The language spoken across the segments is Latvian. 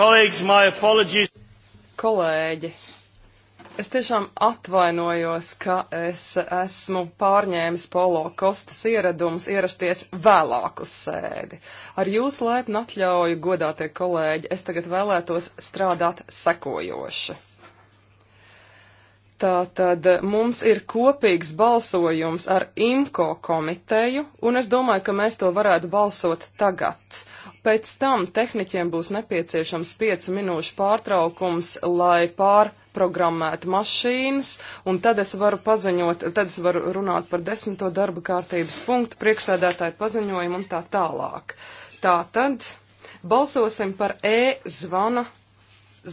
Kolēģis, my apologies. Kolēģi, es tiešām atvainojos, ka es esmu pārņēmis Polo Kostas ieradumus ierasties vēlāk uz sēdi. Ar jūsu laipnu atļauju, godātie kolēģi, es tagad vēlētos strādāt sekojoši. Tātad mums ir kopīgs balsojums ar IMCO komiteju, un es domāju, ka mēs to varētu balsot tagad. Pēc tam tehniķiem būs nepieciešams piecu minūšu pārtraukums, lai pārprogrammētu mašīnas, un tad es varu paziņot, tad es varu runāt par desmito darba kārtības punktu, priekšsēdētāju paziņojumu un tā tālāk. Tātad balsosim par e-zvana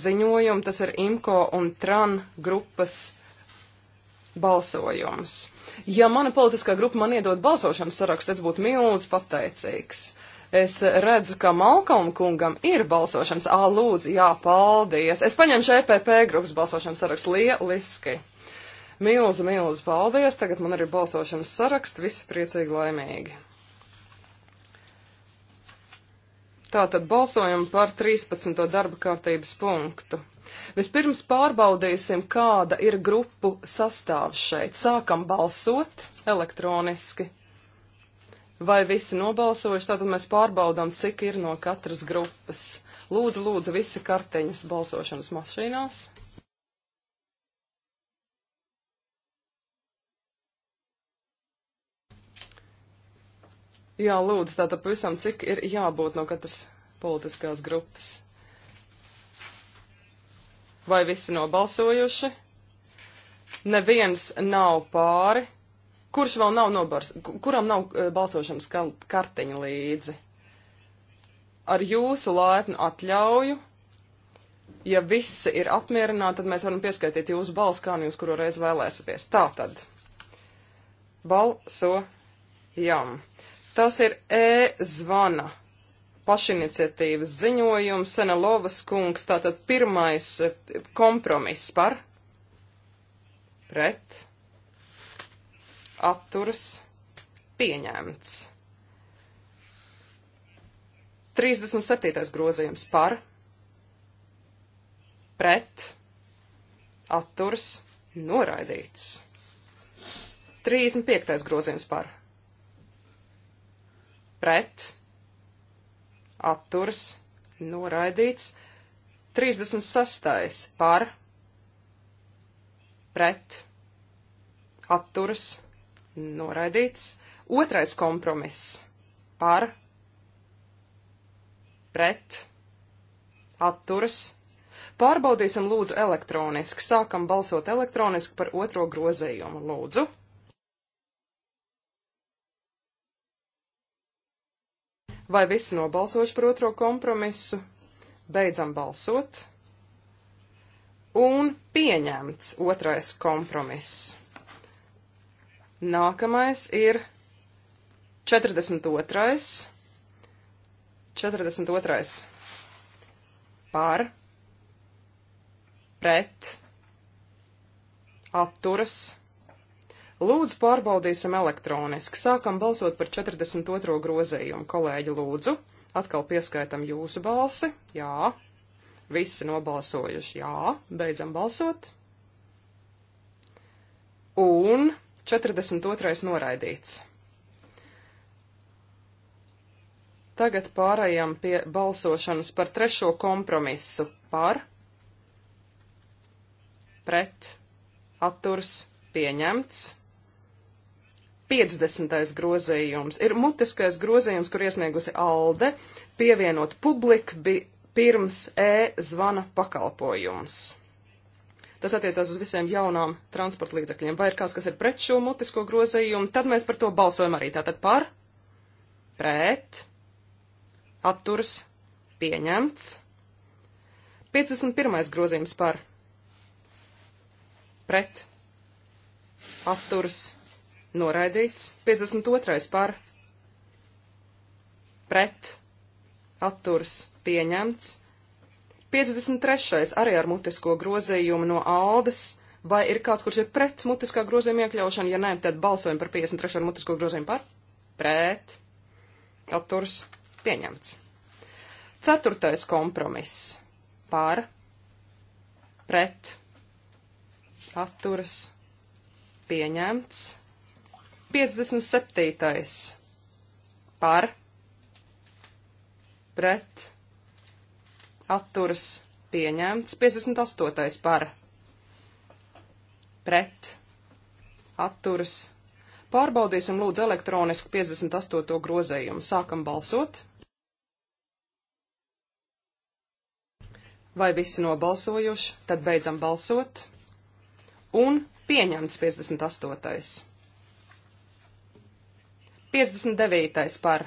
ziņojumu, tas ir IMCO un TRAN grupas balsojums. Ja mana politiskā grupa man iedod balsošanas sarakstu, es būtu milz pateicīgs. Es redzu, ka Malkalm kungam ir balsošanas. Ā, lūdzu, jā, paldies. Es paņemšu EPP grupas balsošanas sarakstu lieliski. Milzu, milzu paldies. Tagad man ir balsošanas saraksts. Visi priecīgi laimīgi. Tātad balsojam par 13. darba kārtības punktu. Vispirms pārbaudīsim, kāda ir grupu sastāvs šeit. Sākam balsot elektroniski. Vai visi nobalsojuši, tātad mēs pārbaudām, cik ir no katras grupas. Lūdzu, lūdzu, visi karteņas balsošanas mašīnās. Jā, lūdzu, tātad pavisam cik ir jābūt no katras politiskās grupas. Vai visi nobalsojuši? Neviens nav pāri. Kurš vēl nav nobars, kuram nav e, balsošanas kartiņa līdzi? Ar jūsu laipnu atļauju, ja visi ir apmierināti, tad mēs varam pieskaitīt jūsu balsu, kā nu jūs kuru reizi vēlēsieties. Tā tad. Balsojam. Tas ir e-zvana pašiniciatīvas ziņojums, Senelovas kungs, tātad pirmais eh, kompromiss par, pret, atturas, pieņemts. 37. grozījums par, pret, atturas, noraidīts. 35. grozījums par, pret, atturas noraidīts. 36. par pret atturas noraidīts. Otrais kompromiss par pret atturas. Pārbaudīsim lūdzu elektroniski. Sākam balsot elektroniski par otro grozējumu. Lūdzu! Vai visi nobalsojuši par otro kompromisu? Beidzam balsot. Un pieņemts otrais kompromiss. Nākamais ir 42. 42. Par, pret, atturas, Lūdzu, pārbaudīsim elektroniski. Sākam balsot par 42. grozējumu. Kolēģi, lūdzu, atkal pieskaitam jūsu balsi. Jā. Visi nobalsojuši jā. Beidzam balsot. Un 42. noraidīts. Tagad pārējām pie balsošanas par trešo kompromisu par, pret, atturs, pieņemts. 50. grozījums ir mutiskais grozījums, kur iesniegusi Alde pievienot publiku pirms e-zvana pakalpojums. Tas attiecās uz visiem jaunām transporta līdzekļiem. Vai ir kāds, kas ir pret šo mutisko grozījumu, tad mēs par to balsojam arī. Tātad par, pret, atturs, pieņemts. 51. grozījums par, pret, atturs, pieņemts noraidīts, 52. par pret atturs pieņemts, 53. arī ar mutisko grozījumu no Aldes, vai ir kāds, kurš ir pret mutiskā grozījuma iekļaušanu, ja nē, tad balsojam par 53. ar mutisko grozījumu par pret atturs pieņemts. Ceturtais kompromiss par pret atturas pieņemts. 57. par pret atturas pieņemts. 58. par pret atturas. Pārbaudīsim lūdzu elektroniski 58. grozējumu. Sākam balsot. Vai visi nobalsojuši? Tad beidzam balsot. Un pieņemts 58. 59. par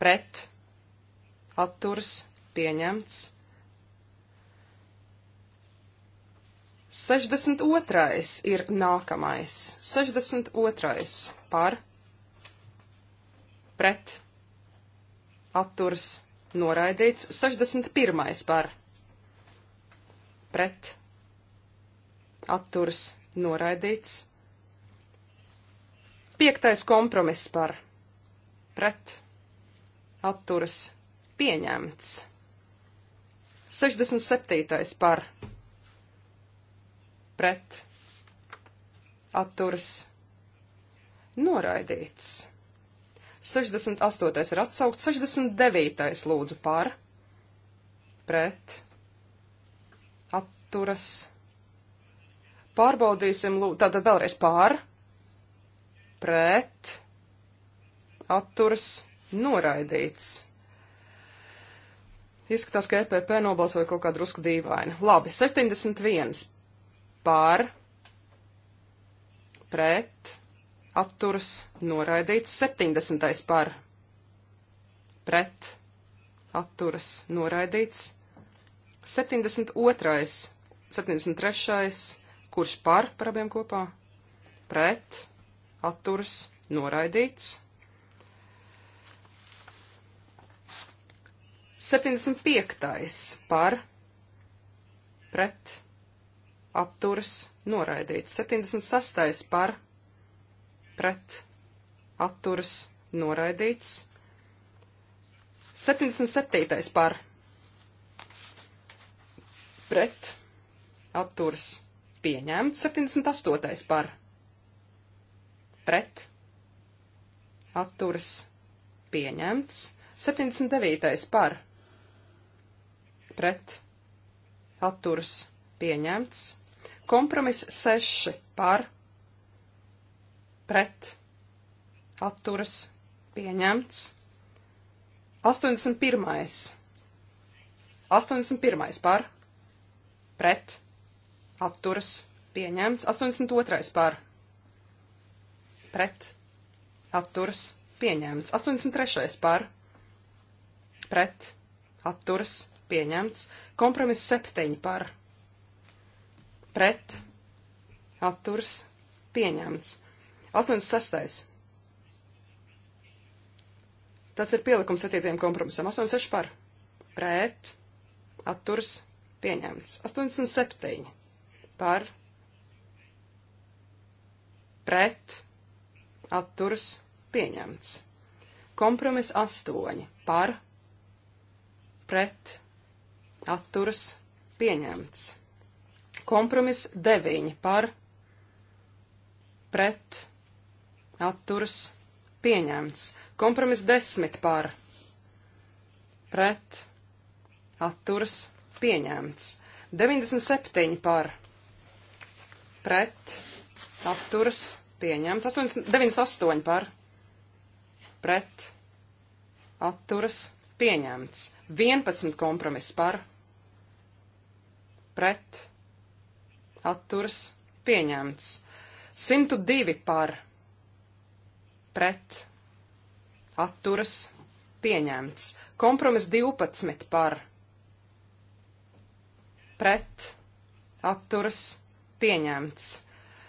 pret atturs pieņemts. 62. ir nākamais. 62. par pret atturs noraidīts. 61. par pret atturs noraidīts. Piektais kompromiss par pret atturas pieņemts. 67. par pret atturas noraidīts. 68. ir atsaukt, 69. lūdzu par pret atturas. Pārbaudīsim, lūdzu, tātad vēlreiz pār pret, atturas, noraidīts. Izskatās, ka EPP nobalsoja kaut kā drusku dīvaini. Labi, 71 par, pret, atturas, noraidīts, 70 par, pret, atturas, noraidīts, 72, 73, kurš par par abiem kopā, pret, atturas noraidīts. 75. par pret atturas noraidīts. 76. par pret atturas noraidīts. 77. par pret atturas pieņemts. 78. par pret, atturas, pieņemts. 79. par, pret, atturas, pieņemts. Kompromiss 6 par, pret, atturas, pieņemts. 81. 81. par, pret, atturas, pieņemts. 82. par, pret atturas pieņemts. 83. par pret atturas pieņemts. Kompromiss 7 par pret atturas pieņemts. 86. Tas ir pielikums 7. kompromisam. 86 par pret atturs pieņemts. 87 par pret atturas pieņemts. Kompromis 8 par, pret, atturas pieņemts. Kompromis 9 par, pret, atturas pieņemts. Kompromis 10 par, pret, atturas pieņemts. 97 par, pret, atturas pieņemts pieņemts. 98 par pret atturas pieņemts. 11 kompromiss par pret atturas pieņemts. 102 par pret atturas pieņemts. Kompromiss 12 par pret atturas pieņemts.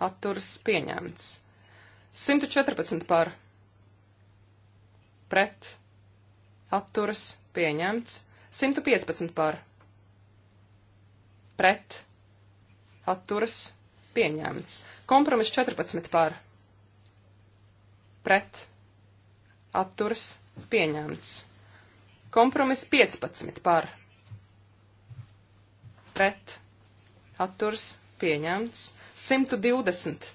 atturas pieņemts. 114 par pret atturas pieņemts. 115 par pret atturas pieņemts. Kompromiss 14 par pret atturas pieņemts. Kompromiss 15 par pret atturas pieņemts. 120.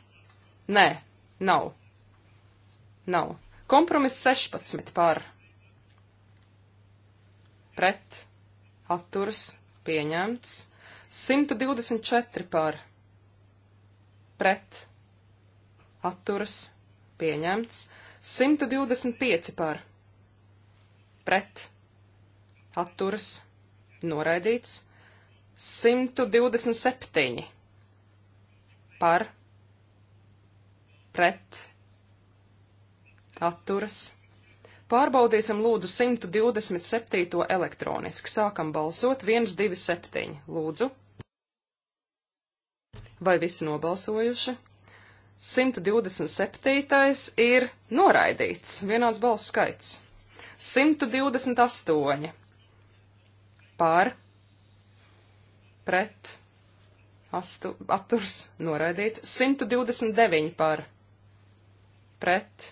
Nē, nav. Nav. Kompromiss 16 par. Pret. Atturs. Pieņemts. 124 par. Pret. Atturs. Pieņemts. 125 par. Pret. Atturs. Noraidīts. 127 par pret atturas. Pārbaudīsim lūdzu 127. elektroniski. Sākam balsot 127. Lūdzu. Vai visi nobalsojuši? 127. ir noraidīts, vienāds balsu skaits. 128 par, pret, astu, atturs noraidīts, 129 par pret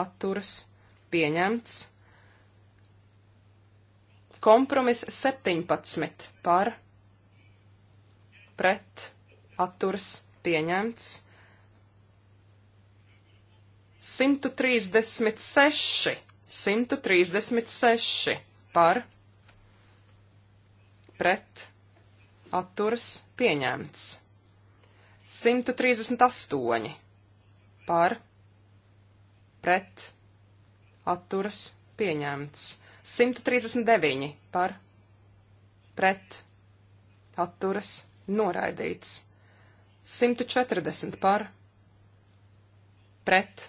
atturs pieņemts, kompromis 17 par pret atturs pieņemts, 136, 136 par pret atturas pieņemts. 138 par pret atturas pieņemts. 139 par pret atturas noraidīts. 140 par pret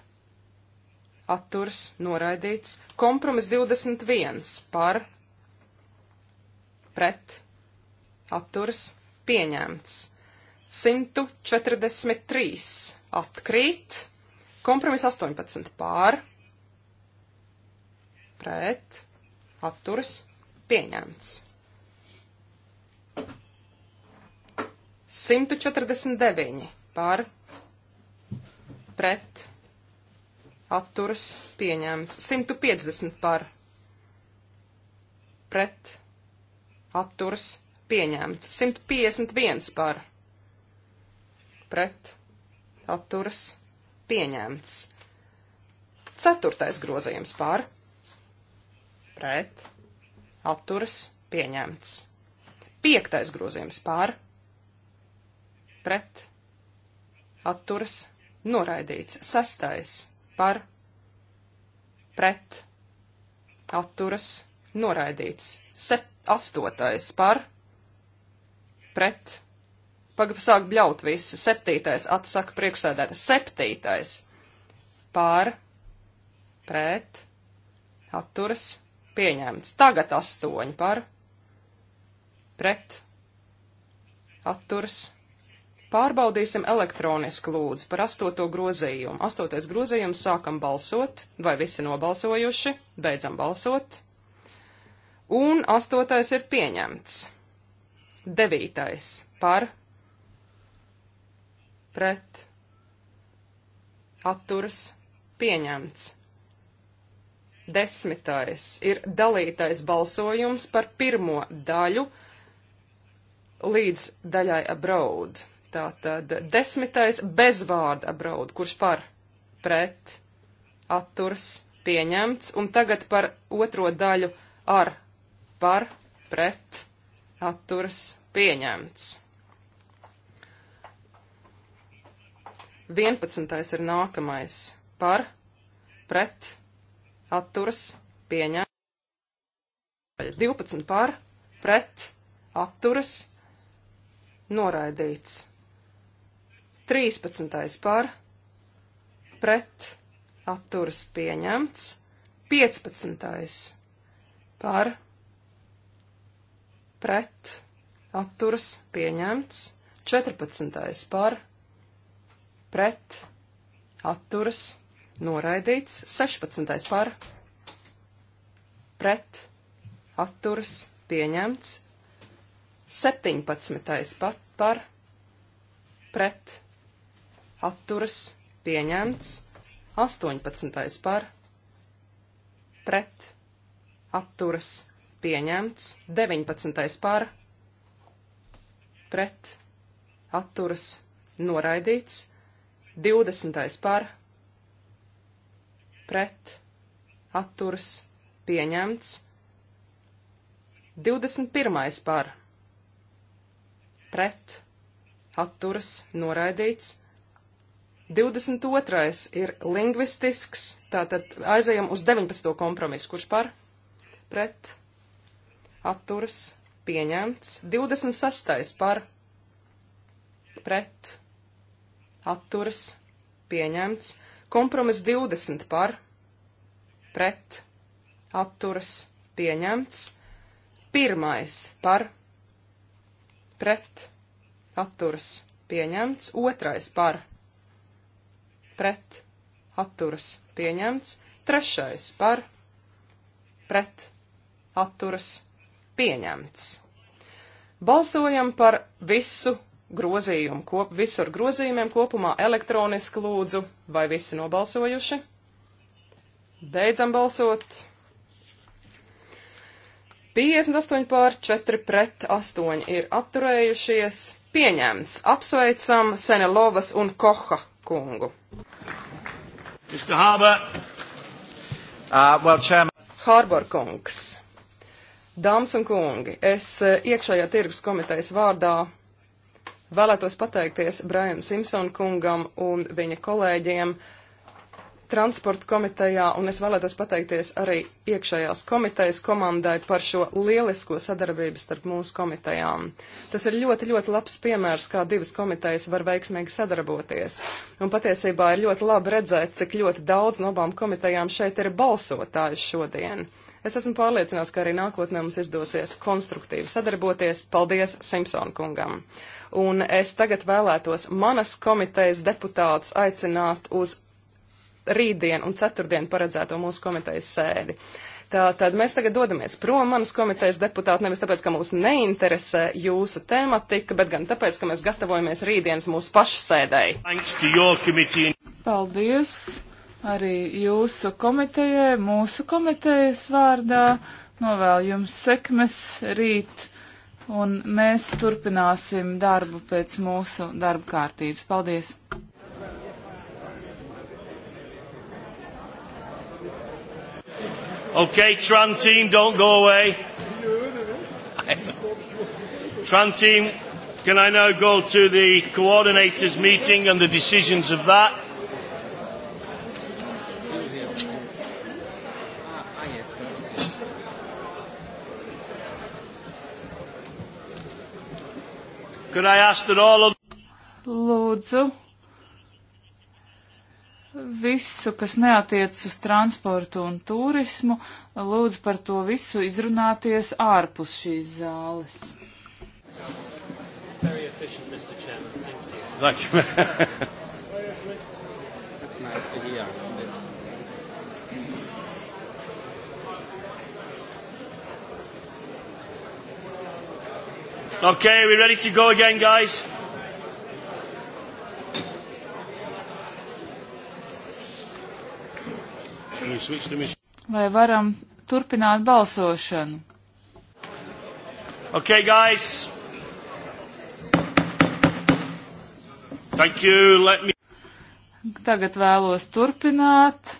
atturas noraidīts. Kompromis 21 par pret atturas atturas pieņemts. 143 atkrīt, kompromis 18 pār, pret, atturas pieņemts. 149 par pret atturas pieņēmts. 150 par pret atturas pieņemts. 151 par pret atturas pieņemts. Ceturtais grozījums par pret atturas pieņemts. Piektais grozījums par pret atturas noraidīts. Sastais par pret atturas noraidīts. Set, astotais par pret pret. Pagaidu sāk bļaut visi. Septītais atsaka priekšsēdētājs. Septītais pār, pret, atturas, pieņemts. Tagad astoņi par, pret, atturas. Pārbaudīsim elektroniski lūdzu par astoto grozījumu. Astotais grozījums sākam balsot, vai visi nobalsojuši, beidzam balsot. Un astotais ir pieņemts. Devītais par pret atturas pieņemts. Desmitais ir dalītais balsojums par pirmo daļu līdz daļai abroad. Tātad desmitais bez vārda abroad, kurš par pret atturs pieņemts, un tagad par otro daļu ar par pret atturas pieņemts. 11. ir nākamais par, pret, atturas, pieņem. 12 par, pret, atturas, noraidīts. 13. par, pret, atturas, pieņemts. 15. par, pret, atturas, pieņemts, 14. par, pret, atturas, noraidīts, 16. par, pret, atturas, pieņemts, 17. pat par, pret, atturas, pieņemts, 18. par, pret, atturas, pieņemts pieņemts, 19. par, pret, atturas, noraidīts, 20. par, pret, atturas, pieņemts, 21. par, pret, atturas, noraidīts, 22. ir lingvistisks, tātad aizējam uz 19. kompromisu, kurš par, pret, atturas pieņemts. 26. par pret atturas pieņemts. Kompromiss 20 par pret atturas pieņemts. Pirmais par pret atturas pieņemts. Otrais par pret atturas pieņemts. Trešais par pret atturas pieņemts atturas pieņemts. Balsojam par visu grozījumu, kop, visu ar grozījumiem kopumā elektroniski lūdzu, vai visi nobalsojuši? Beidzam balsot. 58 pār 4 pret 8 ir atturējušies. Pieņemts. Apsveicam Senelovas un Koha kungu. Mr. Harbour. Uh, well, Harbor kungs. Dāmas un kungi, es eh, iekšējā tirgus komitejas vārdā vēlētos pateikties Brian Simpson kungam un viņa kolēģiem transporta komitejā, un es vēlētos pateikties arī iekšējās komitejas komandai par šo lielisko sadarbību starp mūsu komitejām. Tas ir ļoti, ļoti labs piemērs, kā divas komitejas var veiksmīgi sadarboties. Un patiesībā ir ļoti labi redzēt, cik ļoti daudz no abām komitejām šeit ir balsotāju šodien. Es esmu pārliecināts, ka arī nākotnē mums izdosies konstruktīvi sadarboties. Paldies Simpson kungam! Un es tagad vēlētos manas komitejas deputātus aicināt uz rītdien un ceturtdien paredzēto mūsu komitejas sēdi. Tā tad mēs tagad dodamies prom manas komitejas deputāti, nevis tāpēc, ka mūs neinteresē jūsu tematika, bet gan tāpēc, ka mēs gatavojamies rītdienas mūsu pašu sēdēji. Paldies! arī jūsu komitejai, mūsu komitejas vārdā. Novēlu jums sekmes rīt, un mēs turpināsim darbu pēc mūsu darba kārtības. Paldies! Okay, Tran team, don't go away. Tran team, can I now go to the coordinators meeting and the decisions of that? Could I ask that all of... Lūdzu, visu, kas neatiec uz transportu un turismu, lūdzu par to visu izrunāties ārpus šīs zāles. Very efficient, Mr. Chairman. Thank you. Thank you. Okay, we ready to go again, guys? Vai varam turpināt balsošanu? Okay, guys. Thank you. Let me... Tagad vēlos turpināt.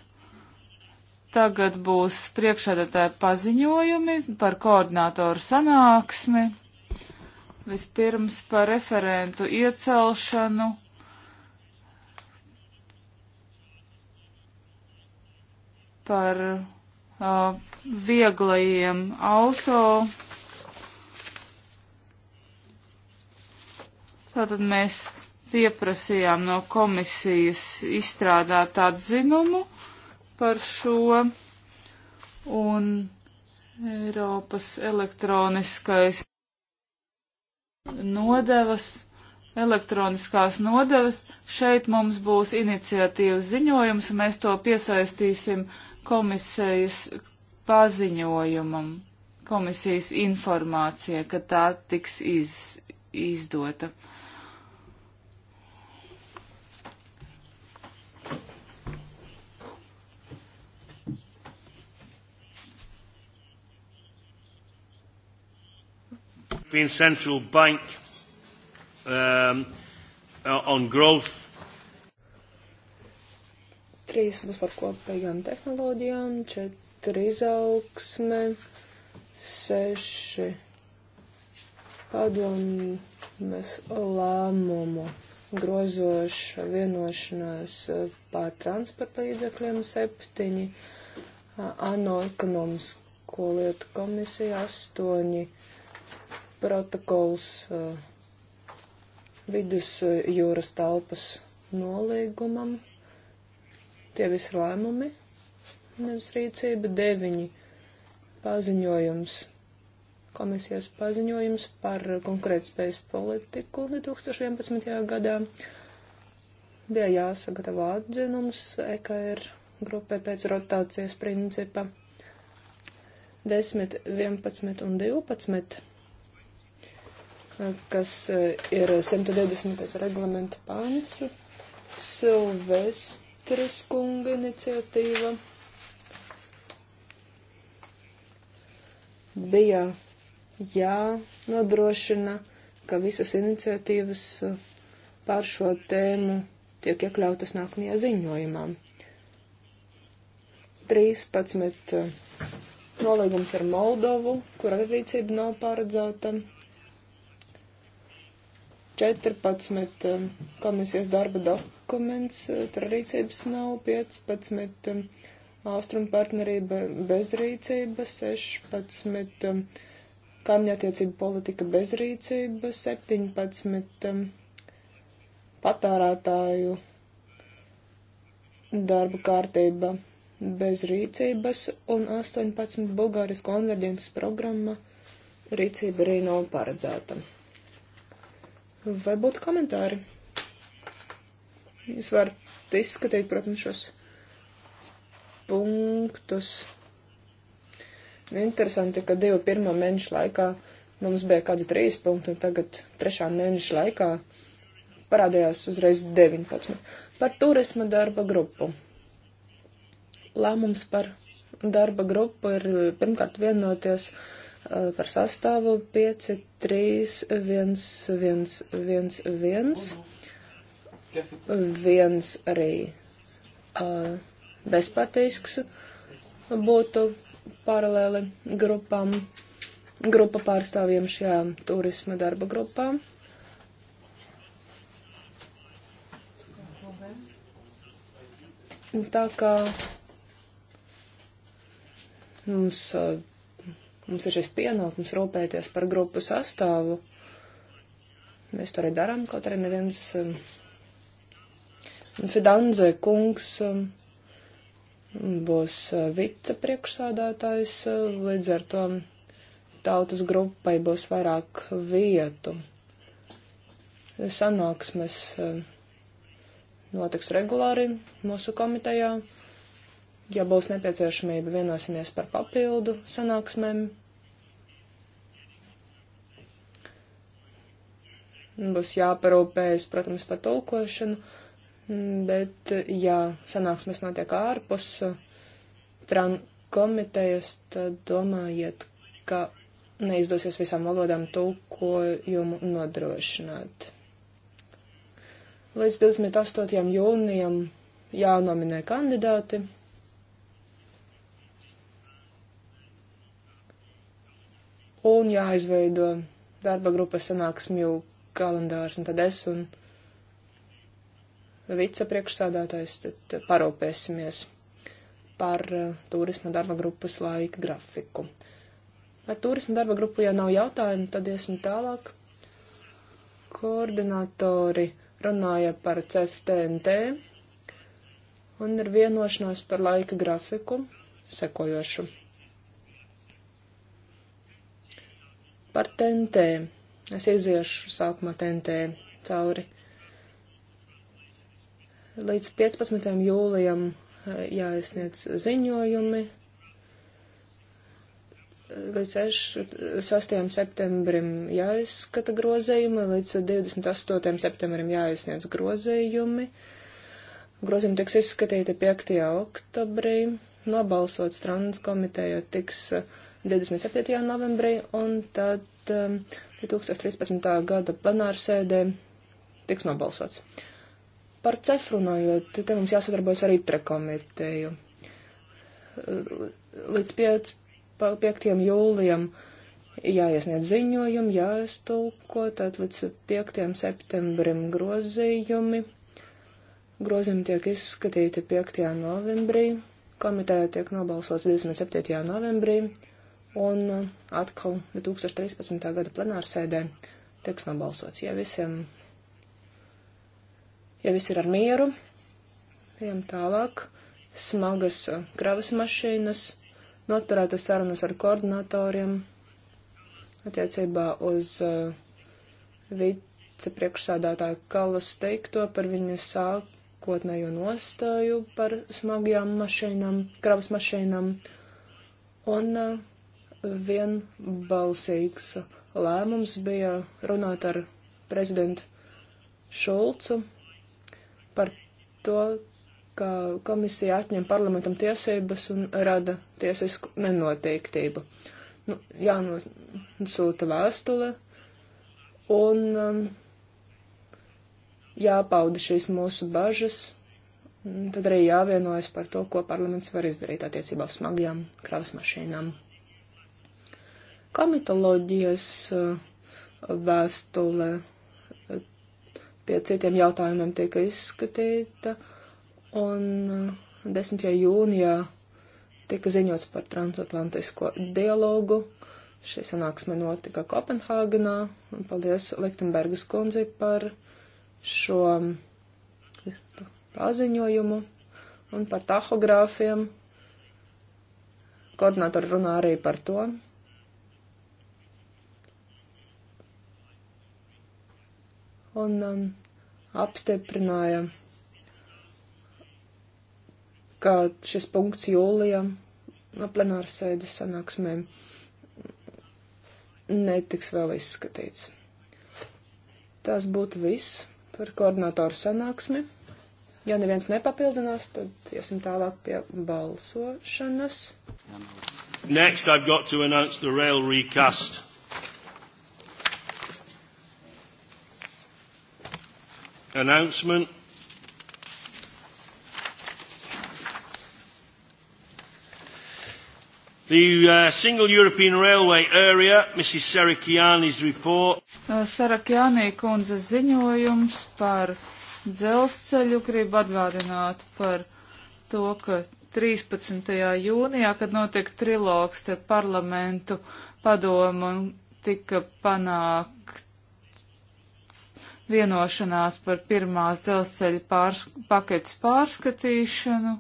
Tagad būs priekšādātāja paziņojumi par koordinātoru sanāksmi vispirms par referentu iecelšanu. par uh, vieglajiem auto. Tātad mēs pieprasījām no komisijas izstrādāt atzinumu par šo un Eiropas elektroniskais nodevas, elektroniskās nodevas. Šeit mums būs iniciatīvas ziņojums, un mēs to piesaistīsim komisijas paziņojumam, komisijas informācijai, ka tā tiks iz, izdota. European Central Bank um, uh, on growth. Trīs būs par kopīgām tehnoloģijām, četri izaugsme, seši padomjas lēmumu grozoša vienošanās pār transporta līdzekļiem, septiņi ANO ekonomisko lietu komisija, astoņi protokols eh, vidus jūras telpas nolīgumam. Tie visi lēmumi, nevis rīcība, deviņi paziņojums, komisijas paziņojums par konkrētspējas politiku 2011. gadā. Bija jāsagatavo atzinums EKR grupai pēc rotācijas principa 10, 11 un 12 kas eh, ir 120. reglamenta pants, Silvestris kunga iniciatīva. Bija jānodrošina, ka visas iniciatīvas eh, pār šo tēmu tiek iekļautas nākamajā ziņojumā. 13 eh, nolīgums ar Moldovu, kur arī rīcība nav paredzēta. 14 um, komisijas darba dokuments, uh, rīcības nav, 15 um, austrumu partnerība bez rīcības, 16 um, kaimiņattiecību politika bez rīcības, 17 patārātāju darba kārtība bez rīcības un 18 Bulgārijas konverģences programma rīcība arī nav paredzēta. Vai būtu komentāri? Jūs varat izskatīt, protams, šos punktus. Interesanti, ka divu pirmo mēnešu laikā mums bija kādi trīs punkti, un tagad trešā mēneša laikā parādījās uzreiz 19. Par turisma darba grupu. Lēmums par darba grupu ir pirmkārt vienoties Eh, par sastāvu 5, 3, 1, 1, 1, 1, 1 arī uh, eh, bezpatīks būtu paralēli grupām, grupa pārstāvjiem šajā turisma darba grupā. Tā kā mums uh, Mums ir šis pienākums rūpēties par grupu sastāvu. Mēs to arī darām, kaut arī neviens um, Fidanze kungs um, būs uh, vicepriekšsādātājs, uh, līdz ar to tautas grupai būs vairāk vietu. Sanāksmes uh, notiks regulāri mūsu komitejā. Ja būs nepieciešamība, vienosimies par papildu sanāksmēm. Būs jāparūpējas, protams, par tulkošanu, bet, ja sanāksmes notiek ārpus tran komitejas, tad domājiet, ka neizdosies visām valodām tulkojumu nodrošināt. Līdz 28. jūnijam jānominē kandidāti. Un jāizveido darba grupas sanāksmju kalendārs, un tad es un vicepriekšsādātājs parūpēsimies par uh, turisma darba grupas laika grafiku. Vai turisma darba grupu, ja nav jautājumu, tad iesim tālāk. Koordinatori runāja par CFTNT un ir vienošanās par laika grafiku sekojošu. Par TNT Es iziešu sākumā tentē cauri. Līdz 15. jūlijam eh, jāiesniedz ziņojumi. Līdz 6, 6. septembrim jāizskata grozējumi, līdz 28. septembrim jāiesniedz grozējumi. Grozījumi tiks izskatīti 5. oktobrī. Nobalsots strānas komiteja tiks uh, 27. novembrī, un tad um, 2013. gada plenārsēdē tiks nobalsots. Par CEF runājot, te mums jāsadarbojas ar ITRE komiteju. Līdz 5, 5. jūlijam jāiesniedz ziņojumi, jāiztulko, tad līdz 5. septembrim grozījumi. Grozījumi tiek izskatīti 5. novembrī, komitejā tiek nobalsots 27. novembrī, Un uh, atkal 2013. gada plenārsēdē tiks nobalsots. Ja visiem, ja visi ir ar mieru, ejam tālāk. Smagas uh, kravas mašīnas, noturētas sarunas ar koordinatoriem attiecībā uz uh, vicepriekšsādātāju Kalas teikto par viņa sākotnējo nostāju par smagajām mašīnām, kravas mašīnām. Un uh, vienbalsīgs lēmums bija runāt ar prezidentu Šulcu par to, ka komisija atņem parlamentam tiesības un rada tiesisku nenoteiktību. Nu, jānosūta vēstule un um, jāpauda šīs mūsu bažas. Tad arī jāvienojas par to, ko parlaments var izdarīt attiecībā uz smagajām kravas mašīnām komitoloģijas eh, vēstule eh, pie citiem jautājumiem tika izskatīta, un 10. Eh, jūnijā tika ziņots par transatlantisko dialogu. Šī sanāksme notika Kopenhāgenā, un paldies Liktenbergas kundzi par šo paziņojumu un par tahogrāfiem. Koordinātori runā arī par to, un um, apstiprināja, ka šis punkts jūlijā plenāras sēdes sanāksmē netiks vēl izskatīts. Tas būtu viss par koordinatoru sanāksmi. Ja neviens nepapildinās, tad iesim tālāk pie balsošanas. Next, I've got to announce the rail recast. announcement. The uh, Single European Railway Area, Mrs. Sarakiani's report. Uh, Sarakiani kundzes ziņojums par dzelzceļu grib atgādināt par to, ka 13. jūnijā, kad notiek trilogs ar parlamentu padomu un tika panākt vienošanās par pirmās dzelzceļa pārs paketes pārskatīšanu.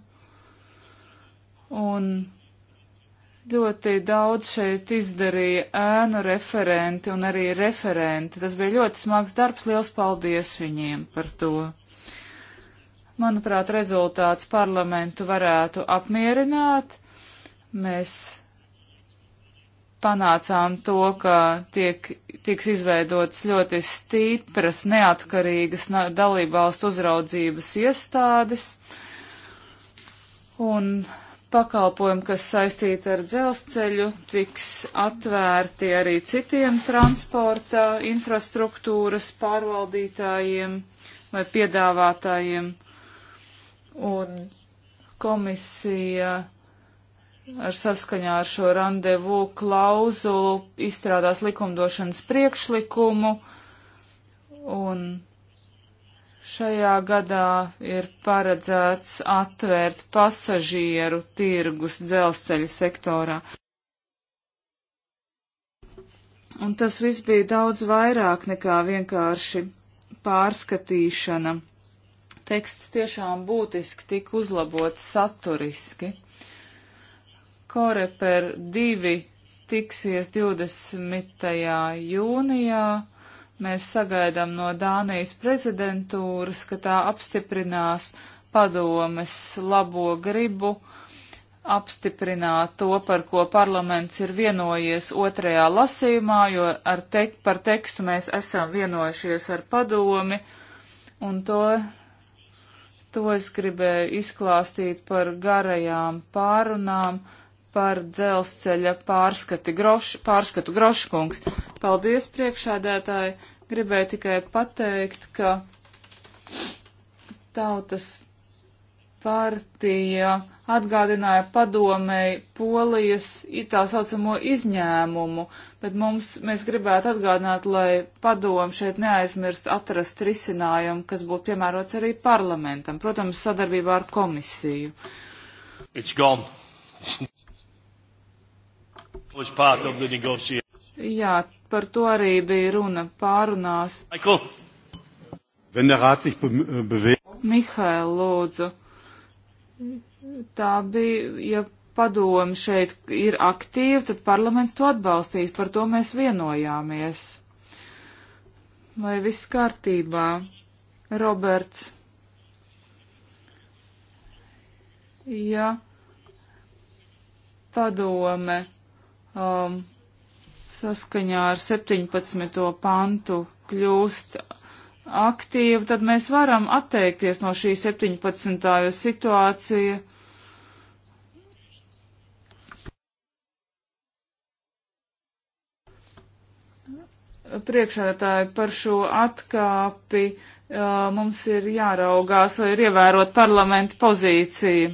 Un ļoti daudz šeit izdarīja ēnu referenti un arī referenti. Tas bija ļoti smags darbs, liels paldies viņiem par to. Manuprāt, rezultāts parlamentu varētu apmierināt. Mēs panācām to, ka tiek, tiks izveidotas ļoti stipras, neatkarīgas dalībvalstu uzraudzības iestādes un pakalpojumi, kas saistīti ar dzelzceļu, tiks atvērti arī citiem transporta infrastruktūras pārvaldītājiem vai piedāvātājiem. Un komisija ar saskaņā ar šo randevu klauzulu izstrādās likumdošanas priekšlikumu, un šajā gadā ir paredzēts atvērt pasažieru tirgus dzelzceļa sektorā. Un tas viss bija daudz vairāk nekā vienkārši pārskatīšana. Teksts tiešām būtiski tika uzlabots saturiski. Koreper 2 tiksies 20. jūnijā. Mēs sagaidām no Dānijas prezidentūras, ka tā apstiprinās padomes labo gribu apstiprināt to, par ko parlaments ir vienojies otrajā lasījumā, jo ar tek par tekstu mēs esam vienojušies ar padomi, un to, to es gribēju izklāstīt par garajām pārunām par dzelzceļa pārskati groš, pārskatu Groškungs. Paldies priekšādētāji. Gribēju tikai pateikt, ka tautas partija atgādināja padomēji polijas tā saucamo izņēmumu, bet mums, mēs gribētu atgādināt, lai padomu šeit neaizmirst atrast risinājumu, kas būtu piemērots arī parlamentam, protams, sadarbībā ar komisiju. It's gone. Jā, par to arī bija runa pārunās. Äh, Mihail, lūdzu. Tā bija, ja padomi šeit ir aktīvi, tad parlaments to atbalstīs. Par to mēs vienojāmies. Vai viss kārtībā? Roberts. Ja padome um, saskaņā ar 17. pantu kļūst aktīvi, tad mēs varam atteikties no šī 17. situācija. Priekšētāji par šo atkāpi uh, mums ir jāraugās vai ir ievērot parlamentu pozīciju.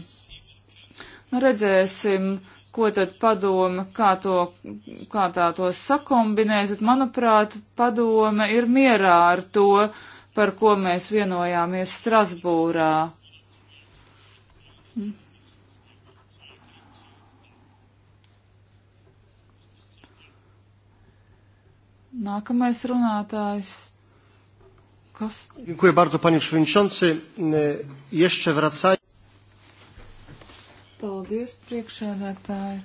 Nu, redzēsim, uh, ko tad padome, kā, to, kā tā to sakombinēs, bet manuprāt, padome ir mierā ar to, par ko mēs vienojāmies Strasbūrā. Hm? Nākamais runātājs. Kas? Dziękuję bardzo, panie przewodniczący. E, jeszcze wracając. Paldies, priekšsēdētāji.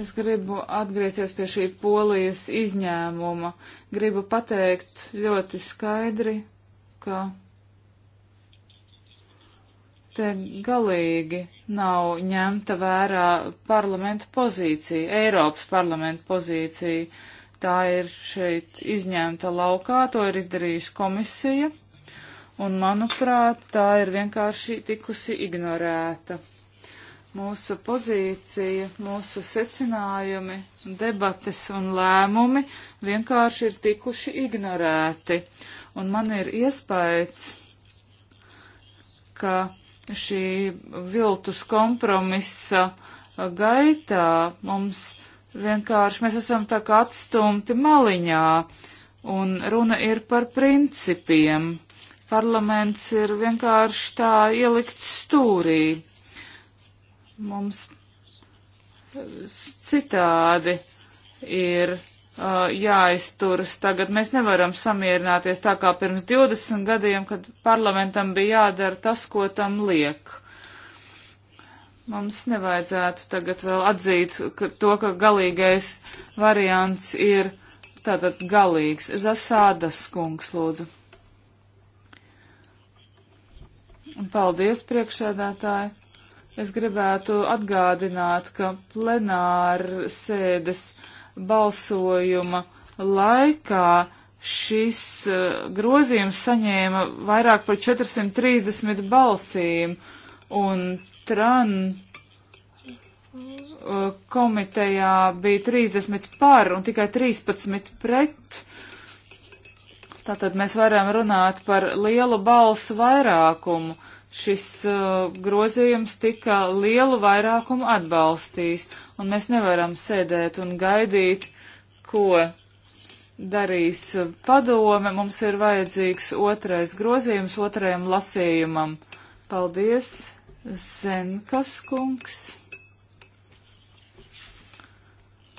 Es gribu atgriezties pie šī polijas izņēmuma. Gribu pateikt ļoti skaidri, ka te galīgi nav ņemta vērā parlamenta pozīcija, Eiropas parlamenta pozīcija. Tā ir šeit izņemta laukā, to ir izdarījusi komisija, un manuprāt, tā ir vienkārši tikusi ignorēta mūsu pozīcija, mūsu secinājumi, debates un lēmumi vienkārši ir tikuši ignorēti. Un man ir iespējas, ka šī viltus kompromisa gaitā mums vienkārši mēs esam tā kā atstumti maliņā, un runa ir par principiem. Parlaments ir vienkārši tā ielikt stūrī mums citādi ir uh, jāizturas. Tagad mēs nevaram samierināties tā kā pirms 20 gadiem, kad parlamentam bija jādara tas, ko tam liek. Mums nevajadzētu tagad vēl atzīt ka to, ka galīgais variants ir tātad galīgs. Zasādas kungs, lūdzu. Un paldies, priekšsēdētāji. Es gribētu atgādināt, ka plenāra sēdes balsojuma laikā šis uh, grozījums saņēma vairāk par 430 balsīm, un tran uh, komitejā bija 30 par un tikai 13 pret. Tātad mēs varam runāt par lielu balsu vairākumu šis uh, grozījums tika lielu vairākumu atbalstīs, un mēs nevaram sēdēt un gaidīt, ko darīs padome. Mums ir vajadzīgs otrais grozījums otrajam lasījumam. Paldies, Zenkas kungs!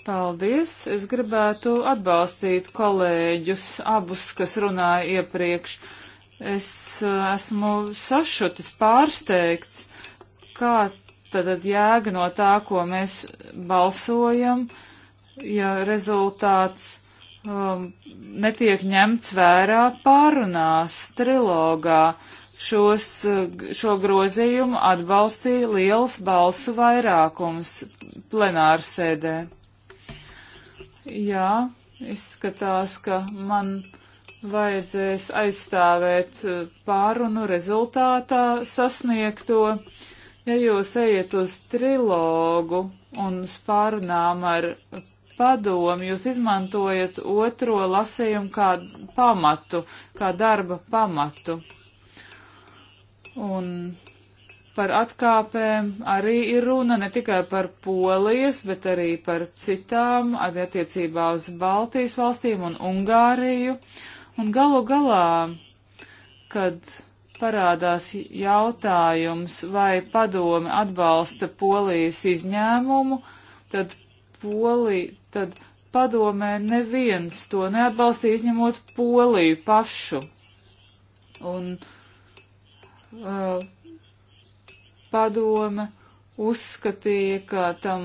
Paldies! Es gribētu atbalstīt kolēģus abus, kas runāja iepriekš. Uh, Es eh, esmu sašutis, pārsteigts, kā tad jēga no tā, ko mēs balsojam, ja rezultāts um, netiek ņemts vērā pārunās, trilogā. Šos, eh, šo grozījumu atbalstīja liels balsu vairākums plenārsēdē. Jā, izskatās, ka man vajadzēs aizstāvēt eh, pārunu rezultātā sasniegto. Ja jūs ejat uz trilogu un uz pārunām ar padomu, jūs izmantojat otro lasījumu kā pamatu, kā darba pamatu. Un par atkāpēm arī ir runa ne tikai par Polijas, bet arī par citām attiecībā uz Baltijas valstīm un Ungāriju. Uh, Un galu galā, kad parādās jautājums, vai padome atbalsta polijas izņēmumu, tad, poli, tad padomē neviens to neatbalstīja, izņemot poliju pašu. Un uh, padome uzskatīja, ka tam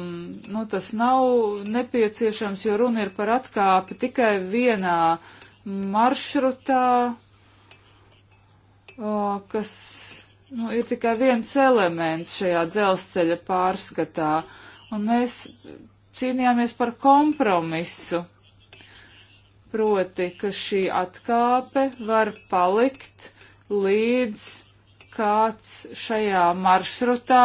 nu, tas nav nepieciešams, jo runa ir par atkāpi tikai vienā uh, maršrutā, kas nu, ir tikai viens elements šajā dzelzceļa pārskatā, un mēs cīnījāmies par kompromisu. Proti, ka šī atkāpe var palikt līdz kāds šajā maršrutā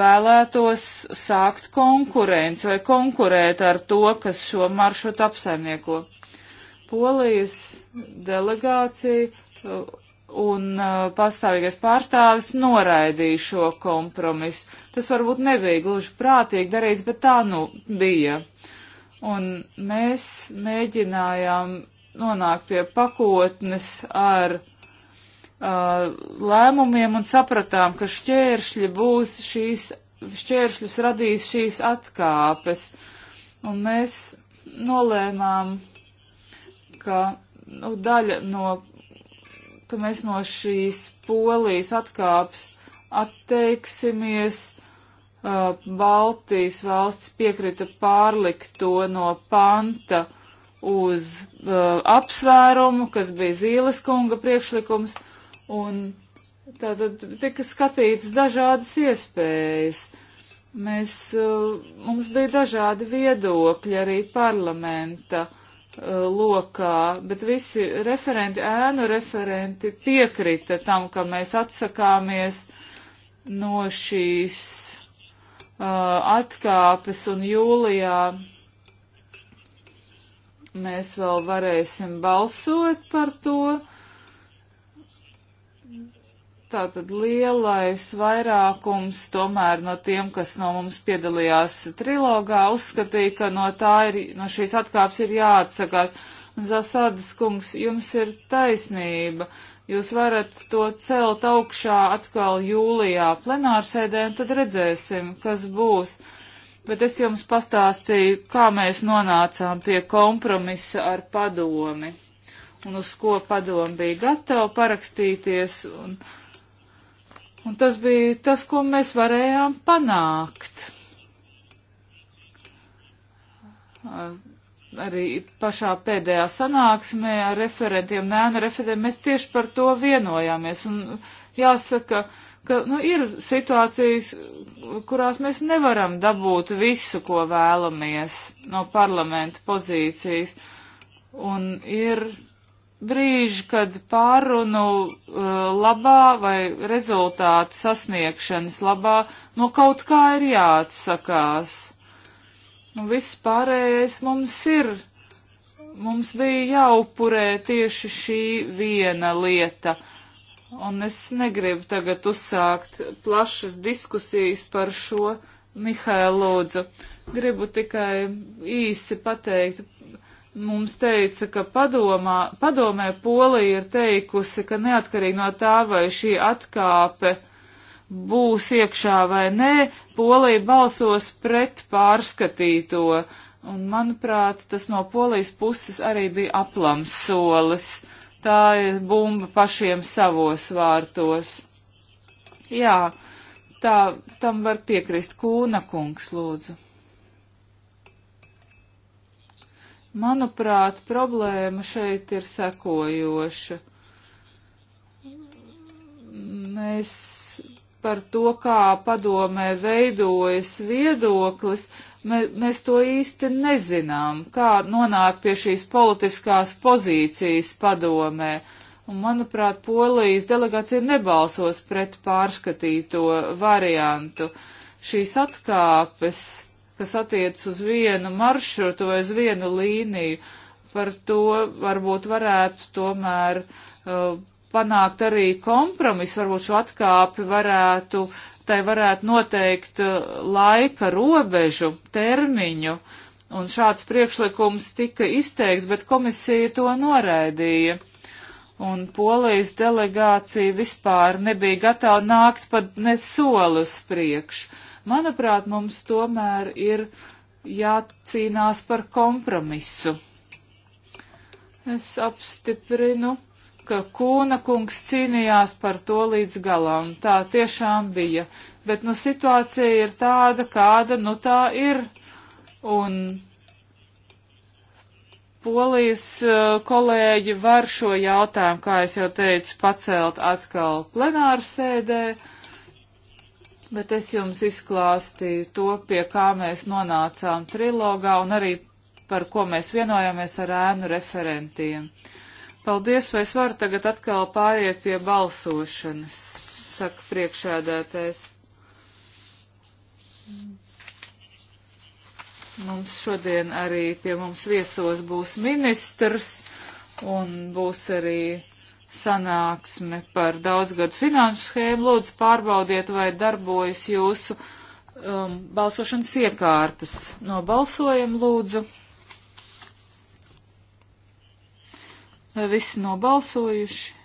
vēlētos sākt konkurenci vai konkurēt ar to, kas šo maršrutu apsaimnieko. Polijas delegācija uh, un uh, pastāvīgais pārstāvis noraidīja šo kompromisu. Tas varbūt nebija gluži prātīgi darīts, bet tā nu bija. Un mēs mēģinājām nonākt pie pakotnes ar uh, lēmumiem un sapratām, ka šķēršļi būs šīs, šķēršļus radīs šīs atkāpes. Un mēs nolēmām ka nu, daļa no, ka mēs no šīs polijas atkāps atteiksimies. Uh, Baltijas valsts piekrita pārlikt to no panta uz uh, apsvērumu, kas bija Zīles kunga priekšlikums, un tātad tika skatītas dažādas iespējas. Mēs, uh, mums bija dažādi viedokļi arī parlamenta uh, Uh, lokā, bet visi referenti, ēnu referenti piekrita tam, ka mēs atsakāmies no šīs uh, atkāpes un jūlijā mēs vēl varēsim balsot par to, Tātad lielais vairākums tomēr no tiem, kas no mums piedalījās trilogā, uzskatīja, ka no, ir, no šīs atkāps ir jāatsakās. Zasādas kungs, jums ir taisnība. Jūs varat to celt augšā atkal jūlijā plenārsēdē, un tad redzēsim, kas būs. Bet es jums pastāstīju, kā mēs nonācām pie kompromisa ar padomi un uz ko padomi bija gatava parakstīties. Un, uh, Un tas bija tas, ko mēs varējām panākt. Arī pašā pēdējā sanāksmē ar referentiem, nē, ar referentiem mēs tieši par to vienojāmies. Un jāsaka, ka nu, ir situācijas, kurās mēs nevaram dabūt visu, ko vēlamies no parlamenta pozīcijas. Un ir brīži, kad pārunu uh, labā vai rezultātu sasniegšanas labā no kaut kā ir jāatsakās. Nu, viss pārējais mums ir. Mums bija jāupurē tieši šī viena lieta. Un es negribu tagad uzsākt plašas diskusijas par šo. Mihēl, lūdzu, gribu tikai īsi pateikt mums teica, ka padomā, padomē Polija ir teikusi, ka neatkarīgi no tā, vai šī atkāpe būs iekšā vai nē, Polija balsos pret pārskatīto. Un, manuprāt, tas no Polijas puses arī bija aplams solis. Tā ir bumba pašiem savos vārtos. Jā, tā tam var piekrist Kūna kungs, lūdzu. Manuprāt, problēma šeit ir sekojoša. Mēs par to, kā padomē veidojas viedoklis, mē, mēs to īsti nezinām, kā nonāk pie šīs politiskās pozīcijas padomē. Un, manuprāt, Polijas delegācija nebalsos pret pārskatīto variantu. Šīs atkāpes kas attiec uz vienu maršrutu vai uz vienu līniju. Par to varbūt varētu tomēr uh, panākt arī kompromisu, varbūt šo atkāpi varētu, tai varētu noteikt uh, laika robežu, termiņu. Un šāds priekšlikums tika izteikts, bet komisija to noraidīja. Un polijas delegācija vispār nebija gatava nākt pat ne soli uz priekšu. Manuprāt, mums tomēr ir jācīnās par kompromisu. Es apstiprinu, ka Kūna kungs cīnījās par to līdz galam. Tā tiešām bija. Bet, nu, situācija ir tāda, kāda, nu, tā ir. Un polijas eh, kolēģi var šo jautājumu, kā es jau teicu, pacelt atkal plenārsēdē. sēdē bet es jums izklāstīju to, pie kā mēs nonācām trilogā un arī par ko mēs vienojamies ar ēnu referentiem. Paldies, vai es varu tagad atkal pāriet pie balsošanas, saka priekšēdētais. Mums šodien arī pie mums viesos būs ministrs un būs arī sanāksme par daudzgadu finanšu schēmu. Lūdzu, pārbaudiet, vai darbojas jūsu um, balsošanas iekārtas. Nobalsojam, lūdzu. Vai visi nobalsojuši?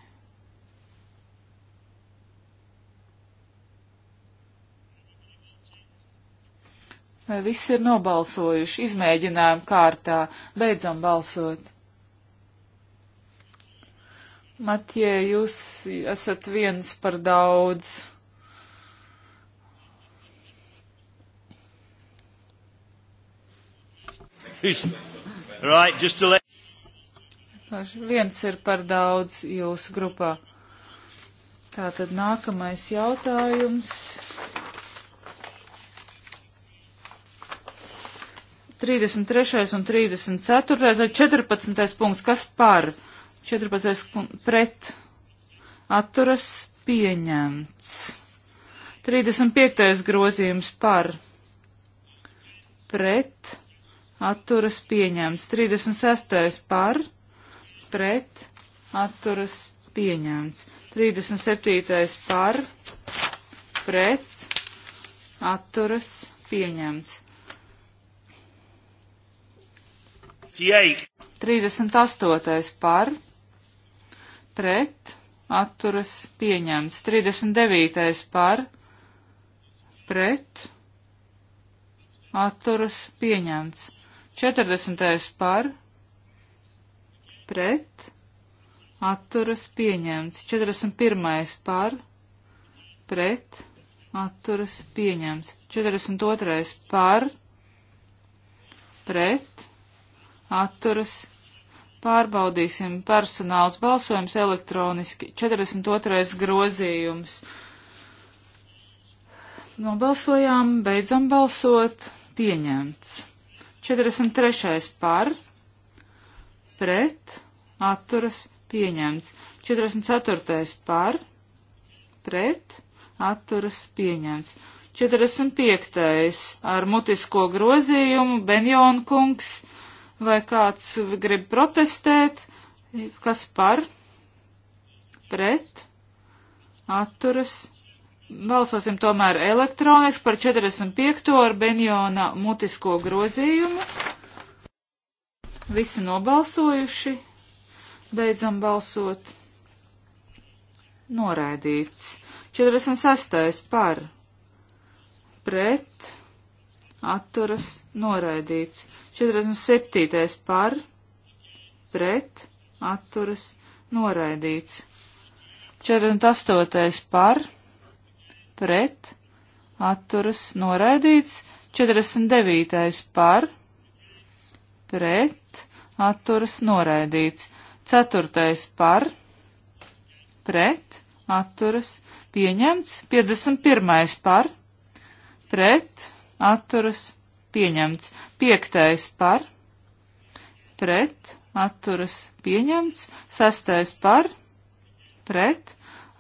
Vai visi ir nobalsojuši? Izmēģinājumu kārtā. Beidzam balsot. Matie, jūs esat viens par daudz. Right, just to let... Viens ir par daudz jūsu grupā. Tātad nākamais jautājums. 33. un 34. 14. punkts. Kas par? 14. pret atturas pieņemts. 35. grozījums par pret atturas pieņemts. 36. par pret atturas pieņemts. 37. par pret atturas pieņemts. 38. par pret pret, atturas pieņemts. 39. par, pret, atturas pieņemts. 40. par, pret, atturas pieņemts. 41. par, pret, atturas pieņemts. 42. par, pret, atturas pieņemts pārbaudīsim personāls balsojums elektroniski. 42. grozījums. Nobalsojām, beidzam balsot, pieņemts. 43. par, pret, atturas, pieņemts. 44. par, pret, atturas, pieņemts. 45. ar mutisko grozījumu Benjonkungs kungs Vai kāds grib protestēt? Kas par? Pret? Atturas? Balsosim tomēr elektroniski par 45. ar Benjona mutisko grozījumu. Visi nobalsojuši. Beidzam balsot. Noraidīts. 46. par. Pret. Atturas. Noraidīts. 47. par, pret, atturas, noraidīts. 48. par, pret, atturas, noraidīts. 49. par, pret, atturas, noraidīts. 4. par, pret, atturas, pieņemts. 51. par, pret, atturas, pieņemts. Piektais par, pret, atturas pieņemts. Sastais par, pret,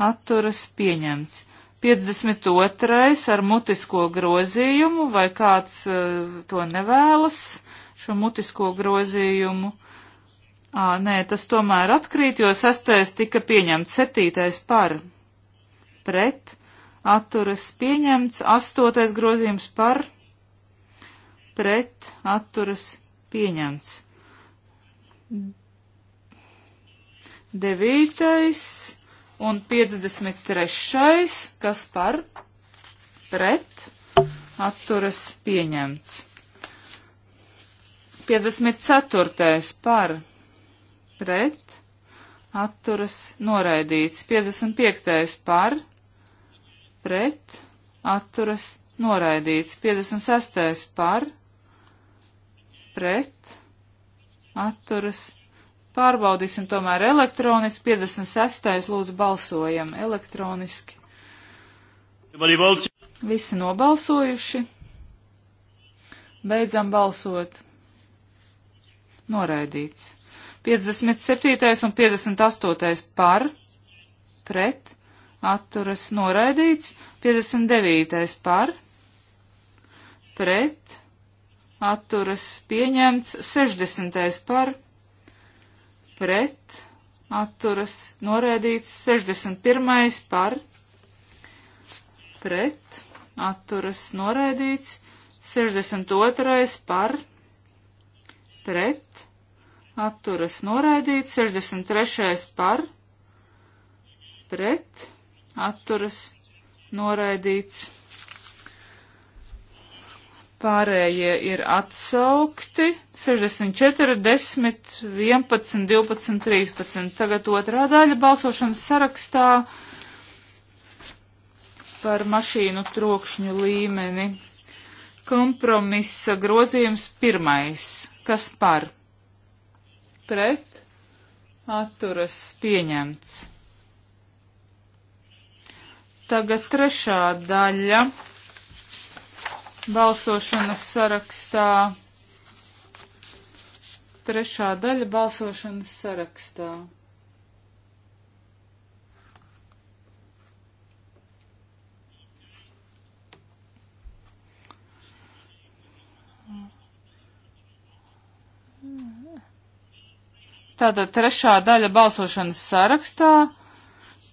atturas pieņemts. 52. ar mutisko grozījumu, vai kāds uh, to nevēlas, šo mutisko grozījumu. Ā, nē, tas tomēr atkrīt, jo sastais tika pieņemts, septītais par, pret, atturas pieņemts, astotais grozījums par, pret atturas pieņemts. Devītais un 53. kas par pret atturas pieņemts. 54. par pret atturas noraidīts. 55. par pret atturas noraidīts. 56. par pret pret, atturas. Pārbaudīsim tomēr elektroniski. 56. lūdzu balsojam elektroniski. Visi nobalsojuši. Beidzam balsot. Noraidīts. 57. un 58. par, pret, atturas noraidīts. 59. par, pret, atturas pieņemts, 60. par, pret, atturas norēdīts, 61. par, pret, atturas norēdīts, 62. par, pret, atturas norēdīts, 63. par, pret, atturas norēdīts pārējie ir atsaukti 64, 10, 11, 12, 13. Tagad otrā daļa balsošanas sarakstā par mašīnu trokšņu līmeni. Kompromisa grozījums pirmais. Kas par? Pret? Atturas pieņemts. Tagad trešā daļa balsošanas sarakstā. Trešā daļa balsošanas sarakstā. Tātad trešā daļa balsošanas sarakstā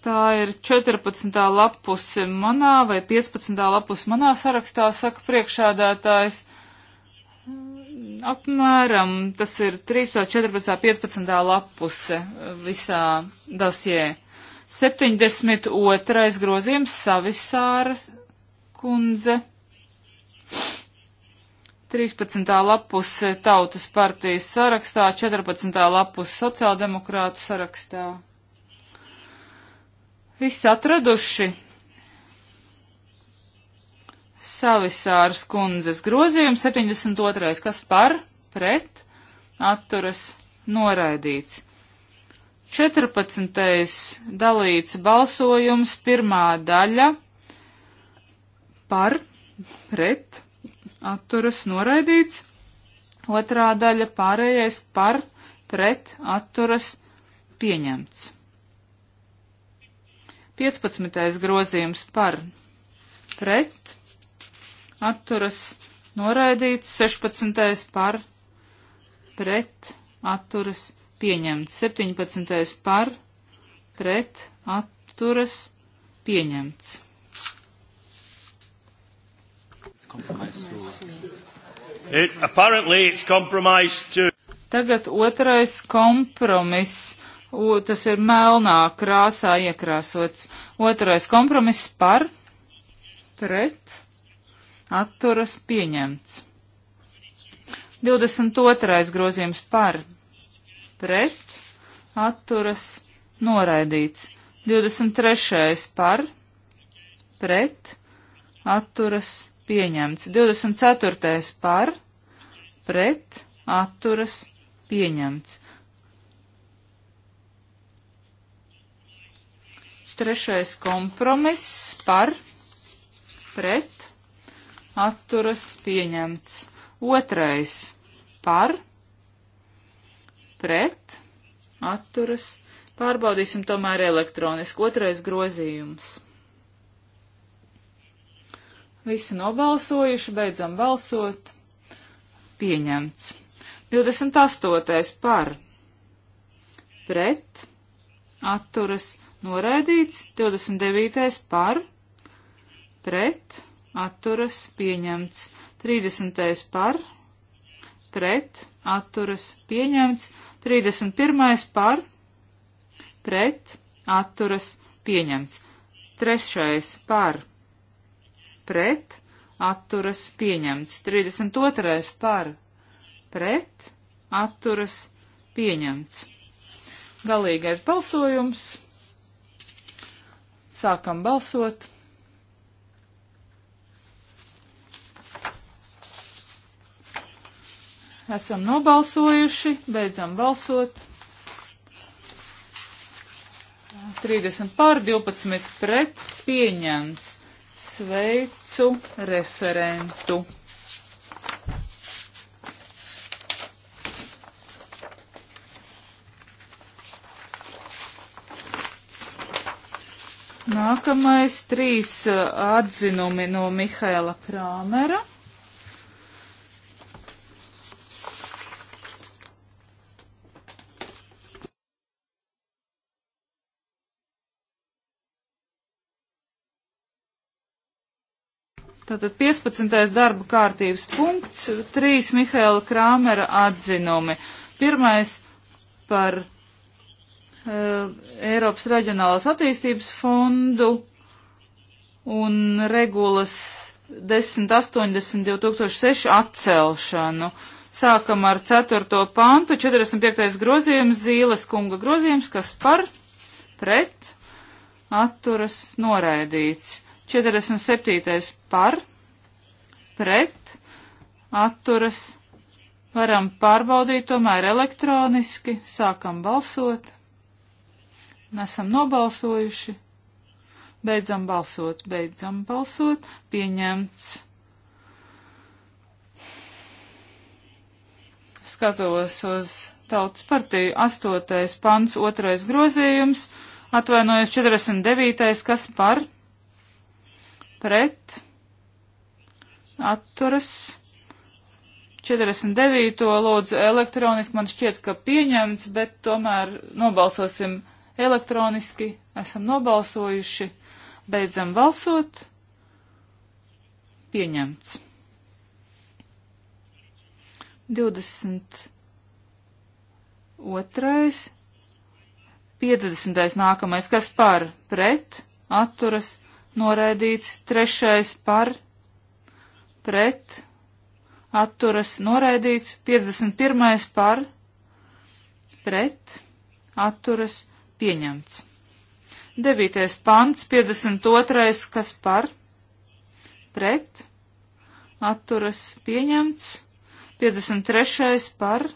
Tā ir 14. lapuse manā vai 15. lapuse manā sarakstā, saka priekšādātājs. Apmēram tas ir 13, 14, 15. lapuse visā dosjē. 72. grozījums Savisāras kundze. 13. lapuse Tautas partijas sarakstā, 14. lapuse sociāldemokrātu sarakstā. Viss atraduši Savisāras kundzes grozījums 72. kas par, pret, atturas, noraidīts. 14. dalīts balsojums, pirmā daļa par, pret, atturas, noraidīts. Otrā daļa pārējais par, pret, atturas, pieņemts. 15. grozījums par pret, atturas noraidīts, 16. par pret, atturas pieņemts, 17. par pret, atturas pieņemts. It, apparently it's compromised to... Tagad otrais kompromiss U, tas ir melnā krāsā iekrāsots. Otrais kompromiss par, pret, atturas pieņemts. 22. grozījums par, pret, atturas noraidīts. 23. par, pret, atturas pieņemts. 24. par, pret, atturas pieņemts. Trešais kompromiss par, pret, atturas pieņemts. Otrais par, pret, atturas. Pārbaudīsim tomēr elektroniski. Otrais grozījums. Visi nobalsojuši, beidzam balsot. Pieņemts. 28. par, pret, atturas noraidīts, 29. par, pret, atturas, pieņemts, 30. par, pret, atturas, pieņemts, 31. par, pret, atturas, pieņemts, 3. par, pret, atturas, pieņemts, 32. par, pret, atturas, pieņemts. Galīgais balsojums Sākam balsot. Esam nobalsojuši, beidzam balsot. 30 pār 12 pret pieņemts. Sveicu referentu. Nākamais trīs uh, atzinumi no Mihaela Krāmera. Tātad 15. darba kārtības punkts, trīs Mihaela Krāmera atzinumi. Pirmais par Uh, Eiropas Reģionālās attīstības fondu un regulas 1080-2006 atcelšanu. Sākam ar 4. pantu, 45. grozījums, zīles kunga grozījums, kas par, pret, atturas noraidīts. 47. par, pret, atturas, varam pārbaudīt tomēr elektroniski, sākam balsot. Esam nobalsojuši. Beidzam balsot, beidzam balsot. Pieņemts. Skatos uz tautas partiju 8. pants, 2. grozījums. Atvainojos 49. kas par? Pret. Atturas. 49. lūdzu elektroniski, man šķiet, ka pieņemts, bet tomēr nobalsosim elektroniski esam nobalsojuši, beidzam balsot, pieņemts. 22. 50. nākamais, kas par pret, atturas, noraidīts, trešais par pret, atturas, noraidīts, 51. par pret, atturas, noraidīts Pieņemts. 9. pants, 52. kas par? Pret. Atturas. Pieņemts. 53. par?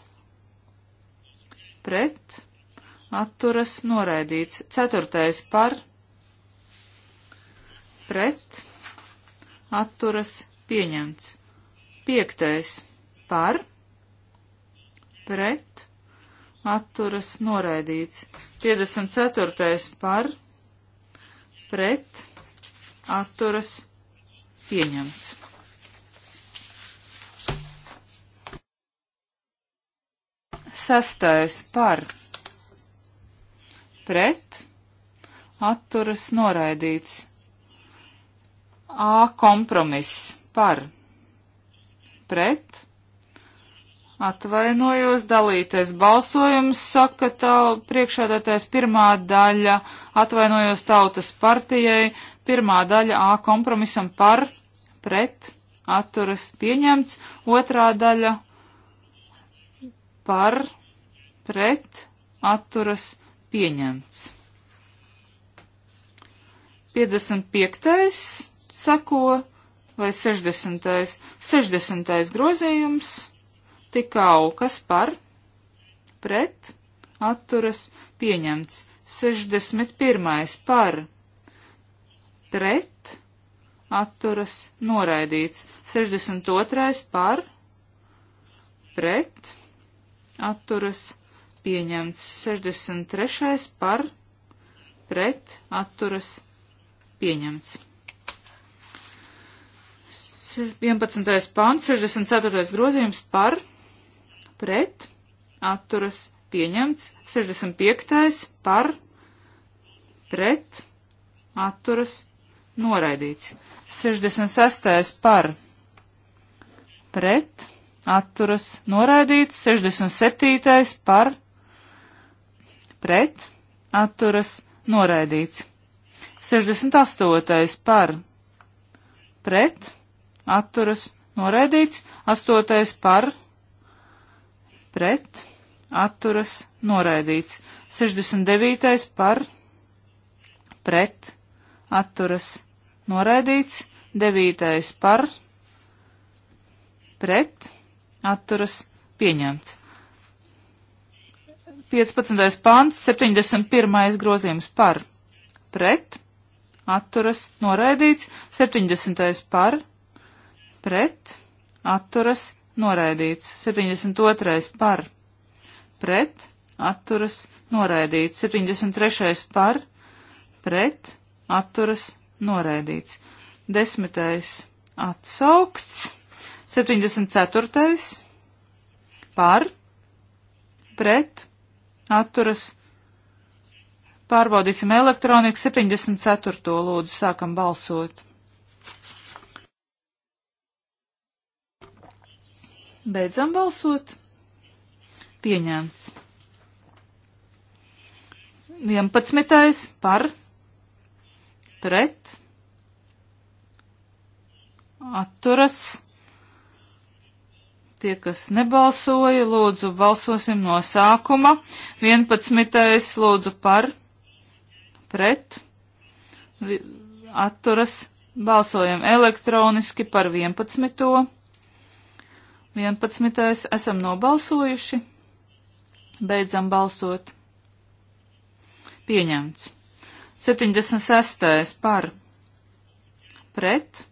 Pret. Atturas. Noraidīts. 4. par? Pret. Atturas. Pieņemts. 5. par? Pret atturas noraidīts. 54. par, pret, atturas pieņemts. Sastais par, pret, atturas noraidīts. A kompromiss par, pret, Atvainojos, dalīties balsojums, saka priekšādātais pirmā daļa, atvainojos tautas partijai, pirmā daļa A kompromisam par, pret, atturas pieņemts, otrā daļa par, pret, atturas pieņemts. 55. seko vai 60. 60. grozījums tikau, kas par, pret, atturas, pieņemts. 61. par, pret, atturas, noraidīts. 62. par, pret, atturas, pieņemts. 63. par, pret, atturas, pieņemts. 11. pāns, 64. grozījums par, pret, pret, atturas pieņemts, 65. par, pret, atturas noraidīts, 66. par, pret, atturas noraidīts, 67. par, pret, atturas noraidīts, 68. par, pret, atturas noraidīts, 8. par, pret, pret, atturas, noraidīts. 69. par, pret, atturas, noraidīts. 9. par, pret, atturas, pieņemts. 15. pants, 71. grozījums par, pret, atturas, noraidīts, 70. par, pret, atturas, noraidīts. 72. par pret atturas noraidīts. 73. par pret atturas noraidīts. 10. atsaukts. 74. par pret atturas Pārbaudīsim elektroniku 74. lūdzu, sākam balsot. Beidzam balsot. Pieņemts. 11. par pret atturas. Tie, kas nebalsoja, lūdzu, balsosim no sākuma. 11. lūdzu par pret atturas. Balsojam elektroniski par 11. 11. Esam nobalsojuši. Beidzam balsot. Pieņemts. 76. par. Pret.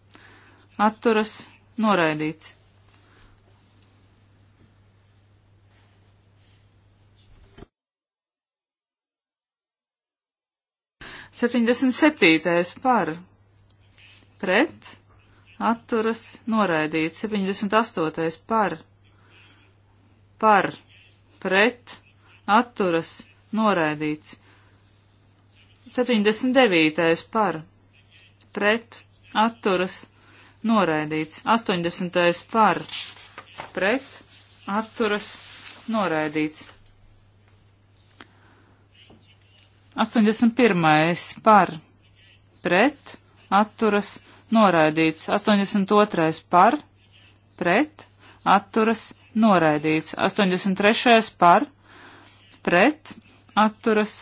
Atturas. Noraidīts. Septiņdesmit septītais par pret atturas noraidīts. 78. par, par, pret, atturas noraidīts. 79. par, pret, atturas noraidīts. 80. par, pret, atturas noraidīts. 81. par, pret, atturas noraidīts noraidīts. 82. par, pret, atturas, noraidīts. 83. par, pret, atturas,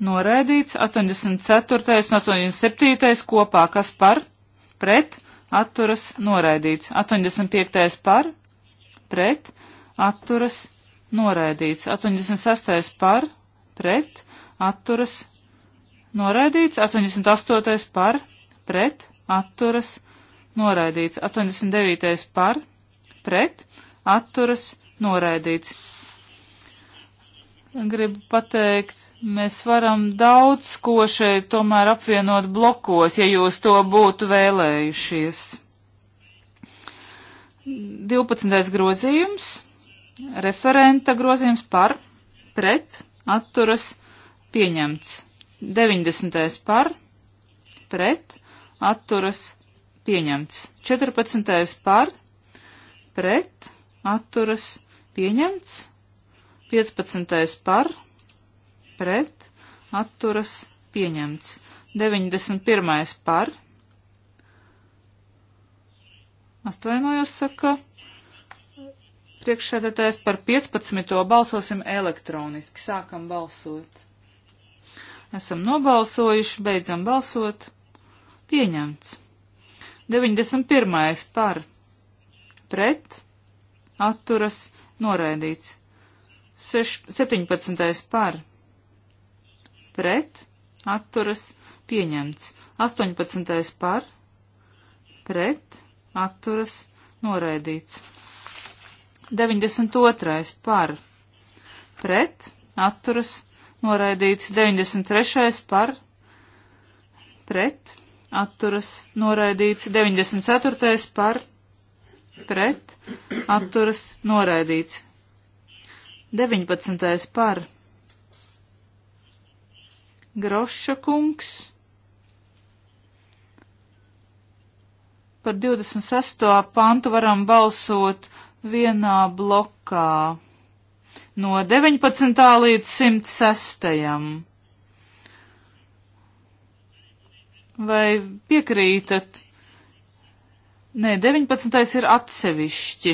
noraidīts. 84. un 87. kopā, kas par, pret, atturas, noraidīts. 85. par, pret, atturas, noraidīts. 86. par, pret, atturas, noraidīts. 88. par, pret, atturas, noraidīts. 89. par, pret, atturas, noraidīts. Gribu pateikt, mēs varam daudz ko šeit tomēr apvienot blokos, ja jūs to būtu vēlējušies. 12. grozījums, referenta grozījums par, pret, atturas, pieņemts. 90. par, pret, atturas pieņemts. 14. par, pret, atturas pieņemts. 15. par, pret, atturas pieņemts. 91. par, atvainojos, saka, priekšsēdētājs par 15. balsosim elektroniski, sākam balsot. Esam nobalsojuši, beidzam balsot. Pieņemts. 91. par pret atturas noraidīts. Seš, 17. par pret atturas pieņemts. 18. par pret atturas noraidīts. 92. par pret atturas noraidīts. 93. par pret atturas noraidīts, 94. par pret atturas noraidīts, 19. par Groša kungs par 26. pantu varam balsot vienā blokā no 19. līdz 106. Vai piekrītat? Nē, 19. ir atsevišķi.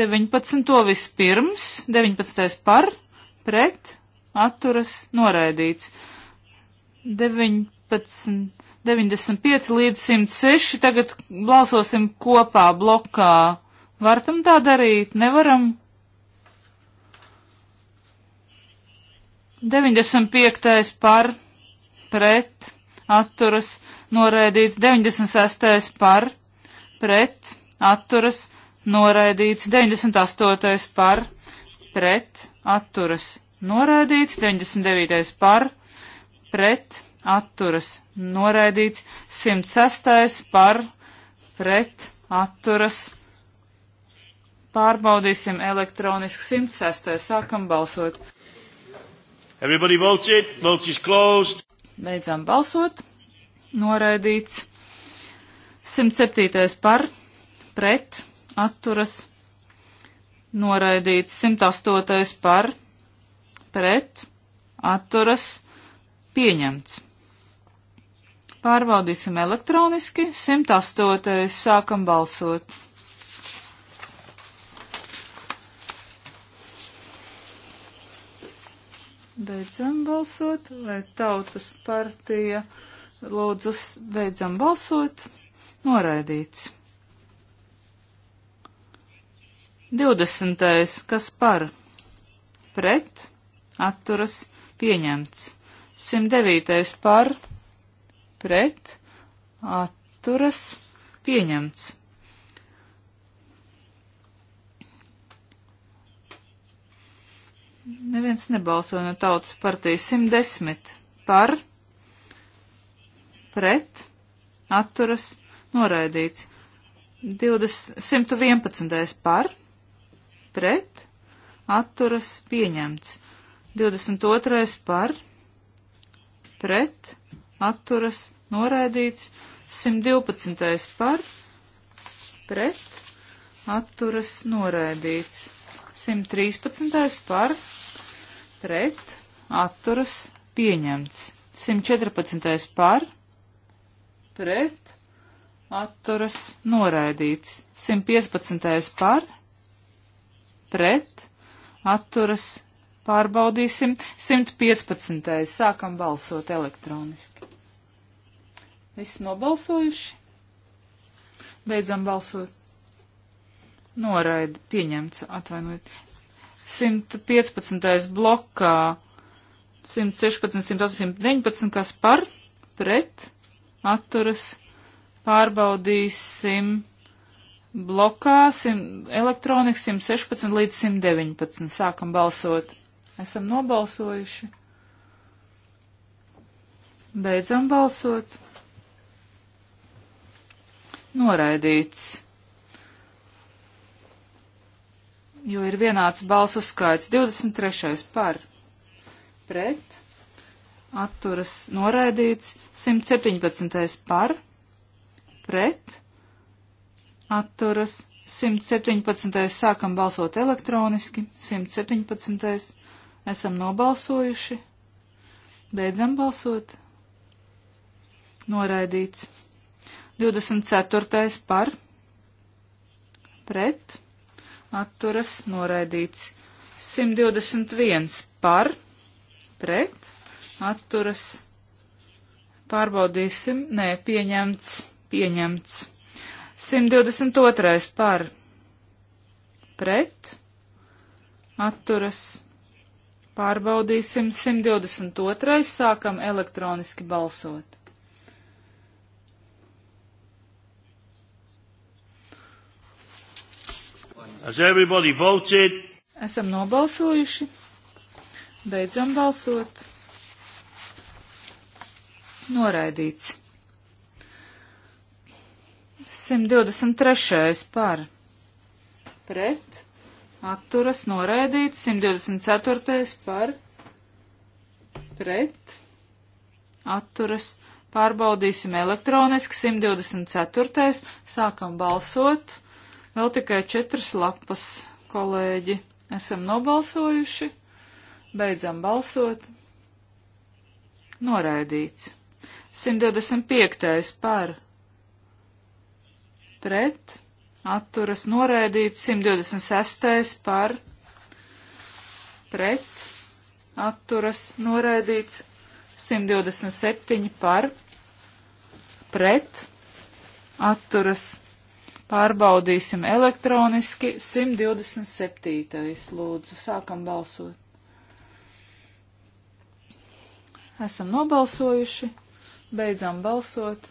19. vispirms, 19. par, pret, atturas, noraidīts. 19, 95 līdz 106, tagad balsosim kopā blokā. Vartam tā darīt, nevaram. 95. par, pret, atturas, noraidīts 96. par, pret, atturas, noraidīts 98. par, pret, atturas, noraidīts 99. par, pret, atturas, noraidīts 106. par, pret, atturas. Pārbaudīsim elektroniski 106. sākam balsot. Everybody votes it. Votes is closed. Beidzam balsot. Noraidīts. 107. par, pret, atturas. Noraidīts. 108. par, pret, atturas. Pieņemts. Pārbaudīsim elektroniski. 108. sākam balsot. Beidzam balsot, vai tautas partija lūdzu beidzam balsot. Noraidīts. 20. kas par? Pret, atturas, pieņemts. 109. par, pret, atturas, pieņemts. Neviens nebalsoja no tautas partijas. 110 par, pret, atturas, noraidīts. 20, 111 par, pret, atturas, pieņemts. 22 par, pret, atturas, noraidīts. 112 par, pret, atturas, noraidīts. 113. par pret atturas pieņemts. 114. par pret atturas noraidīts. 115. par pret atturas pārbaudīsim. 115. sākam balsot elektroniski. Visi nobalsojuši? Beidzam balsot noraida, pieņemts, atvainojiet. 115. blokā 116, 119, kas par, pret, atturas, pārbaudīsim blokā elektronikas 116 līdz 119. Sākam balsot. Esam nobalsojuši. Beidzam balsot. Noraidīts. jo ir vienāds balsu skaits. 23. par pret atturas noraidīts, 117. par pret atturas 117. sākam balsot elektroniski, 117. esam nobalsojuši, beidzam balsot, noraidīts. 24. par pret atturas noraidīts. 121 par, pret, atturas, pārbaudīsim, nē, pieņemts, pieņemts. 122 par, pret, atturas, pārbaudīsim, 122 sākam elektroniski balsot. Has everybody voted? Esam nobalsojuši. Beidzam balsot. Noraidīts. 123. par. Pret. Atturas noraidīts. 124. par. Pret. Atturas. Pārbaudīsim elektroniski. 124. Sākam balsot. Vēl tikai četras lapas, kolēģi. Esam nobalsojuši. Beidzam balsot. Noraidīts. 125. par. Pret. Atturas noraidīts. 126. par. Pret. Atturas noraidīts. 127 par. Pret. Atturas Pārbaudīsim elektroniski 127. lūdzu. Sākam balsot. Esam nobalsojuši. Beidzam balsot.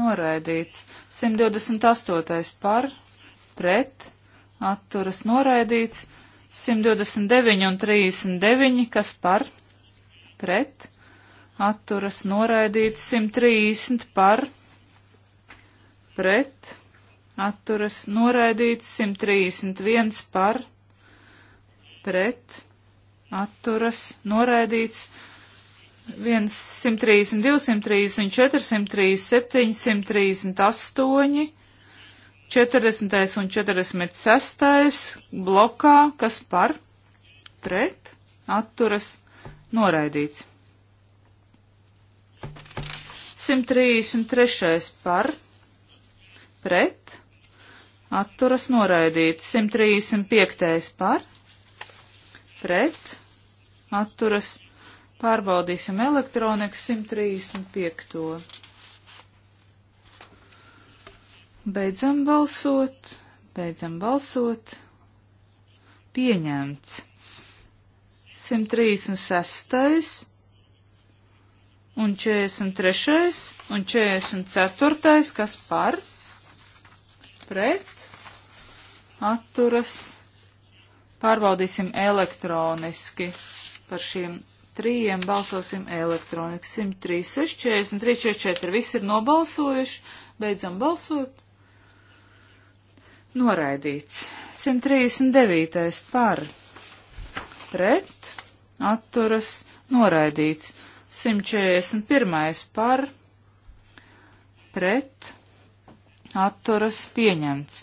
Noraidīts. 128. par, pret, atturas noraidīts. 129 un 39, kas par, pret, atturas noraidīts. 130 par, pret pret, atturas noraidīts 131 par, pret, atturas noraidīts 132, 134, 137, 138, 40 un 46 blokā, kas par, pret, atturas noraidīts. 133 par, pret, pret, atturas noraidīts. 135. par, pret, atturas. Pārbaudīsim elektronikas 135. Beidzam balsot, beidzam balsot. Pieņemts. 136 un 43 un 44, kas par pret, atturas, pārbaudīsim elektroniski par šiem trījiem, balsosim elektroniski 103, 640, 344, visi ir nobalsojuši, beidzam balsot. Noraidīts. 139. par. Pret. Atturas. Noraidīts. 141. par. Pret atturas pieņemts.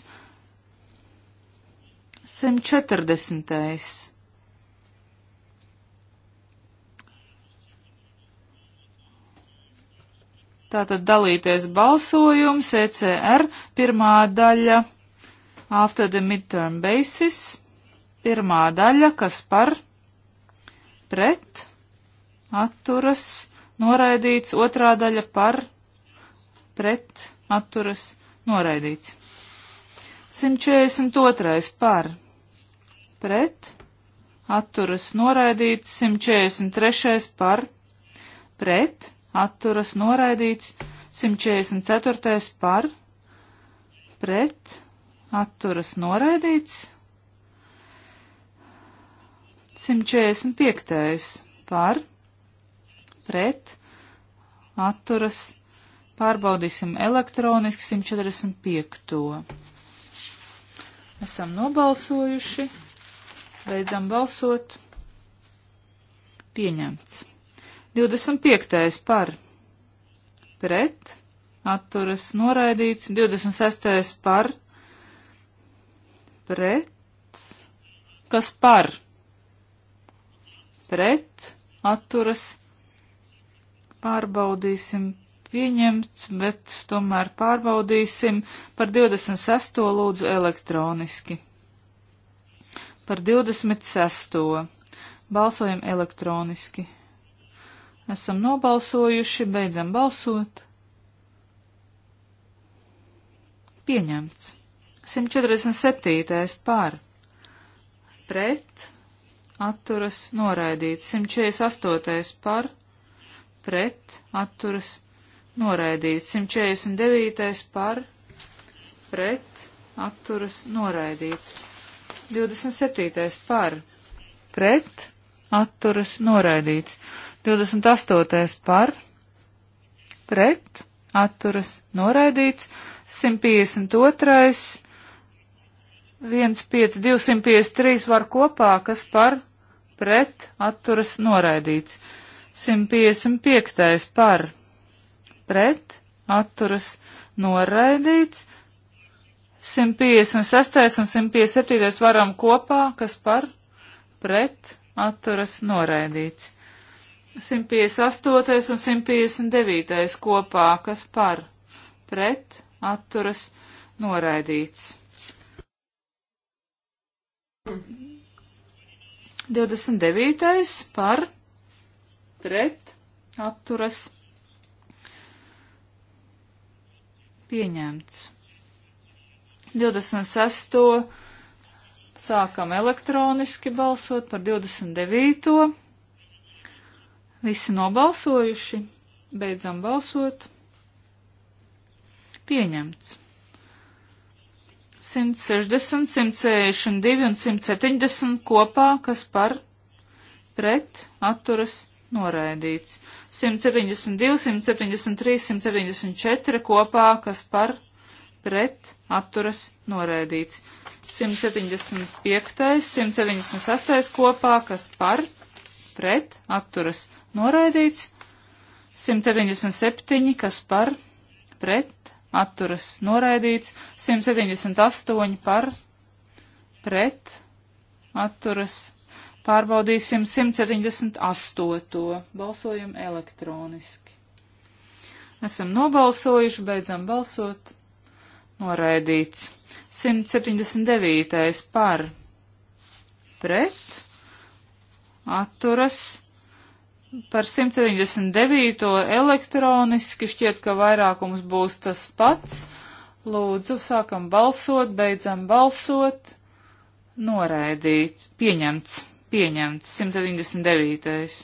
140. Tātad dalīties balsojums ECR, pirmā daļa after the midterm basis, pirmā daļa, kas par pret atturas noraidīts, otrā daļa par pret atturas Noraidīts. 142. par. Pret. Atturas noraidīts. 143. par. Pret. Atturas noraidīts. 144. par. Pret. Atturas noraidīts. 145. par. Pret. Atturas noraidīts Pārbaudīsim elektroniski 145. To. Esam nobalsojuši. Beidzam balsot. Pieņemts. 25. par. Pret. Atturas noraidīts. 26. par. Pret. Kas par? Pret. Atturas. Pārbaudīsim pieņemts, bet tomēr pārbaudīsim par 26. lūdzu elektroniski. Par 26. balsojam elektroniski. Esam nobalsojuši, beidzam balsot. Pieņemts. 147. pār. Pret. Atturas noraidīts. 148. par. Pret. Atturas noraidīts noraidīts. 149. par pret atturas noraidīts. 27. par pret atturas noraidīts. 28. par pret atturas noraidīts. 152. 1,5, 253 var kopā, kas par pret atturas noraidīts. 155. par pret pret, atturas noraidīts. 156 un 157 varam kopā, kas par, pret, atturas noraidīts. 158 un 159 kopā, kas par, pret, atturas noraidīts. 29. par, pret, atturas noraidīts Pieņemts. 26. Sākam elektroniski balsot par 29. Visi nobalsojuši. Beidzam balsot. Pieņemts. 160, 162 un 170 kopā, kas par pret atturas noraidīts. 172, 173, 174 kopā, kas par pret atturas noraidīts. 175, 178 kopā, kas par pret atturas noraidīts. 177, kas par pret atturas noraidīts. 178 par pret atturas noraidīts Pārbaudīsim 178. Balsojam elektroniski. Esam nobalsojuši, beidzam balsot. Noraidīts. 179. par pret. Atturas. Par 179. elektroniski šķiet, ka vairākums būs tas pats. Lūdzu, sākam balsot, beidzam balsot. Noraidīts. Pieņemts pieņemts 199.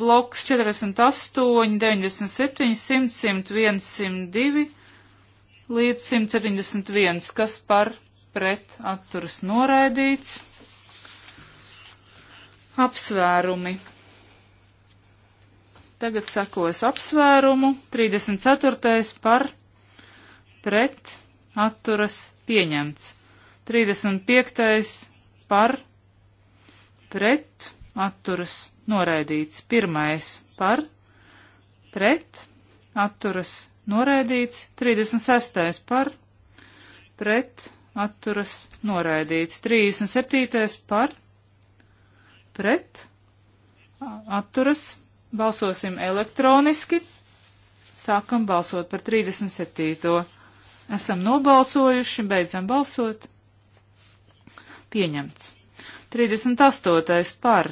Bloks 48, 97, 100, 101, 102 līdz 171, kas par pret atturas noraidīts. Apsvērumi. Tagad sekos apsvērumu. 34. par pret atturas pieņemts. 35. par pret pret, atturas, noraidīts. Pirmais par, pret, atturas, noraidīts. 36. par, pret, atturas, noraidīts. 37. par, pret, atturas, balsosim elektroniski. Sākam balsot par 37. Esam nobalsojuši, beidzam balsot. Pieņemts. 38. par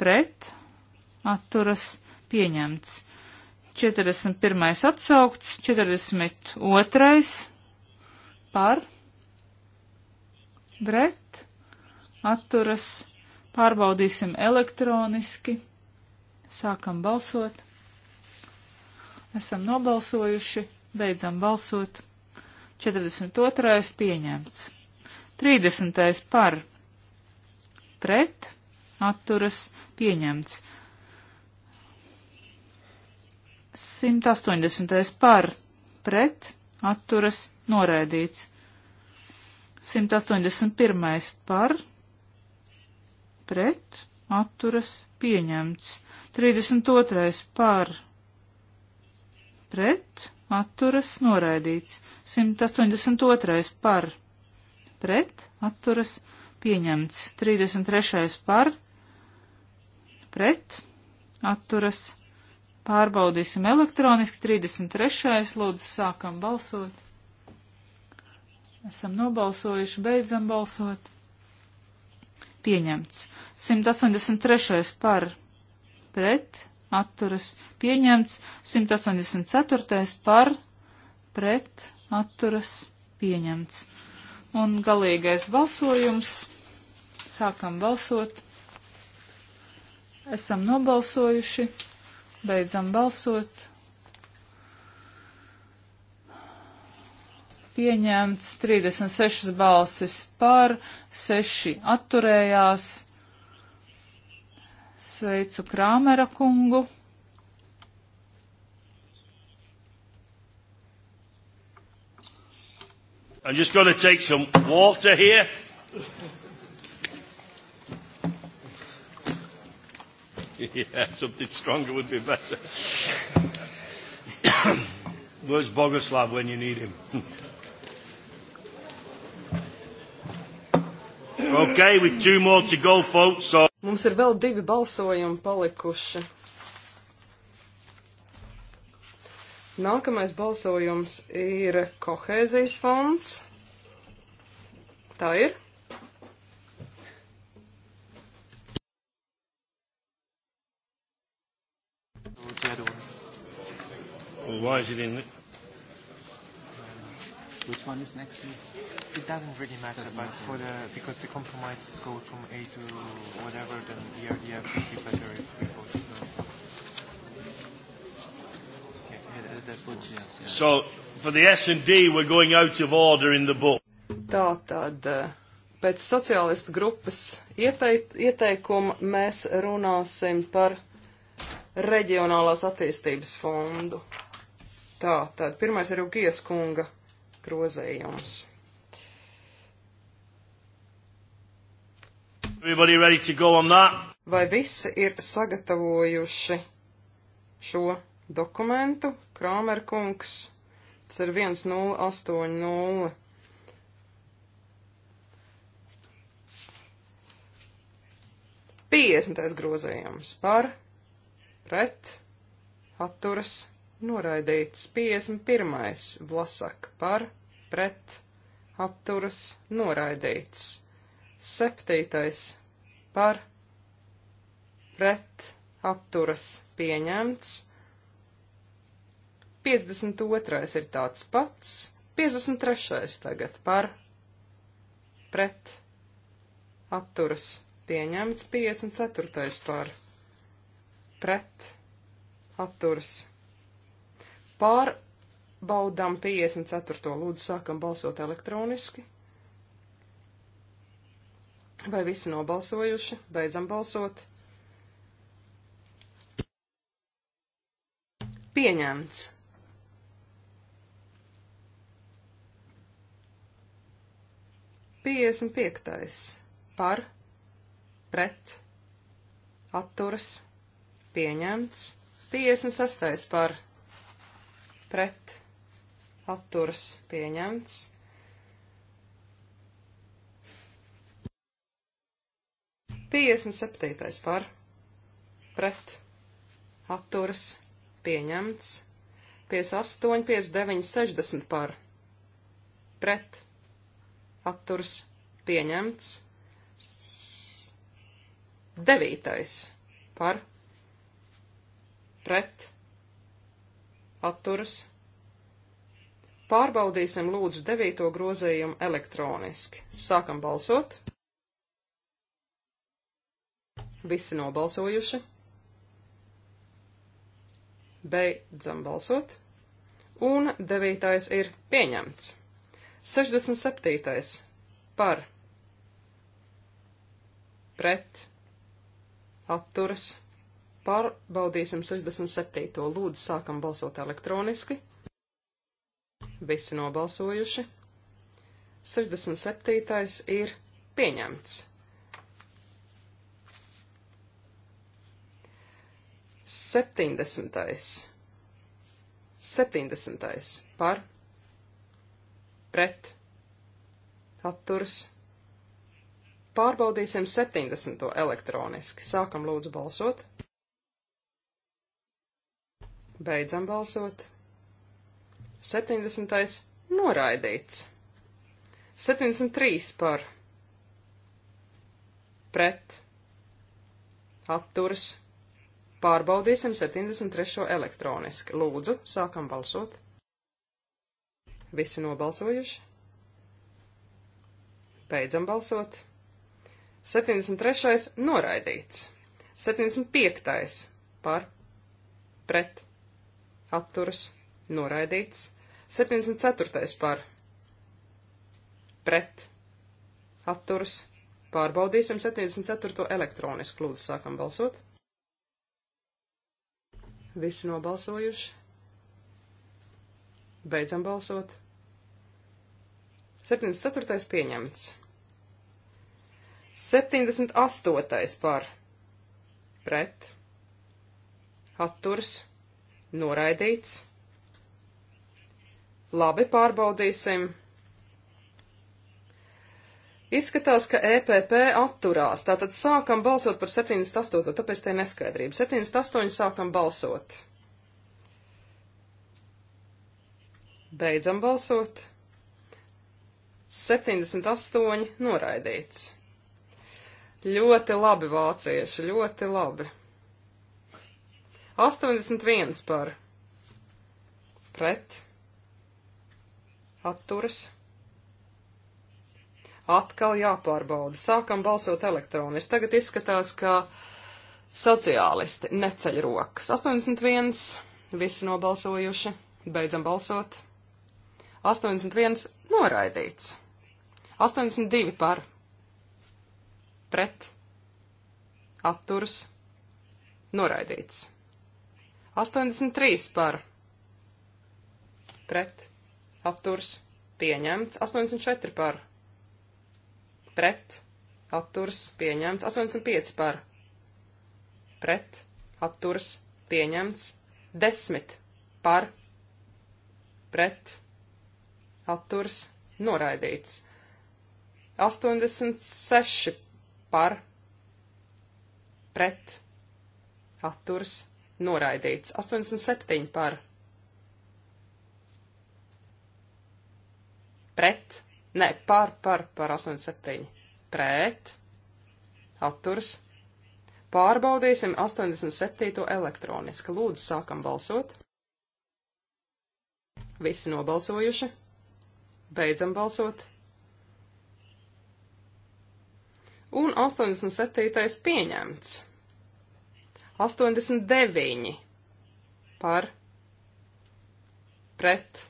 pret atturas pieņemts. 41. atsaukts, 42. par pret atturas pārbaudīsim elektroniski. Sākam balsot. Esam nobalsojuši, beidzam balsot. 42. pieņemts. 30. par pret, atturas pieņemts. 180. par, pret, atturas noraidīts. 181. par, pret, atturas pieņemts. 32. par, pret, atturas noraidīts. 182. par, pret, atturas noraidīts pieņemts. 33. par, pret, atturas, pārbaudīsim elektroniski. 33. lūdzu sākam balsot. Esam nobalsojuši, beidzam balsot. Pieņemts. 183. par, pret, atturas, pieņemts. 184. par, pret, atturas, pieņemts. Un galīgais balsojums. Sākam balsot. Esam nobalsojuši. Beidzam balsot. Pieņemts 36 balsis par, 6 atturējās. Sveicu Krāmera kungu. I'm just going to take some water here. yeah, something stronger would be better. Where's Bogoslav when you need him? okay, with two more to go, folks. So... Mums ir vēl divi balsojumi palikuši. Nākamais balsojums ir kohēzijas fonds. Tā ir. Well, why is it in? The... Which one is next? It doesn't really matter, doesn't but matter. for the because the compromises go from A to whatever, then the idea would be better if we both know. So, for the S&D, we're going out of order in the book. Tā tad, eh, pēc sociālistu grupas ieteit, ieteikuma mēs runāsim par reģionālās attīstības fondu. Tā tad, pirmais ir Ugies kunga grozējums. Everybody ready to go on that? Vai visi ir sagatavojuši šo dokumentu. Krāmer kungs, tas ir 1080. Piesmitais grozējums par, pret, atturas, noraidīts. 51. Vlasak par, pret, atturas, noraidīts. 7. par, pret, atturas, pieņemts. 52. ir tāds pats, 53. tagad par pret atturas pieņemts, 54. par pret atturas. Pārbaudām 54. lūdzu sākam balsot elektroniski. Vai visi nobalsojuši? Beidzam balsot. Pieņemts. 55. par, pret, atturas, pieņemts. 56. par, pret, atturas, pieņemts. Piecdesmit septītais par, pret, atturas, pieņemts, piecdesmit astoņi, piecdesmit deviņi, sešdesmit par, pret, atturs pieņemts. Devītais par pret atturs. Pārbaudīsim lūdzu devīto grozējumu elektroniski. Sākam balsot. Visi nobalsojuši. Beidzam balsot. Un devītais ir pieņemts. 67. par pret atturas pārbaudīsim 67. lūdzu sākam balsot elektroniski. Visi nobalsojuši. 67. ir pieņemts. 70. 70. par pret pret atturs. Pārbaudīsim 70. elektroniski. Sākam lūdzu balsot. Beidzam balsot. 70. noraidīts. 73 par pret atturs. Pārbaudīsim 73. elektroniski. Lūdzu, sākam balsot. Visi nobalsojuši. Beidzam balsot. 73. noraidīts. 75. par, pret, atturas, noraidīts. 74. par, pret, atturas, pārbaudīsim 74. elektronisku lūdzu sākam balsot. Visi nobalsojuši. Beidzam balsot. 74. pieņemts. 78. par pret, atturs, noraidīts. Labi, pārbaudīsim. Izskatās, ka EPP atturās, tātad sākam balsot par 78, tāpēc te neskaidrība. 78 sākam balsot. Beidzam balsot. 78 noraidīts. Ļoti labi vācieši, ļoti labi. 81 par. Pret. Atturas. Atkal jāpārbauda. Sākam balsot elektroniski. Tagad izskatās, ka sociālisti neceļ rokas. 81. Visi nobalsojuši. Beidzam balsot. 81 noraidīts. 82 par. Pret. Atturs. Noraidīts. 83 par. Pret. Atturs. Pieņemts. 84 par. Pret. Atturs. Pieņemts. 85 par. Pret. Atturs. Pieņemts. 10 par. Pret atturs noraidīts. 86 par pret atturs noraidīts. 87 par pret, ne, par, par, par 87 pret atturs. Pārbaudīsim 87. elektroniski. Lūdzu, sākam balsot. Visi nobalsojuši. Beidzam balsot. Un 87. pieņemts. 89 par pret.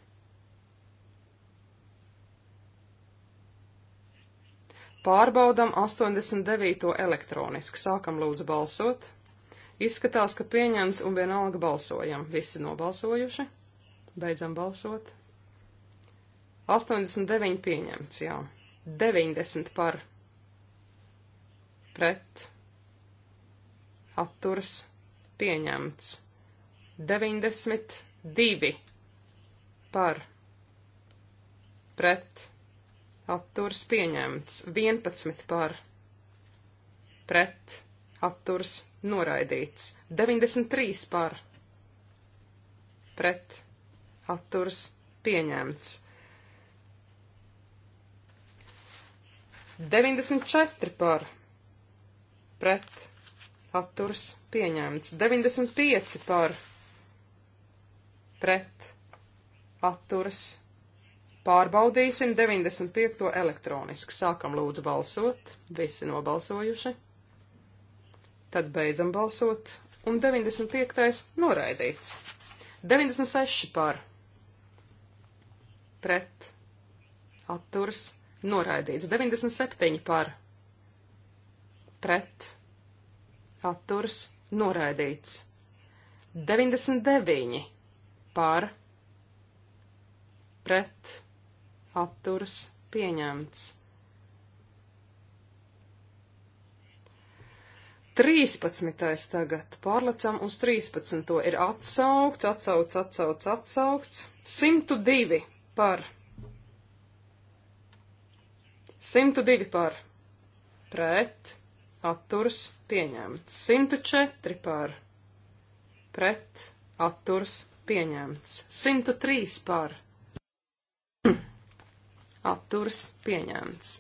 Pārbaudam 89. elektroniski. Sākam lūdzu balsot. Izskatās, ka pieņems un vienalga balsojam. Visi nobalsojuši. Beidzam balsot. 89 pieņemts, jā. 90 par pret atturs pieņemts. 92 par pret atturs pieņemts. 11 par pret atturs noraidīts. 93 par pret atturs pieņemts. 94 par pret atturs pieņemts. 95 par pret atturs pārbaudīsim 95 elektroniski. Sākam lūdzu balsot, visi nobalsojuši. Tad beidzam balsot un 95. noraidīts. 96 par pret atturs noraidīts. 97 par pret atturs noraidīts. 99 par pret atturs pieņemts. 13. tagad pārlecam uz 13. ir atsaukts, atsaukts, atsaukts, atsaukts. 102 par pret 102 par pret, atturs, pieņemts. 104 par pret, atturs, pieņemts. 103 par atturs, pieņemts.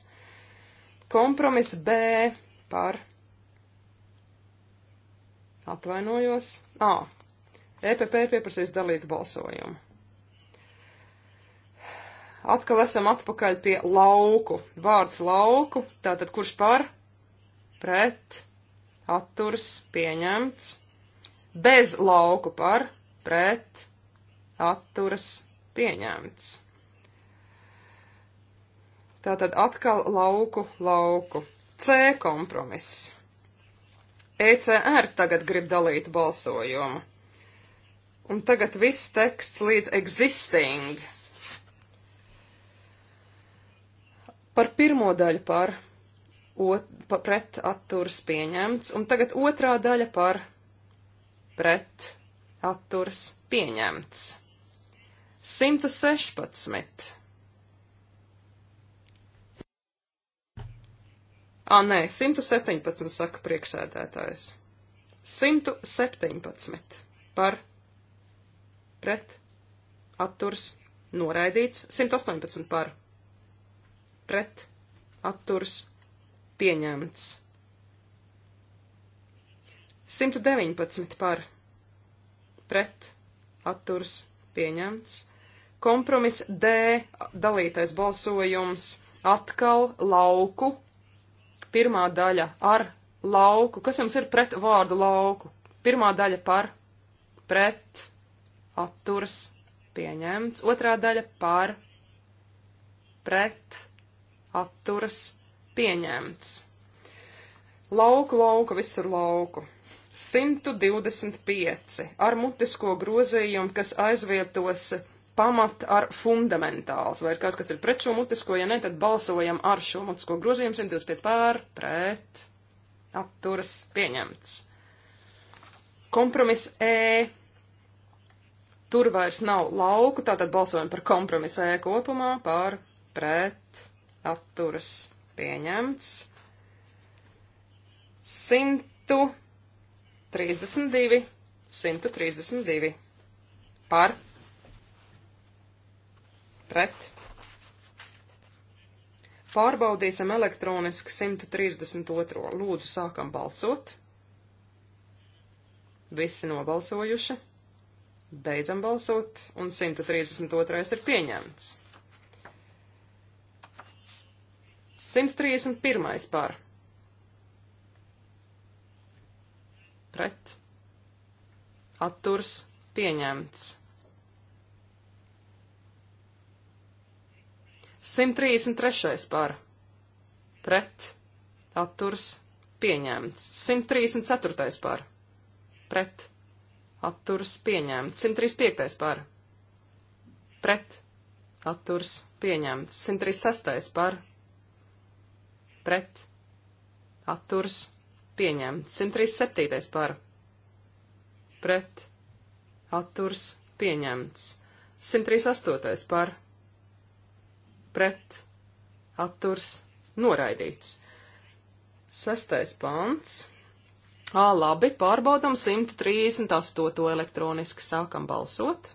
Kompromiss B par atvainojos. Ā. EPP pieprasīs dalītu balsojumu. Atkal esam atpakaļ pie lauku. Vārds lauku, tātad kurš par, pret, atturs, pieņemts. Bez lauku par, pret, atturas, pieņemts. Tātad atkal lauku, lauku. C kompromiss. ECR tagad grib dalīt balsojumu. Un tagad viss teksts līdz existing Par pirmo daļu par ot, pa, pret atturs pieņemts, un tagad otrā daļa par pret atturs pieņemts. 116. Ā, nē, 117 saka priekšsēdētājs. 117 par pret atturs noraidīts, 118 par pret pret atturs pieņemts. 119 par pret atturs pieņemts. Kompromis D dalītais balsojums atkal lauku. Pirmā daļa ar lauku. Kas jums ir pret vārdu lauku? Pirmā daļa par pret atturs pieņemts. Otrā daļa par pret atturas pieņemts. Lauku, lauku, viss ar lauku. 125 ar mutisko grozījumu, kas aizvietos pamat ar fundamentāls, vai ir kāds, kas ir pret šo mutisko, ja ne, tad balsojam ar šo mutisko grozījumu 125 pār, pret, atturas, pieņemts. Kompromis E. Tur vairs nav lauku, tātad balsojam par kompromisu E kopumā, pār, pret, atturas pieņemts. 132, 132 par, pret. Pārbaudīsim elektroniski 132. Lūdzu, sākam balsot. Visi nobalsojuši. Beidzam balsot, un 132. ir pieņemts. 131. par. Pret. Atturs pieņemts. 133. par. Pret. Atturs pieņemts. 134. par. Pret. Atturs pieņemts. 135. par. Pret. Atturs pieņemts. 136. par pret, atturs, pieņemts. 137. par, pret, atturs, pieņemts. 138. par, pret, atturs, noraidīts. 6. pants. Ā, labi, pārbaudam 138. elektroniski sākam balsot.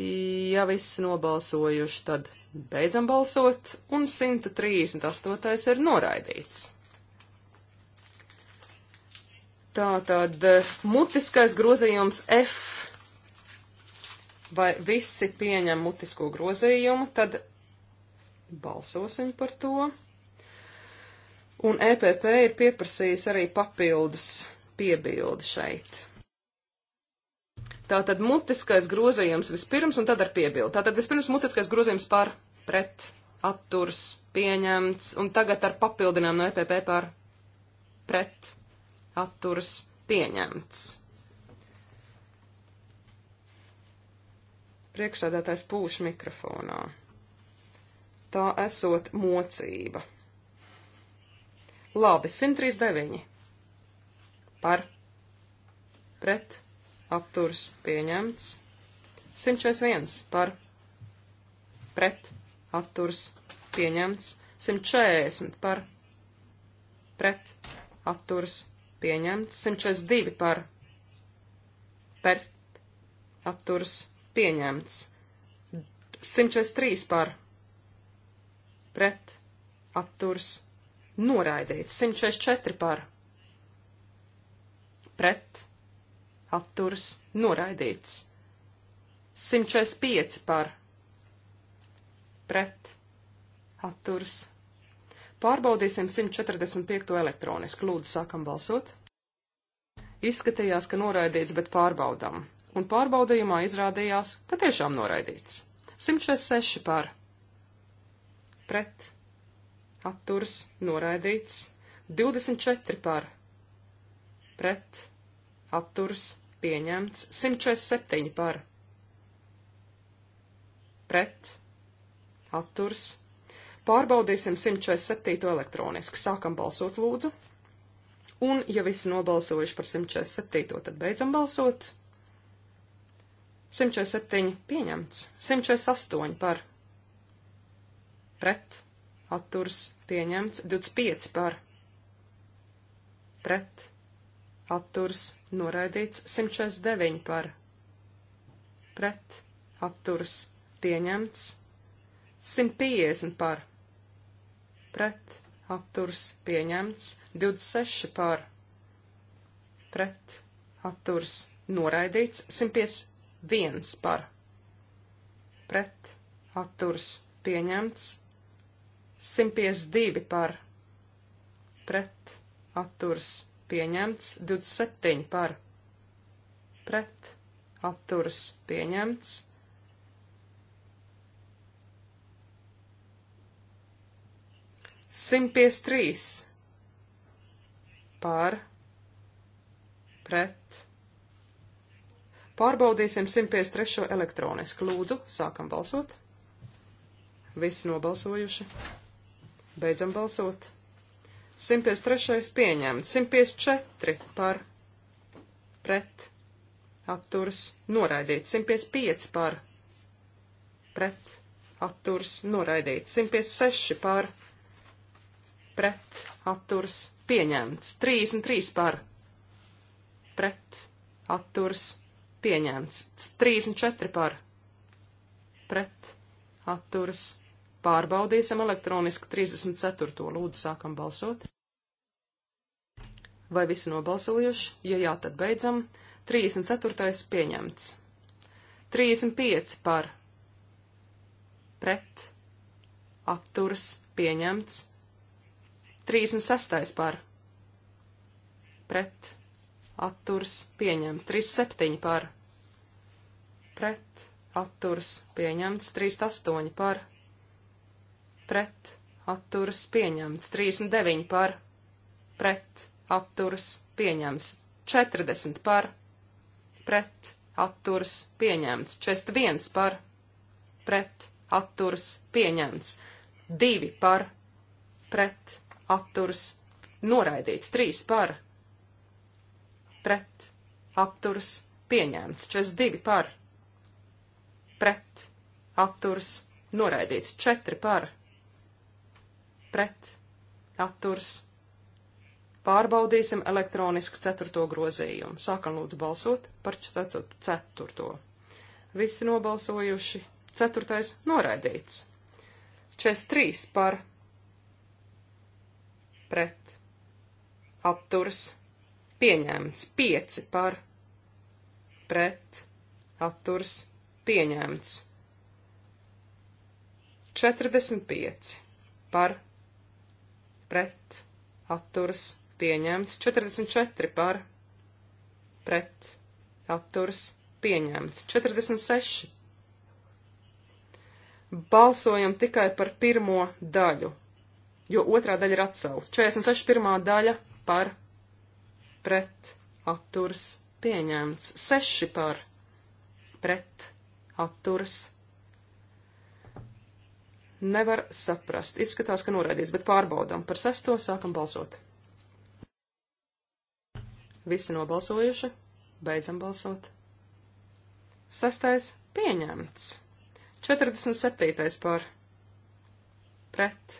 Ja viss nobalsojuši, tad Beidzam balsot, un 138. ir noraidīts. Tātad eh, mutiskais grozījums F. Vai visi pieņem mutisko grozījumu, tad balsosim par to. Un EPP ir pieprasījis arī papildus piebildi šeit. Tātad mutiskais grozījums vispirms un tad ar piebildu. Tātad vispirms mutiskais grozījums par pret atturs pieņemts un tagad ar papildinājumu no EPP par pret atturs pieņemts. Priekšsēdētājs pūš mikrofonā. Tā esot mocība. Labi, 139. Par. Pret apturs pieņemts. 141 par pret apturs pieņemts. 140 par pret apturs pieņemts. 142 par pret apturs pieņemts. 143 par pret apturs noraidīts. 144 par pret atturas noraidīts. 145 par pret atturas. Pārbaudīsim 145 elektroniski. Lūdzu, sākam balsot. Izskatījās, ka noraidīts, bet pārbaudām. Un pārbaudījumā izrādījās, ka tiešām noraidīts. 146 par pret atturas noraidīts. 24 par pret atturas noraidīts pieņemts 147 par pret atturs. Pārbaudīsim 147 elektroniski. Sākam balsot lūdzu. Un, ja visi nobalsojuši par 147, tad beidzam balsot. 147 pieņemts, 148 par pret atturs pieņemts, 25 par pret atturs atturs noraidīts 149 par pret atturs pieņemts 150 par pret atturs pieņemts 26 par pret atturs noraidīts 151 par pret atturs pieņemts 152 par pret atturs pieņemts pieņemts, 27 par pret atturas pieņemts. Simties trīs par pret. Pārbaudīsim 153. elektroniski. Lūdzu, sākam balsot. Visi nobalsojuši. Beidzam balsot. 153. pieņemts, 154 par pret atturs noraidīts, 155 par pret atturs noraidīts, 156 par pret atturs pieņemts, 33 par pret atturs pieņemts, 34 par pret atturs Pārbaudīsim elektroniski 34. Lūdzu, sākam balsot. Vai visi nobalsojuši? Ja jā, tad beidzam. 34. pieņemts. 35 par pret atturas pieņemts. 36 par pret atturas pieņemts. 37 par pret atturas pieņemts. 38 par pret pret, atturas pieņemts. 39 par, pret, atturas pieņemts. 40 par, pret, atturas pieņemts. 41 par, pret, atturas pieņemts. 2 par, pret, atturas noraidīts. 3 par, pret, atturas pieņemts. 42 par, pret, atturas noraidīts. 4 par, pret pret, atturs. Pārbaudīsim elektroniski ceturto grozījumu. Sākam lūdzu balsot par ceturto. Visi nobalsojuši. Ceturtais noraidīts. 43 par pret apturs pieņēmts. 5 par pret atturs pieņēmts. 45 par pret pret, atturas, pieņemts, 44 par, pret, atturas, pieņemts, 46. Balsojam tikai par pirmo daļu, jo otrā daļa ir atsaukta. 46. pirmā daļa par, pret, atturas, pieņemts, 6 par, pret, atturas, pieņemts nevar saprast. Izskatās, ka noraidīts, bet pārbaudām. Par sesto sākam balsot. Visi nobalsojuši. Beidzam balsot. Sestais pieņemts. 47. par pret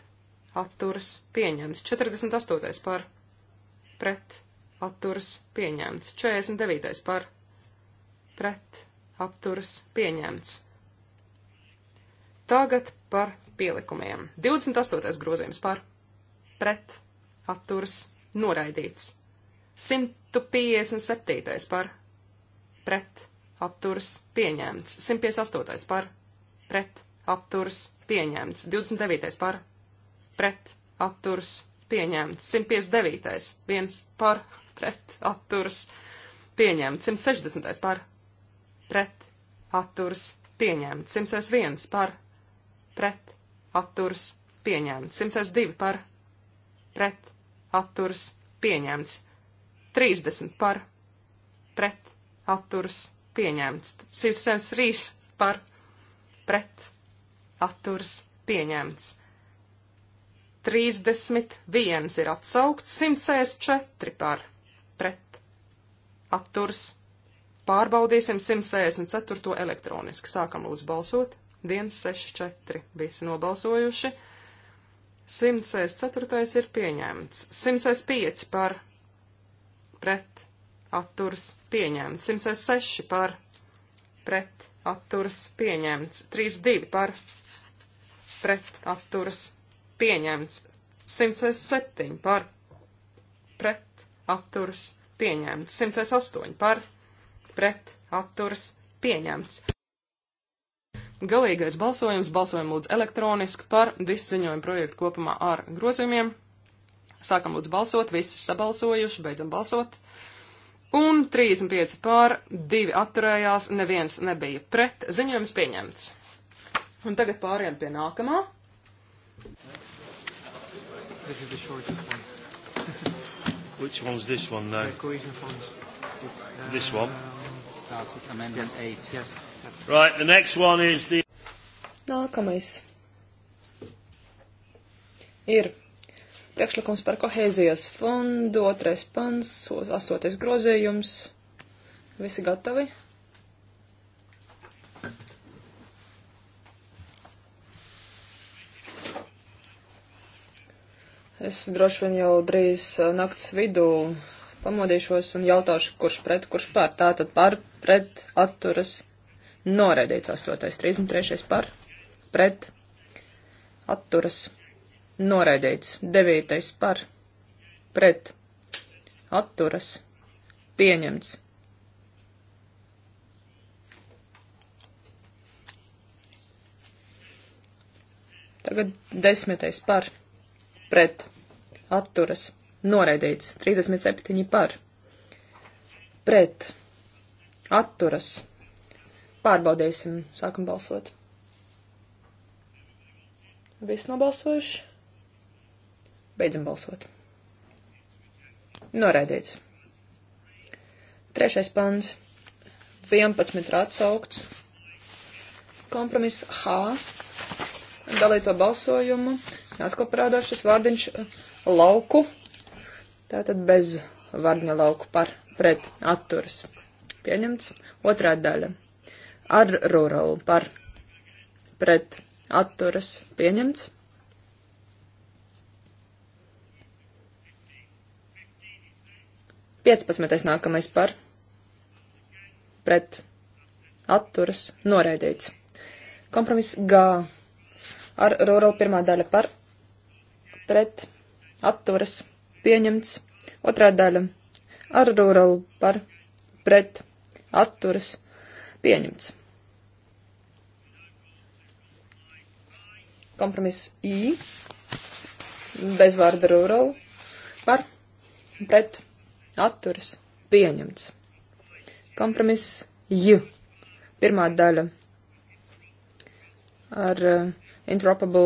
atturas pieņemts. 48. par pret atturas pieņemts. 49. par pret atturas pieņemts. Tagad par pielikumiem. 28. grozījums par pret atturs noraidīts. 157. par pret atturs pieņemts. 158. par pret atturs pieņemts. 29. par pret atturs pieņemts. 159. viens par pret atturs pieņemts. 160. par pret atturs pieņemts. 101. par pret atturs pieņemts. 102 par pret atturs pieņemts. 30 par pret atturs pieņemts. 103 par pret atturs pieņemts. 31 ir atsaukts, 104 par pret atturs. Pārbaudīsim 164 elektroniski. Sākam lūdzu balsot. 164. Visi nobalsojuši. 104. ir pieņemts. 105 par pret atturs pieņemts. 106 par pret atturs pieņemts. 32 par pret atturs pieņemts. 107 par pret atturs pieņemts. 108 par pret atturs pieņemts. Galīgais balsojums, balsojam lūdzu elektroniski par visu ziņojumu projektu kopumā ar grozījumiem. Sākam lūdzu balsot, visi sabalsojuši, beidzam balsot. Un 35 pār, 2 atturējās, neviens nebija pret, ziņojums pieņemts. Un tagad pārējām pie nākamā. This is the shortest one. Which one's this one now? The cohesion fund. It's, uh, this one? Um, Starts with amendment yes. 8. Yes. Right, the next one is the... Nākamais ir priekšlikums par kohēzijas fondu, otrais pants, astotais grozījums. Visi gatavi? Es droši vien jau drīz eh, nakts vidū pamodīšos un jautāšu, kurš pret, kurš pār. Tātad pār, pret, atturas, noraidīts 8. 33. par pret atturas noraidīts 9. par pret atturas pieņemts. Tagad desmitais par pret atturas noraidīts 37 par pret atturas noraidīts Pārbaudīsim, sākam balsot. Viss nobalsojuši. Beidzam balsot. Noraidīts. Trešais pants. 11 ir atsaukts. Kompromiss H. Dalīto balsojumu. Atkal parādās šis vārdiņš eh, lauku. Tātad bez vārdiņa lauku par pret atturas. Pieņemts. Otrā daļa ar ruralu par pret atturas pieņemts. 15. nākamais par pret atturas noraidīts. Kompromiss G ar rural pirmā daļa par pret atturas pieņemts. Otrā daļa ar rural par pret atturas pieņemts. Kompromiss I bez vārda rural par pret atturas pieņemts. Kompromiss J. Pirmā daļa ar uh, interoperable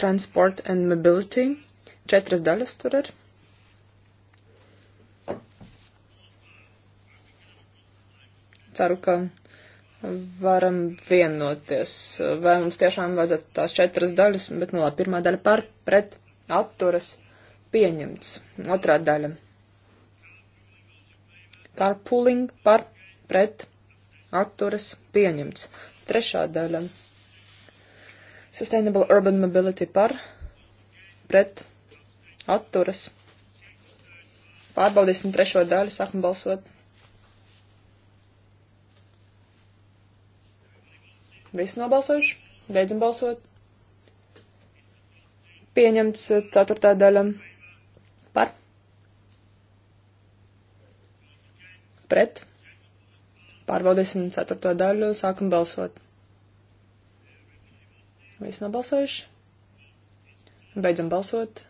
transport and mobility. Četras daļas tur ir. Ceru, ka varam vienoties. Vai mums tiešām vajadzētu tās četras daļas, bet, nu labi, pirmā daļa par, pret, atturas, pieņemts. Otrā daļa. Carpooling par, pret, atturas, pieņemts. Trešā daļa. Sustainable Urban Mobility par, pret, atturas. Pārbaudīsim trešo daļu, sākam balsot. Visi nobalsojuši? Beidzam balsot. Pieņemts eh, ceturtā daļa par. Pret. Pārbaudīsim ceturto daļu, sākam balsot. Visi nobalsojuši? Beidzam balsot.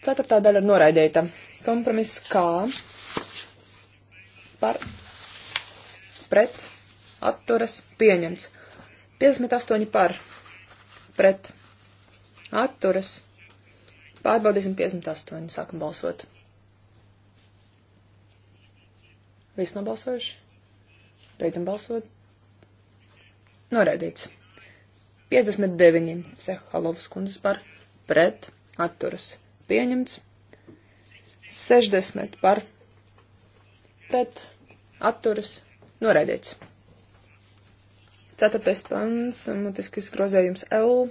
Ceturtā daļa ir noraidīta. Kompromiss kā par pret atturas pieņemts. 58 par pret atturas. Pārbaudīsim 58. Sākam balsot. Viss nobalsojuši? Beidzam balsot. Noraidīts. 59. Sehalovas kundzes par pret atturas. Pieņemts. 60 par pret atturas. Noraidīts. Ceturtais pants, mutiskis grozējums L.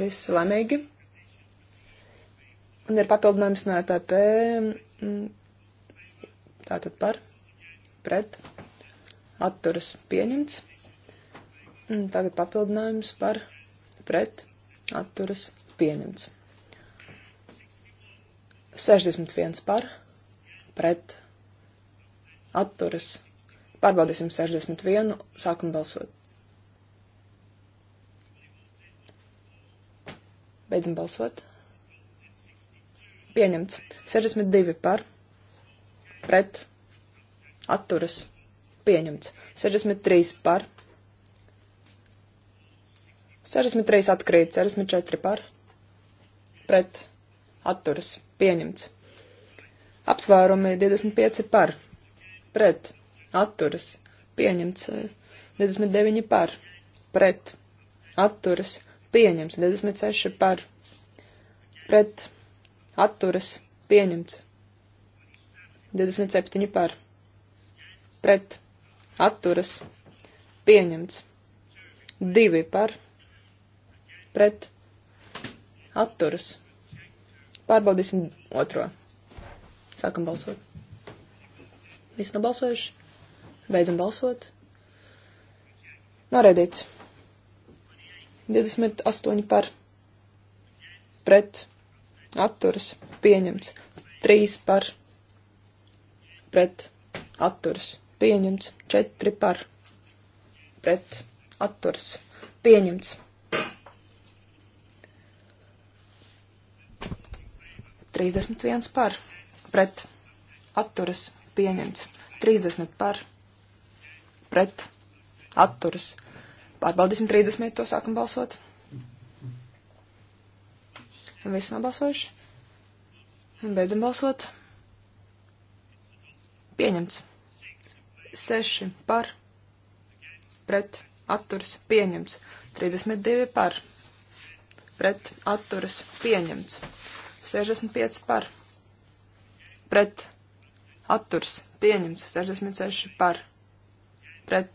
Viss laimīgi. Un ir papildinājums no EPP. Tātad par, pret, atturas pieņemts. Un tagad papildinājums par, pret, atturas pieņemts. 61 par, pret, atturas Pārbaudīsim 61. Sākam balsot. Beidzam balsot. Pieņemts. 62 par. Pret. Atturas. Pieņemts. 63 par. 63 atkrīt. 64 par. Pret. Atturas. Pieņemts. Apsvērumi 25 par. Pret atturas, pieņemts 29 eh, par, pret, atturas, pieņemts 26 par, pret, atturas, pieņemts 27 par, pret, atturas, pieņemts 2 par, pret, atturas. Pārbaudīsim otro. Sākam balsot. Viss nobalsojuši? Beidzam balsot. Noraidīts. 28 par. Pret. Atturas. Pieņemts. 3 par. Pret. Atturas. Pieņemts. 4 par. Pret. Atturas. Pieņemts. 31 par. Pret. Atturas. Pieņemts. 30 par pret atturas. Pārbaudīsim 30, to sākam balsot. Visi nobalsojuši. Beidzam balsot. Pieņemts. 6 par pret atturas pieņemts. 32 par pret atturas pieņemts. 65 par pret atturas pieņemts. 66 par pret pret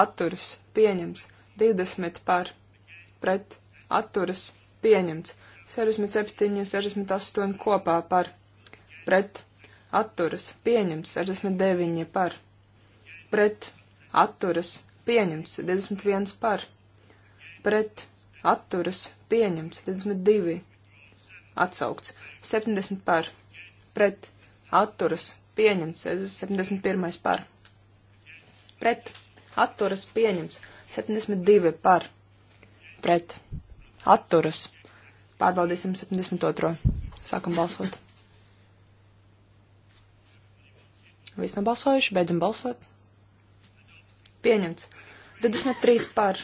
atturas pieņems. 20 par pret atturas pieņemts. 67, 68 kopā par pret atturas pieņems. 69 par pret atturas pieņems. 21 par pret atturas pieņems. 22 atsaukts. 70 par pret atturas pieņems. 71 par pret pret atturas pieņemts. 72 par pret atturas. Pārbaudīsim 72. Sākam balsot. Viss nobalsojuši, beidzam balsot. Pieņemts. 23 par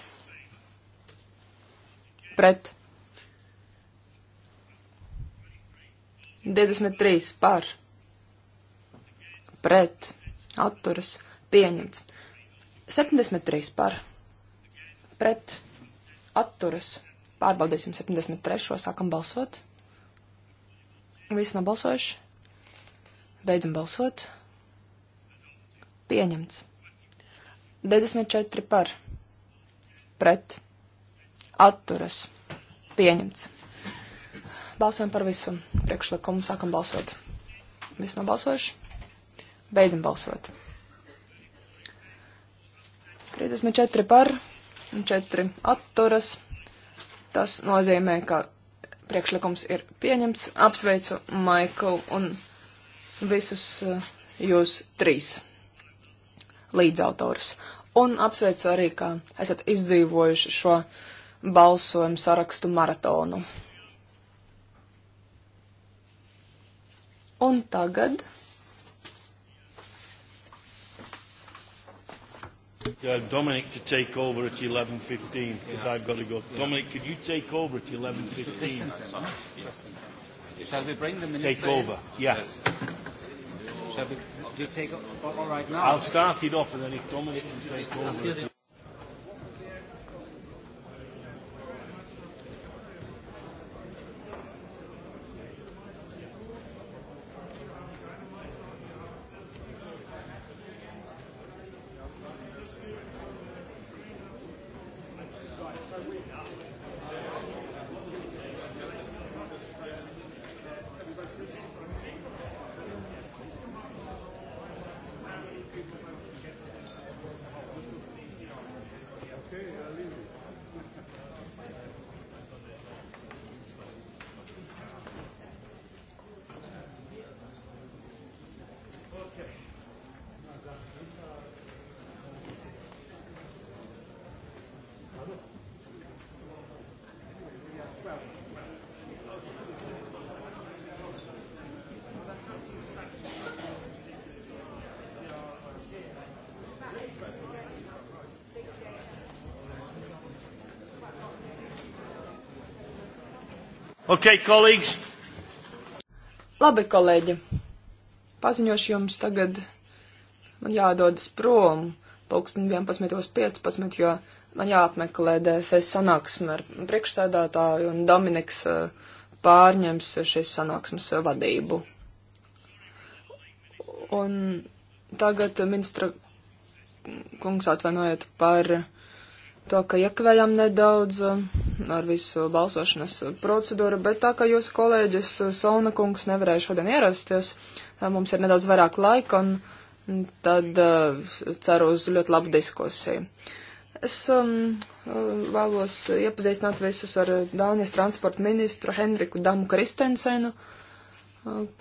pret 23 par pret atturas pieņemts. 73 par pret atturas. Pārbaudīsim 73. Sākam balsot. Visi nobalsojuši. Beidzam balsot. Pieņemts. 94 par pret atturas. Pieņemts. Balsojam par visu priekšlikumu. Sākam balsot. Visi nobalsojuši. Beidzam balsot. 34 par un 4 atturas. Tas nozīmē, ka priekšlikums ir pieņemts. Apsveicu Maiklu un visus eh, jūs trīs līdzautorus. Un apsveicu arī, ka esat izdzīvojuši šo balsojumu sarakstu maratonu. Un tagad uh, Dominic to take over at 11.15 because yeah. I've got to go. Yeah. Dominic, could you take over at 11.15? Shall we bring the minister Take over, in? yeah. Yes. Shall we do you take over? All right now. I'll start it off and then if Dominic can take over. Okay, colleagues. Labi, kolēģi. Paziņošu jums tagad. Man jādodas prom pulksten 11.15, jo man jāapmeklē DFS sanāksme ar priekšsēdētāju un Dominiks eh, pārņems šīs sanāksmes vadību. Un tagad ministra kungs atvainojiet par to, ka iekavējām nedaudz um, ar visu balsošanas procedūru, bet tā kā jūsu kolēģis uh, Sauna kungs nevarēja šodien ierasties, mums ir nedaudz vairāk laika un tad uh, ceru uz ļoti labu diskusiju. Es um, uh, vēlos iepazīstināt visus ar Dānijas transporta ministru Henriku Damu Kristensenu,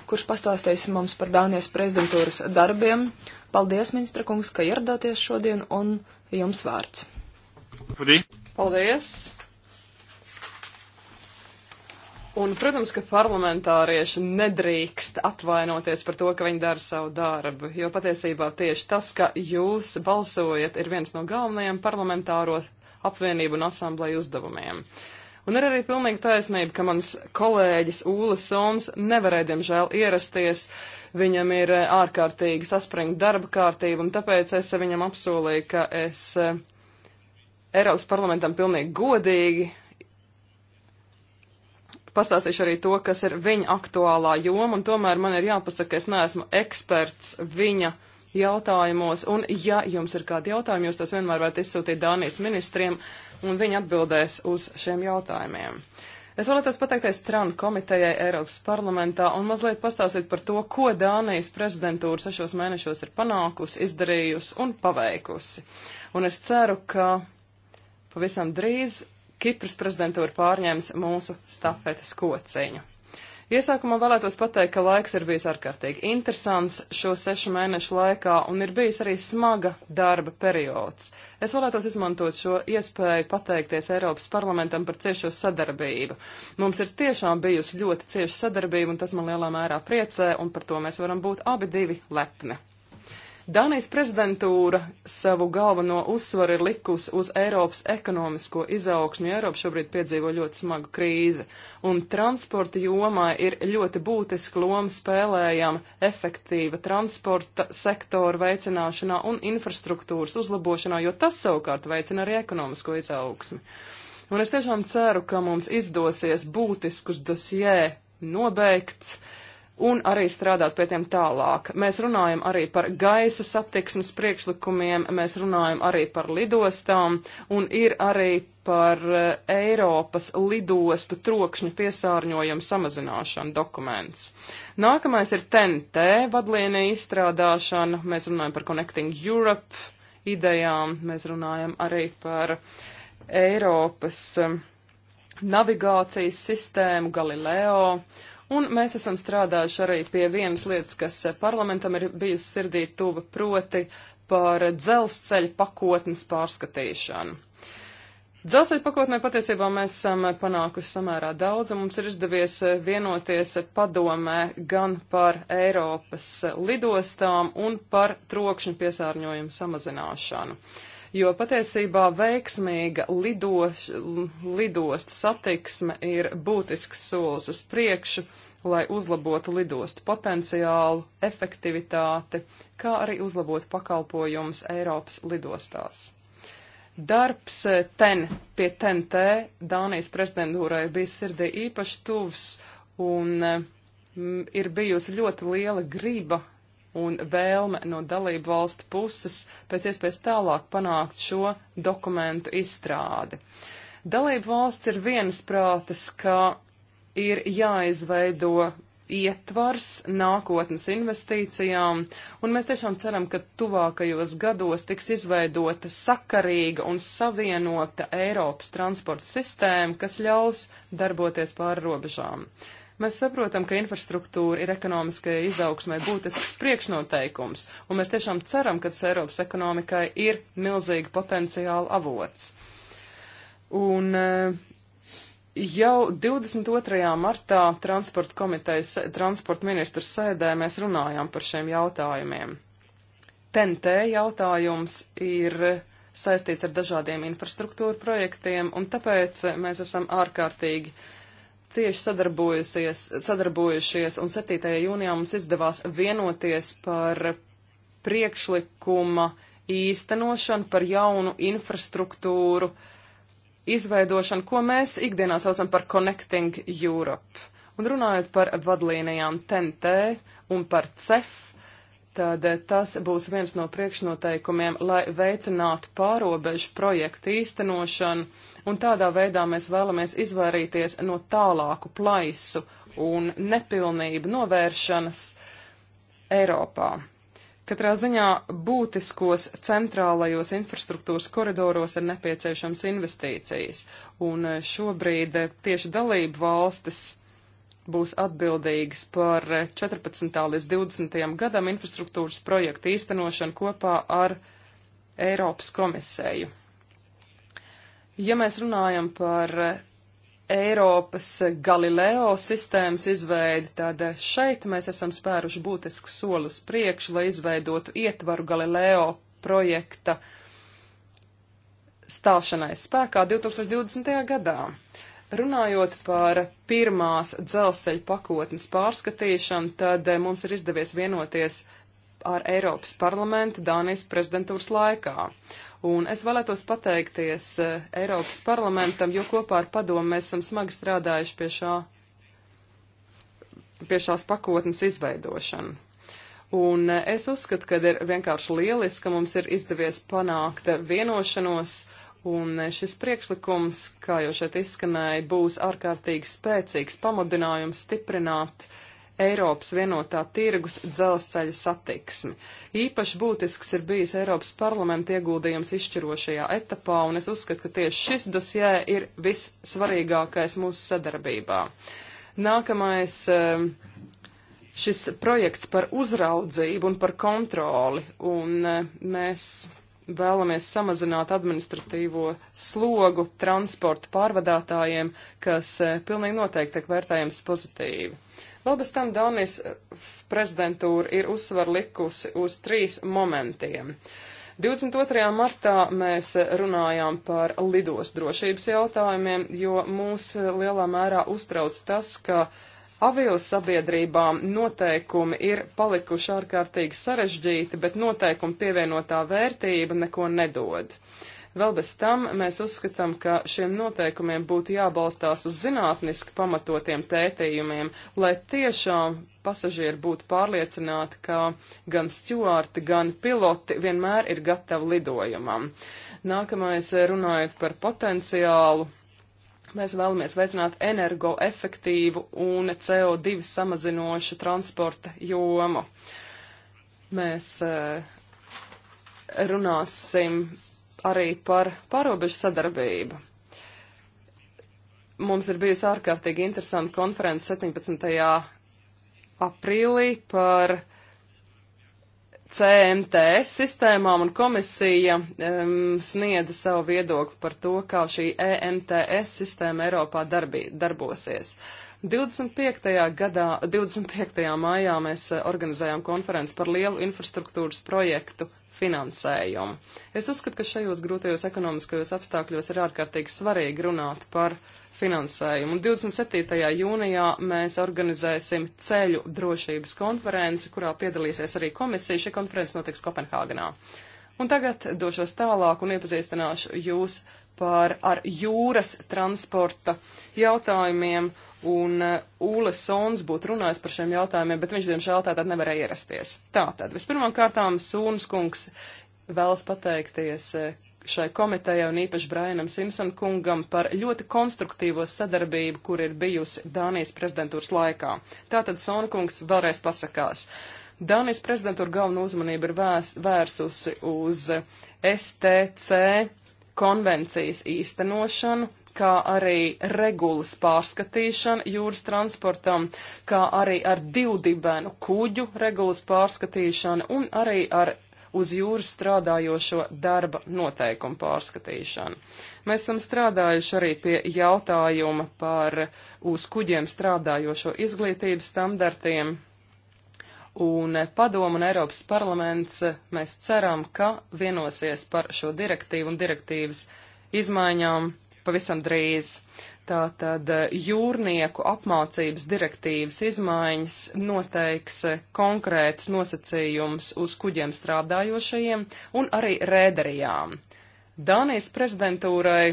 kurš pastāstīs mums par Dānijas prezidentūras darbiem. Paldies, ministra kungs, ka ieradāties šodien un jums vārds. Paldies! Un, protams, ka parlamentārieši nedrīkst atvainoties par to, ka viņi dara savu darbu, jo patiesībā tieši tas, ka jūs balsojat, ir viens no galvenajiem parlamentāros apvienību un asambleju uzdevumiem. Un ir arī pilnīgi taisnība, ka mans kolēģis Ūla Sons nevarēja, diemžēl, ierasties. Viņam ir eh, ārkārtīgi saspringta darba kārtība, un tāpēc es viņam apsolīju, ka es eh, Eiropas parlamentam pilnīgi godīgi. Pastāstīšu arī to, kas ir viņa aktuālā joma, un tomēr man ir jāpasaka, ka es neesmu eksperts viņa jautājumos, un ja jums ir kādi jautājumi, jūs tos vienmēr varat izsūtīt Dānijas ministriem, un viņi atbildēs uz šiem jautājumiem. Es vēlētos pateikties Tran komitejai Eiropas parlamentā un mazliet pastāstīt par to, ko Dānijas prezidentūra sešos mēnešos ir panākusi, izdarījusi un paveikusi. Un es ceru, ka Pavisam drīz Kipras prezidentūra pārņems mūsu stafetes kociņu. Iesākumā vēlētos pateikt, ka laiks ir bijis ārkārtīgi interesants šo sešu mēnešu laikā un ir bijis arī smaga darba periods. Es vēlētos izmantot šo iespēju pateikties Eiropas parlamentam par ciešo sadarbību. Mums ir tiešām bijusi ļoti cieša sadarbība un tas man lielā mērā priecē un par to mēs varam būt abi divi lepni. Dānijas prezidentūra savu galveno uzsvaru ir likus uz Eiropas ekonomisko izaugsmu, jo Eiropa šobrīd piedzīvo ļoti smagu krīzi, un transporta jomā ir ļoti būtiska loma spēlējama efektīva transporta sektora veicināšanā un infrastruktūras uzlabošanā, jo tas savukārt veicina arī ekonomisko izaugsmu. Un es tiešām ceru, ka mums izdosies būtiskus dosjē nobeigts un arī strādāt pie tiem tālāk. Mēs runājam arī par gaisa satiksmes priekšlikumiem, mēs runājam arī par lidostām un ir arī par eh, Eiropas lidostu trokšņu piesārņojumu samazināšanu dokuments. Nākamais ir TNT vadlīnija izstrādāšana, mēs runājam par Connecting Europe idejām, mēs runājam arī par Eiropas eh, navigācijas sistēmu Galileo Un mēs esam strādājuši arī pie vienas lietas, kas parlamentam ir bijusi sirdī tuva, proti par dzelzceļa pakotnes pārskatīšanu. Dzelzceļa pakotnē patiesībā mēs esam panākuši samērā daudz, un mums ir izdevies vienoties padomē gan par Eiropas lidostām un par trokšņu piesārņojumu samazināšanu. Uh, jo patiesībā veiksmīga lidoš, lidostu satiksme ir būtisks solis uz priekšu, lai uzlabotu lidostu potenciālu, efektivitāti, kā arī uzlabotu pakalpojumus Eiropas lidostās. Darbs eh, ten, pie TNT Dānijas prezidentūrai bija sirdī īpaši tuvs un mm, ir bijusi ļoti liela griba un vēlme no dalību valstu puses pēc iespējas tālāk panākt šo dokumentu izstrādi. Dalību valsts ir viensprātas, ka ir jāizveido ietvars nākotnes investīcijām, un mēs tiešām ceram, ka tuvākajos gados tiks izveidota sakarīga un savienota Eiropas transporta sistēma, kas ļaus darboties pāri robežām. Uh, Mēs saprotam, ka infrastruktūra ir ekonomiskai izaugsmai būtisks priekšnoteikums, un mēs tiešām ceram, ka tas Eiropas ekonomikai ir milzīgi potenciāli avots. Un eh, jau 22. martā transporta komitejas, transporta ministrs sēdē mēs runājām par šiem jautājumiem. TNT jautājums ir saistīts ar dažādiem infrastruktūra projektiem, un tāpēc mēs esam ārkārtīgi uh, cieši sadarbojušies, un 7. jūnijā mums izdevās vienoties par priekšlikuma īstenošanu, par jaunu infrastruktūru izveidošanu, ko mēs ikdienā saucam par Connecting Europe. Un runājot par vadlīnijām TNT un par CEF, tad eh, tas būs viens no priekšnoteikumiem, lai veicinātu pārobežu projektu īstenošanu, un tādā veidā mēs vēlamies izvairīties no tālāku plaisu un nepilnību novēršanas Eiropā. Katrā ziņā būtiskos centrālajos infrastruktūras koridoros ir nepieciešams investīcijas, un eh, šobrīd eh, tieši dalību valstis būs atbildīgas par 14. līdz 20. gadam infrastruktūras projektu īstenošanu kopā ar Eiropas komisēju. Ja mēs runājam par Eiropas Galileo sistēmas izveidi, tad šeit mēs esam spēruši būtisku soli uz priekšu, lai izveidotu ietvaru Galileo projekta stāšanai spēkā 2020. gadā. Runājot par pirmās dzelzceļa pakotnes pārskatīšanu, tad eh, mums ir izdevies vienoties ar Eiropas parlamentu Dānijas prezidentūras laikā. Un es vēlētos pateikties eh, Eiropas parlamentam, jo kopā ar padomu mēs esam smagi strādājuši pie, šā, pie šās pakotnes izveidošanu. Un eh, es uzskatu, ka ir vienkārši lieliski, ka mums ir izdevies panākt vienošanos uh, Un šis priekšlikums, kā jau šeit izskanēja, būs ārkārtīgi spēcīgs pamudinājums stiprināt Eiropas vienotā tirgus dzelzceļa satiksmi. Īpaši būtisks ir bijis Eiropas parlamenta ieguldījums izšķirošajā etapā, un es uzskatu, ka tieši šis dosjē ir vissvarīgākais mūsu sadarbībā. Nākamais ehm, šis projekts par uzraudzību un par kontroli, un ehm, mēs vēlamies samazināt administratīvo slogu transporta pārvadātājiem, kas e, pilnīgi noteikti tiek vērtējams pozitīvi. Vēl bez tam Dānijas e, prezidentūra ir uzsvar likusi uz trīs momentiem. 22. martā mēs e, runājām par lidos drošības jautājumiem, jo mūs lielā mērā uztrauc tas, ka uh, Aviosabiedrībām noteikumi ir palikuši ārkārtīgi sarežģīti, bet noteikumi pievienotā vērtība neko nedod. Vēl bez tam mēs uzskatām, ka šiem noteikumiem būtu jābalstās uz zinātniski pamatotiem tētījumiem, lai tiešām pasažieri būtu pārliecināti, ka gan stjuārti, gan piloti vienmēr ir gatavi lidojumam. Nākamais eh, runājot par potenciālu Mēs vēlamies veicināt energoefektīvu un CO2 samazinošu transporta jomu. Mēs eh, runāsim arī par pārobežu sadarbību. Mums ir bijusi ārkārtīgi interesanta konference 17. aprīlī par CMTS sistēmām, un komisija um, sniedza savu viedokli par to, kā šī EMTS sistēma Eiropā darbī, darbosies. 25. Gadā, 25. maijā mēs eh, organizējām konferenci par lielu infrastruktūras projektu finansējumu. Es uzskatu, ka šajos grūtajos ekonomiskajos apstākļos ir ārkārtīgi svarīgi runāt par finansējumu. Un 27. jūnijā mēs organizēsim ceļu drošības konferenci, kurā piedalīsies arī komisija. Šī konference notiks Kopenhāgenā. Un tagad došos tālāk un iepazīstināšu jūs par ar jūras transporta jautājumiem, un Ūles uh, Sons būtu runājis par šiem jautājumiem, bet viņš, diemžēl, tātad nevarēja ierasties. Tātad, vispirmām kārtām Sūnas kungs vēlas pateikties uh, šai komitejai un īpaši Brainam Simpson kungam par ļoti konstruktīvo sadarbību, kur ir bijusi Dānijas prezidentūras laikā. Tātad Sona kungs vēlreiz pasakās. Dānijas prezidentūra galvenu uzmanību ir vērs, vērsusi uz STC konvencijas īstenošanu, kā arī regulas pārskatīšana jūras transportam, kā arī ar divdibenu kuģu regulas pārskatīšana un arī ar uz jūras strādājošo darba noteikumu pārskatīšanu. Mēs esam strādājuši arī pie jautājuma par uz kuģiem strādājošo izglītības standartiem. Un padomu un Eiropas parlaments mēs ceram, ka vienosies par šo direktīvu un direktīvas izmaiņām pavisam drīz. Tātad eh, jūrnieku apmācības direktīvas izmaiņas noteiks eh, konkrētus nosacījumus uz kuģiem strādājošajiem un arī rēderijām. Dānijas prezidentūrai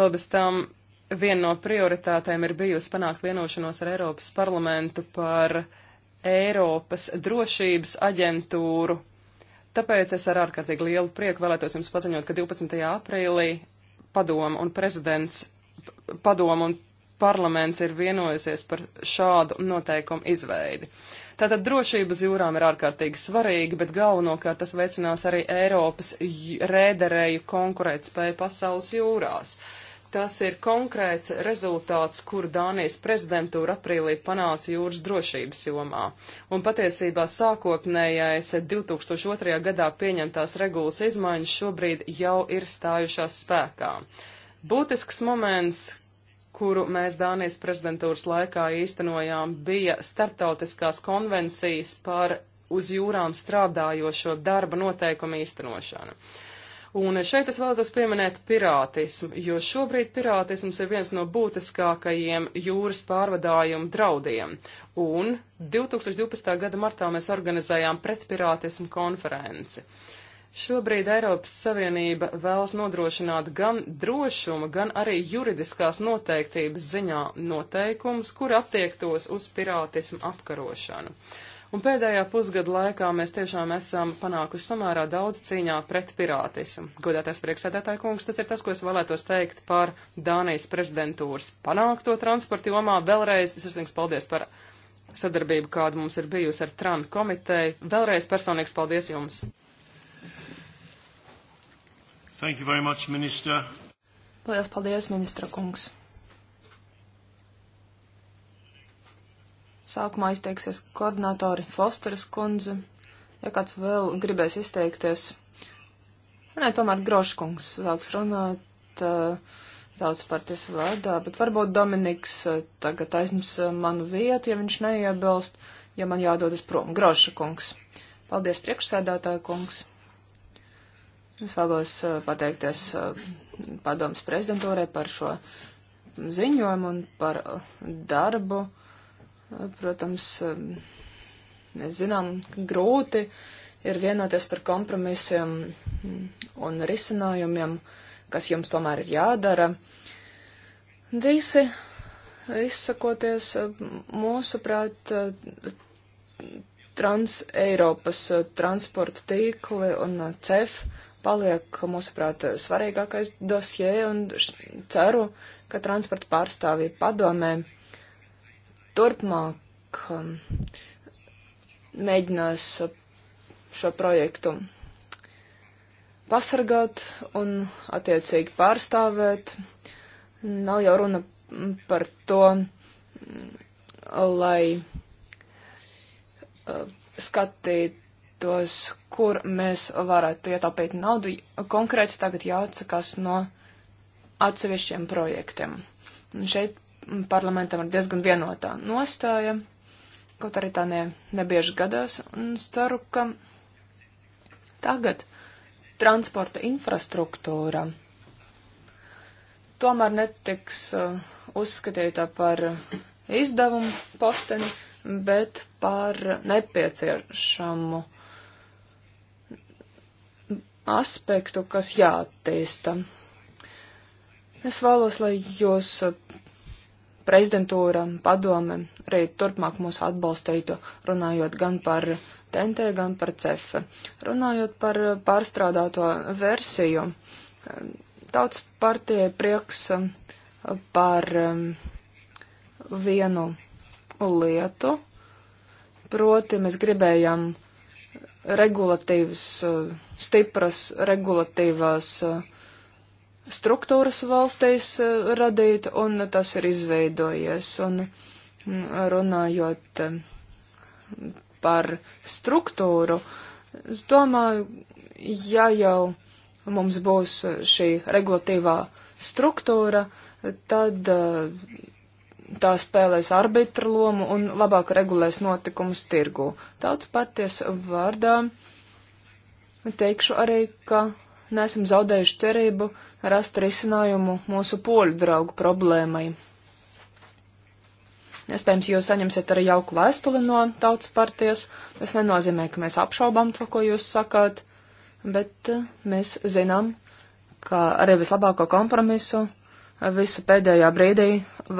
vēl bez tam viena no prioritātēm ir bijusi panākt vienošanos ar Eiropas parlamentu par uh, Eiropas drošības aģentūru. Tāpēc es ar ārkārtīgi lielu prieku vēlētos jums paziņot, ka 12. aprīlī padoma un prezidents, padoma un parlaments ir vienojusies par šādu noteikumu izveidi. Tātad drošība uz jūrām ir ārkārtīgi svarīga, bet galvenokārt tas veicinās arī Eiropas rēderēju konkurētspēju pasaules jūrās. Uh, Tas ir konkrēts rezultāts, kur Dānijas prezidentūra aprīlī panāca jūras drošības jomā. Un patiesībā sākotnējais 2002. gadā pieņemtās regulas izmaiņas šobrīd jau ir stājušās spēkā. Būtisks moments, kuru mēs Dānijas prezidentūras laikā īstenojām, bija starptautiskās konvencijas par uz jūrām strādājošo darba noteikumu īstenošanu. Un šeit es vēlētos pieminēt pirātismu, jo šobrīd pirātisms ir viens no būtiskākajiem jūras pārvadājumu draudiem. Un 2012. gada martā mēs organizējām pretpirātismu konferenci. Šobrīd Eiropas Savienība vēlas nodrošināt gan drošuma, gan arī juridiskās noteiktības ziņā noteikums, kur attiektos uz pirātismu apkarošanu. Un pēdējā pusgada laikā mēs tiešām esam panākuši samērā daudz cīņā pret pirātismu. Godātais priekšsēdētāja kungs, tas ir tas, ko es vēlētos teikt par Dānijas prezidentūras panākto transporta jomā. Vēlreiz sirsnīgs paldies par sadarbību, kāda mums ir bijusi ar TRAN komiteju. Vēlreiz personīgs paldies jums! Thank you very much, minister. Lielas paldies, ministra kungs. Sākumā izteiksies koordinātori Fosteras kundze. Ja kāds vēl gribēs izteikties, nē, tomēr Groškungs sāks runāt eh, daudz partijas vārdā, bet varbūt Dominiks eh, tagad aizņems eh, manu vietu, ja viņš neiebilst, ja man jādodas prom. Groškungs. Paldies, priekšsēdētāja kungs. Es vēlos pateikties padomas prezidentūrai par šo ziņojumu un par darbu Protams, mēs zinām, ka grūti ir vienoties par kompromisiem un risinājumiem, kas jums tomēr ir jādara. Visi izsakoties, mūsuprāt, trans Eiropas transporta tīkli un CEF paliek, mūsuprāt, svarīgākais dosie un ceru, ka transporta pārstāvība padomē turpmāk um, mēģinās šo projektu pasargāt un attiecīgi pārstāvēt. Nav jau runa par to, lai uh, skatītos, kur mēs varētu ietaupīt naudu. Konkrēti tagad jāatsakās no atsevišķiem projektiem. Un šeit parlamentam ir diezgan vienotā nostāja, kaut arī tā ne, nebieži gadās, un es ceru, ka tagad transporta infrastruktūra tomēr netiks uh, uzskatīta par izdevumu posteni, bet par nepieciešamu aspektu, kas jāattīsta. Es vēlos, lai jūs prezidentūra, padome arī turpmāk mūs atbalstītu, runājot gan par TNT, gan par CEF. Runājot par pārstrādāto versiju, um, tautas partija prieks um, par um, vienu lietu, proti mēs gribējām regulatīvas, uh, stipras regulatīvās uh, struktūras valstīs eh, radīt, un tas ir izveidojies. Un mm, runājot eh, par struktūru, es domāju, ja jau mums būs šī regulatīvā struktūra, tad eh, tā spēlēs arbitra lomu un labāk regulēs notikumus tirgu. Tāds paties vārdā teikšu arī, ka neesam zaudējuši cerību rast risinājumu mūsu poļu draugu problēmai. Iespējams, jūs saņemsiet arī jauku vēstuli no tautas partijas. Tas nenozīmē, ka mēs apšaubām to, ko jūs sakāt, bet eh, mēs zinām, ka arī vislabāko kompromisu visu pēdējā brīdī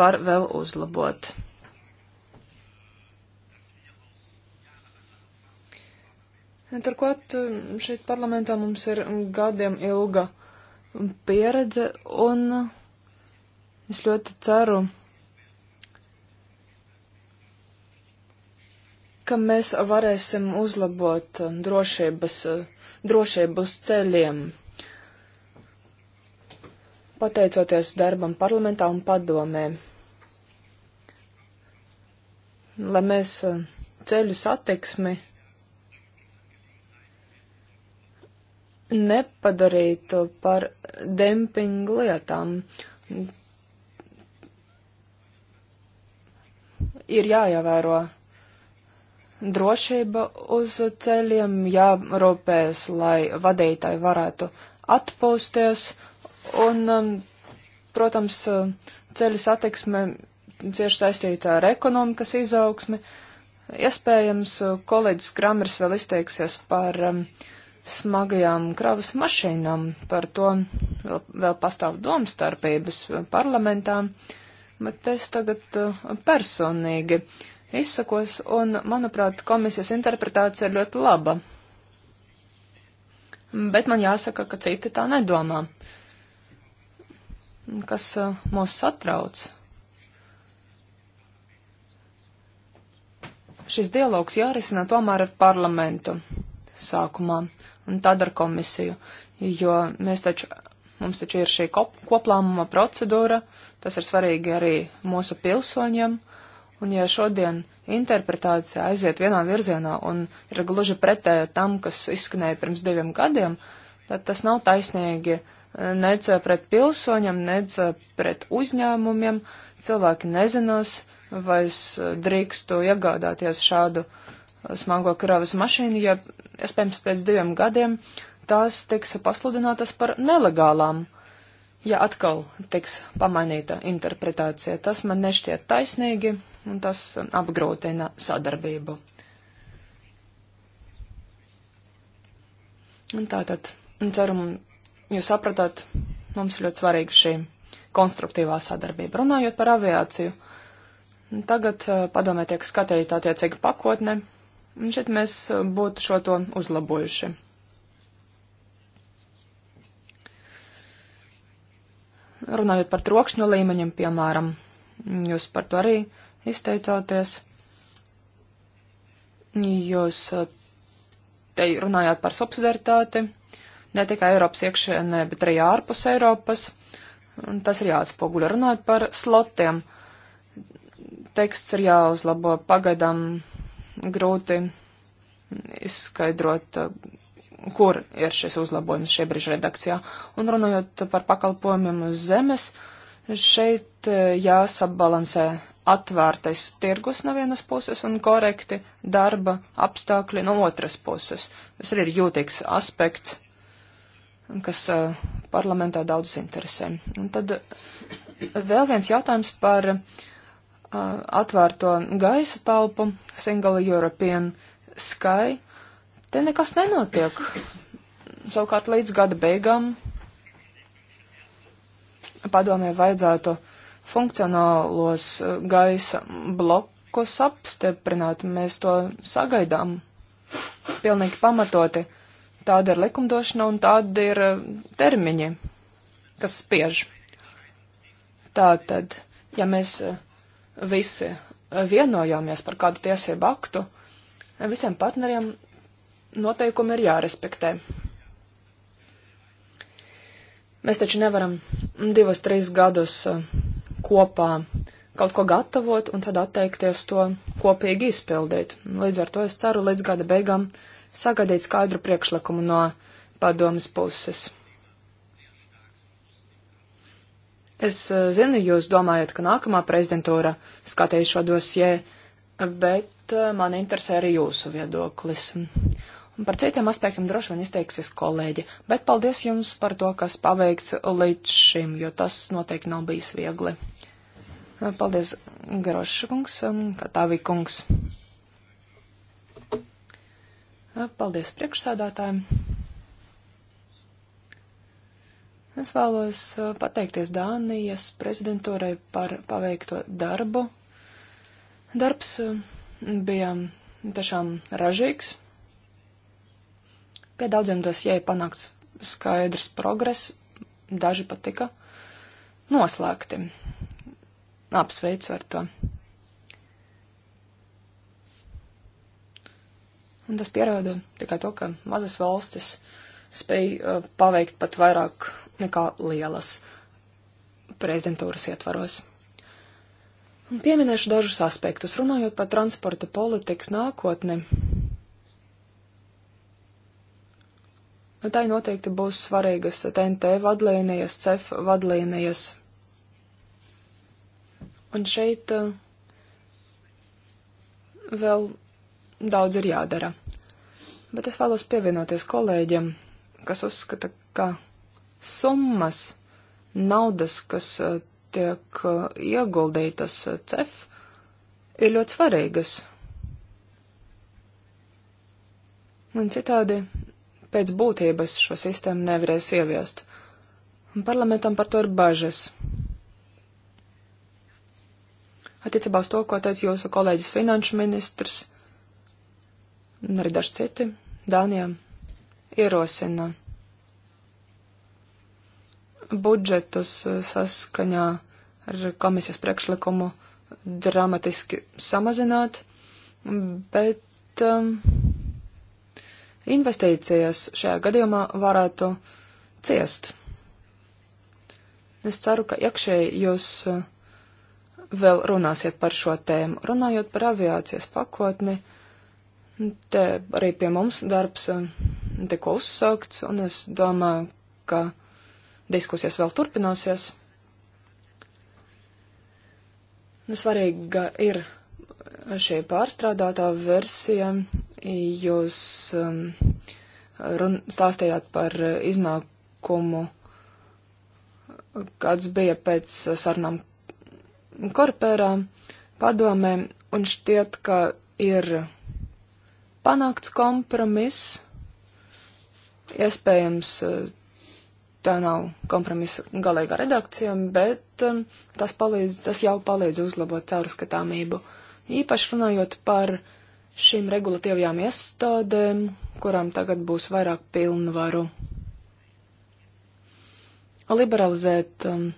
var vēl uzlabot. Turklāt mm, šeit parlamentā mums ir gadiem ilga pieredze, un es ļoti ceru, ka mēs varēsim uzlabot mm, drošības, mm, drošību uz ceļiem. Pateicoties darbam parlamentā un padomē, lai mēs ceļu satiksmi nepadarītu par dempingu lietām. Ir jāievēro drošība uz ceļiem, jārūpēs, lai vadītāji varētu atpūsties, un, um, protams, ceļu satiksme cieši saistīta ar ekonomikas izaugsmi. Iespējams, kolēģis Kramers vēl izteiksies par um, smagajām kravas mašīnām. Par to vēl, vēl pastāv domstarpības parlamentā, bet es tagad uh, personīgi izsakos, un, manuprāt, komisijas interpretācija ir ļoti laba. Bet man jāsaka, ka citi tā nedomā. Kas uh, mūs satrauc? Šis dialogs jārisina tomēr ar parlamentu sākumā un tad ar komisiju, jo mēs taču, mums taču ir šī kop, koplāmuma procedūra, tas ir svarīgi arī mūsu pilsoņiem, un ja šodien interpretācija aiziet vienā virzienā un ir gluži pretēja tam, kas izskanēja pirms diviem gadiem, tad tas nav taisnīgi eh, nec eh, pret pilsoņiem, nec eh, pret uzņēmumiem. Cilvēki nezinās, vai es drīkstu iegādāties šādu uh, smago kravas mašīnu, ja iespējams pēc diviem gadiem tās tiks pasludinātas par nelegālām, ja atkal tiks pamainīta interpretācija. Tas man nešķiet taisnīgi un tas apgrūtina sadarbību. Un tātad, ceru, jūs sapratāt, mums ļoti svarīga šī konstruktīvā sadarbība. Runājot par aviāciju, tagad eh, padomē tiek skatīta attiecīga pakotne Un šeit mēs eh, būtu šo to uzlabojuši. Runājot par trokšņu līmeņiem, piemēram, jūs par to arī izteicāties. Jūs eh, te runājāt par subsidiaritāti, ne tikai Eiropas iekšienē, bet arī ārpus Eiropas. Un tas ir jāatspoguļo runājot par slotiem. Teksts ir jāuzlabo pagaidām grūti izskaidrot, eh, kur ir šis uzlabojums šie brīži redakcijā. Un runājot par pakalpojumiem uz zemes, šeit eh, jāsabalansē atvērtais tirgus no vienas puses un korekti darba apstākļi no otras puses. Tas arī ir jūtīgs aspekts, kas eh, parlamentā daudz interesē. Un tad vēl viens jautājums par uh, Uh, atvērto gaisa telpu, Single European Sky, te nekas nenotiek. Savukārt līdz gada beigām padomē vajadzētu funkcionālos uh, gaisa blokus apstiprināt. Mēs to sagaidām pilnīgi pamatoti. Tāda ir likumdošana un tāda ir uh, termiņi, kas spiež. Tātad, ja mēs uh, visi vienojāmies par kādu tiesību aktu, visiem partneriem noteikumi ir jārespektē. Mēs taču nevaram divus, trīs gadus uh, kopā kaut ko gatavot un tad atteikties to kopīgi izpildīt. Līdz ar to es ceru līdz gada beigām sagaidīt skaidru priekšlikumu no padomas puses. Es eh, zinu, jūs domājat, ka nākamā prezidentūra skatīs šo dosie, bet eh, man interesē arī jūsu viedoklis. Un par citiem aspektiem droši vien izteiksies kolēģi, bet paldies jums par to, kas paveikts līdz šim, jo tas noteikti nav bijis viegli. Eh, paldies, Garoša kungs, um, Katāvi kungs. Paldies priekšsēdētājiem. Es vēlos uh, pateikties Dānijas prezidentūrai par paveikto darbu. Darbs uh, bija tiešām ražīgs. Pie daudziem dosjē panākts skaidrs progress, daži patika noslēgti. Apsveicu ar to. Un tas pierāda tikai to, ka mazas valstis spēj uh, paveikt pat vairāk nekā lielas prezidentūras ietvaros. Un pieminēšu dažus aspektus, runājot par transporta politikas nākotni. Nu, tai noteikti būs svarīgas TNT vadlīnijas, CEF vadlīnijas. Un šeit uh, vēl daudz ir jādara. Bet es vēlos pievienoties kolēģiem, kas uzskata, ka summas naudas, kas uh, tiek uh, ieguldītas uh, CEF, ir ļoti svarīgas. Un citādi pēc būtības šo sistēmu nevarēs ieviest. Un parlamentam par to ir bažas. Attiecībā uz to, ko teica jūsu kolēģis finanšu ministrs, un arī daži citi, Dānijā, ierosina budžetus e, saskaņā ar komisijas priekšlikumu dramatiski samazināt, bet um, investīcijas šajā gadījumā varētu ciest. Es ceru, ka iekšēji jūs e, vēl runāsiet par šo tēmu. Runājot par aviācijas pakotni, te arī pie mums darbs e, tikko uzsākts, un es domāju, ka diskusijas vēl turpināsies. Nu, svarīga ir šī pārstrādātā versija. Jūs um, run, stāstījāt par iznākumu, kāds bija pēc sarunām korpērā padomē, un šķiet, ka ir panākts kompromiss, iespējams, uh, tā nav kompromisa galīgā redakcija, bet um, tas, palīdz, tas jau palīdz uzlabot caurskatāmību. Īpaši runājot par šīm regulatīvajām iestādēm, kurām tagad būs vairāk pilnvaru. Liberalizēt um,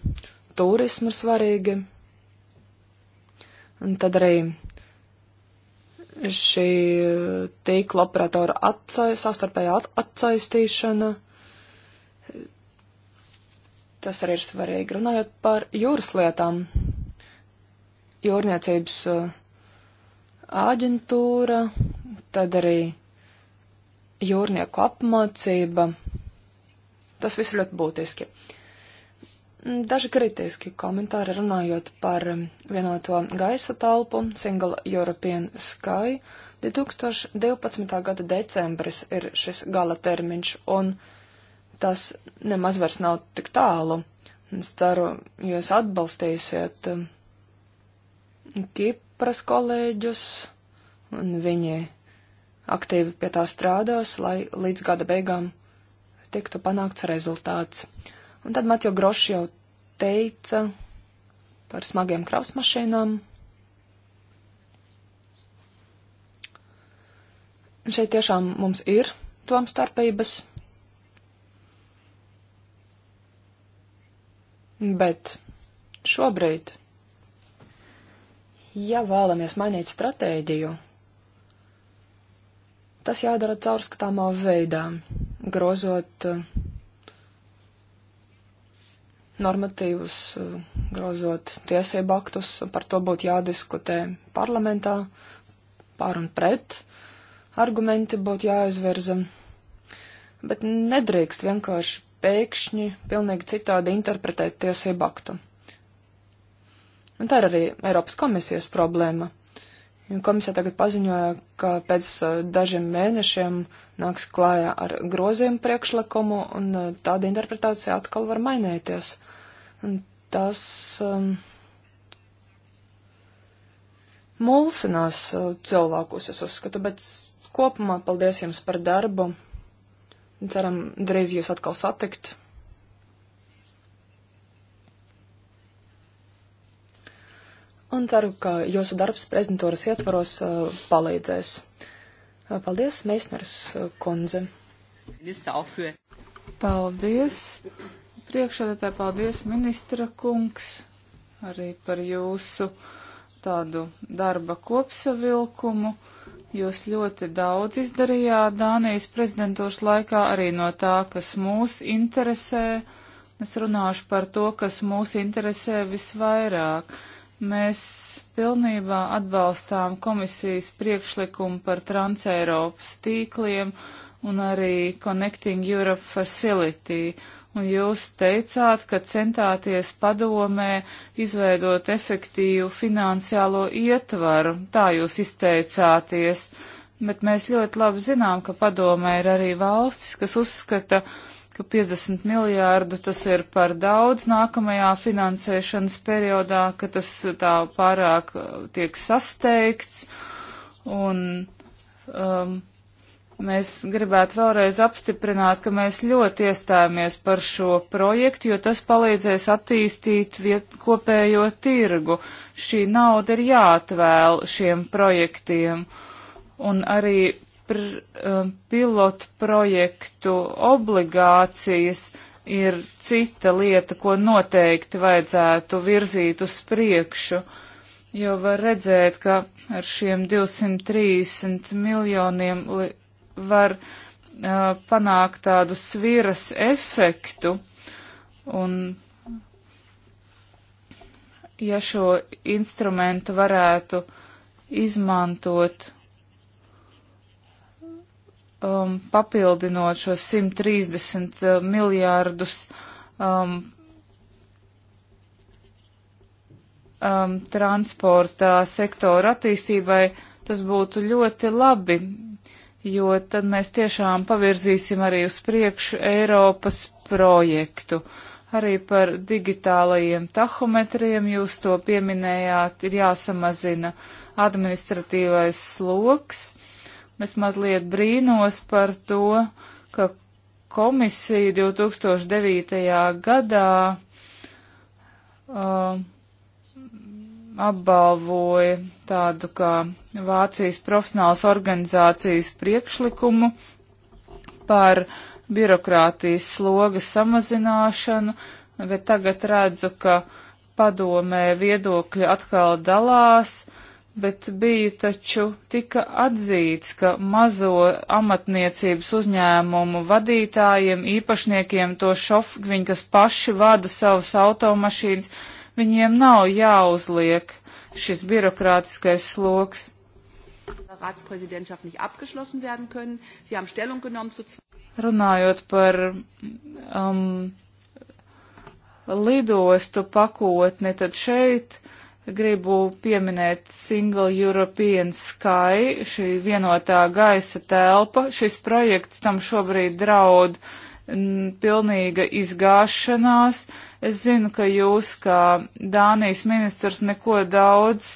turismu ir svarīgi. Un tad arī šī tīkla operatora atsai, savstarpējā at atsaistīšana Tas arī ir svarīgi. Runājot par jūras lietām, jūrniecības uh, aģentūra, tad arī jūrnieku apmācība. Tas viss ir ļoti būtiski. Daži kritiski komentāri runājot par um, vienoto gaisa telpu Single European Sky. 2012. gada decembris ir šis gala termiņš, un uh, tas nemaz vairs nav tik tālu. Es ceru, jūs atbalstīsiet um, Kipras kolēģus, un viņi aktīvi pie tā strādās, lai līdz gada beigām tiktu panākts rezultāts. Un tad Matjo Grošs jau teica par smagiem krausmašīnām. Šeit tiešām mums ir tom starpības. Bet šobrīd, ja vēlamies mainīt stratēģiju, tas jādara caurskatāmā veidā, grozot eh, normatīvus, eh, grozot tiesību aktus, par to būtu jādiskutē parlamentā, pār un pret, argumenti būtu jāizverza, bet nedrīkst vienkārši pēkšņi pilnīgi citādi interpretēt tiesību aktu. Un tā ir arī Eiropas komisijas problēma. Komisija tagad paziņoja, ka pēc uh, dažiem mēnešiem nāks klājā ar grozījumu priekšlikumu, un uh, tāda interpretācija atkal var mainīties. Un tas um, mulsinās uh, cilvēkus, es uzskatu, bet kopumā paldies jums par darbu. Ceram, drīz jūs atkal satikt. Un ceru, ka jūsu darbs prezidentūras ietvaros uh, palīdzēs. Uh, paldies, Meisners uh, kundze. Paldies, priekšādātāji, paldies, ministra kungs, arī par jūsu tādu darba kopsavilkumu. Jūs ļoti daudz izdarījāt Dānijas prezidentūras laikā arī no tā, kas mūs interesē. Es runāšu par to, kas mūs interesē visvairāk. Mēs pilnībā atbalstām komisijas priekšlikumu par transeiropas tīkliem un arī Connecting Europe Facility un jūs teicāt, ka centāties padomē izveidot efektīvu finansiālo ietvaru, tā jūs izteicāties, bet mēs ļoti labi zinām, ka padomē ir arī valstis, kas uzskata, ka 50 miljārdu tas ir par daudz nākamajā finansēšanas periodā, ka tas tā pārāk uh, tiek sasteigts un. Um, Mēs gribētu vēlreiz apstiprināt, ka mēs ļoti iestājāmies par šo projektu, jo tas palīdzēs attīstīt viet, kopējo tirgu. Šī nauda ir jāatvēl šiem projektiem. Un arī pr, um, pilotu projektu obligācijas ir cita lieta, ko noteikti vajadzētu virzīt uz priekšu. Jo var redzēt, ka ar šiem 230 miljoniem. Li, var uh, panākt tādu sviras efektu. Un ja šo instrumentu varētu izmantot um, papildinot šos 130 uh, miljārdus um, um, transporta sektora attīstībai, tas būtu ļoti labi jo tad mēs tiešām pavirzīsim arī uz priekšu Eiropas projektu. Arī par digitālajiem tahometriem jūs to pieminējāt, ir jāsamazina administratīvais sloks. Es mazliet brīnos par to, ka komisija 2009. gadā uh, um, apbalvoja tādu kā Vācijas profesionālas organizācijas priekšlikumu par birokrātijas sloga samazināšanu, bet tagad redzu, ka padomē viedokļi atkal dalās, bet bija taču tika atzīts, ka mazo amatniecības uzņēmumu vadītājiem, īpašniekiem to šof, viņi, kas paši vada savas automašīnas, Viņiem nav jāuzliek šis birokrātiskais sloks. Ratspräsidentschaft nicht abgeschlossen werden können. Sie haben Stellung genommen zu Runājot par um, lidostu pakotni, tad šeit gribu pieminēt Single European Sky, šī vienotā gaisa telpa. Šis projekts tam šobrīd draud uh, pilnīga izgāšanās. Es zinu, ka jūs, kā Dānijas ministrs, neko daudz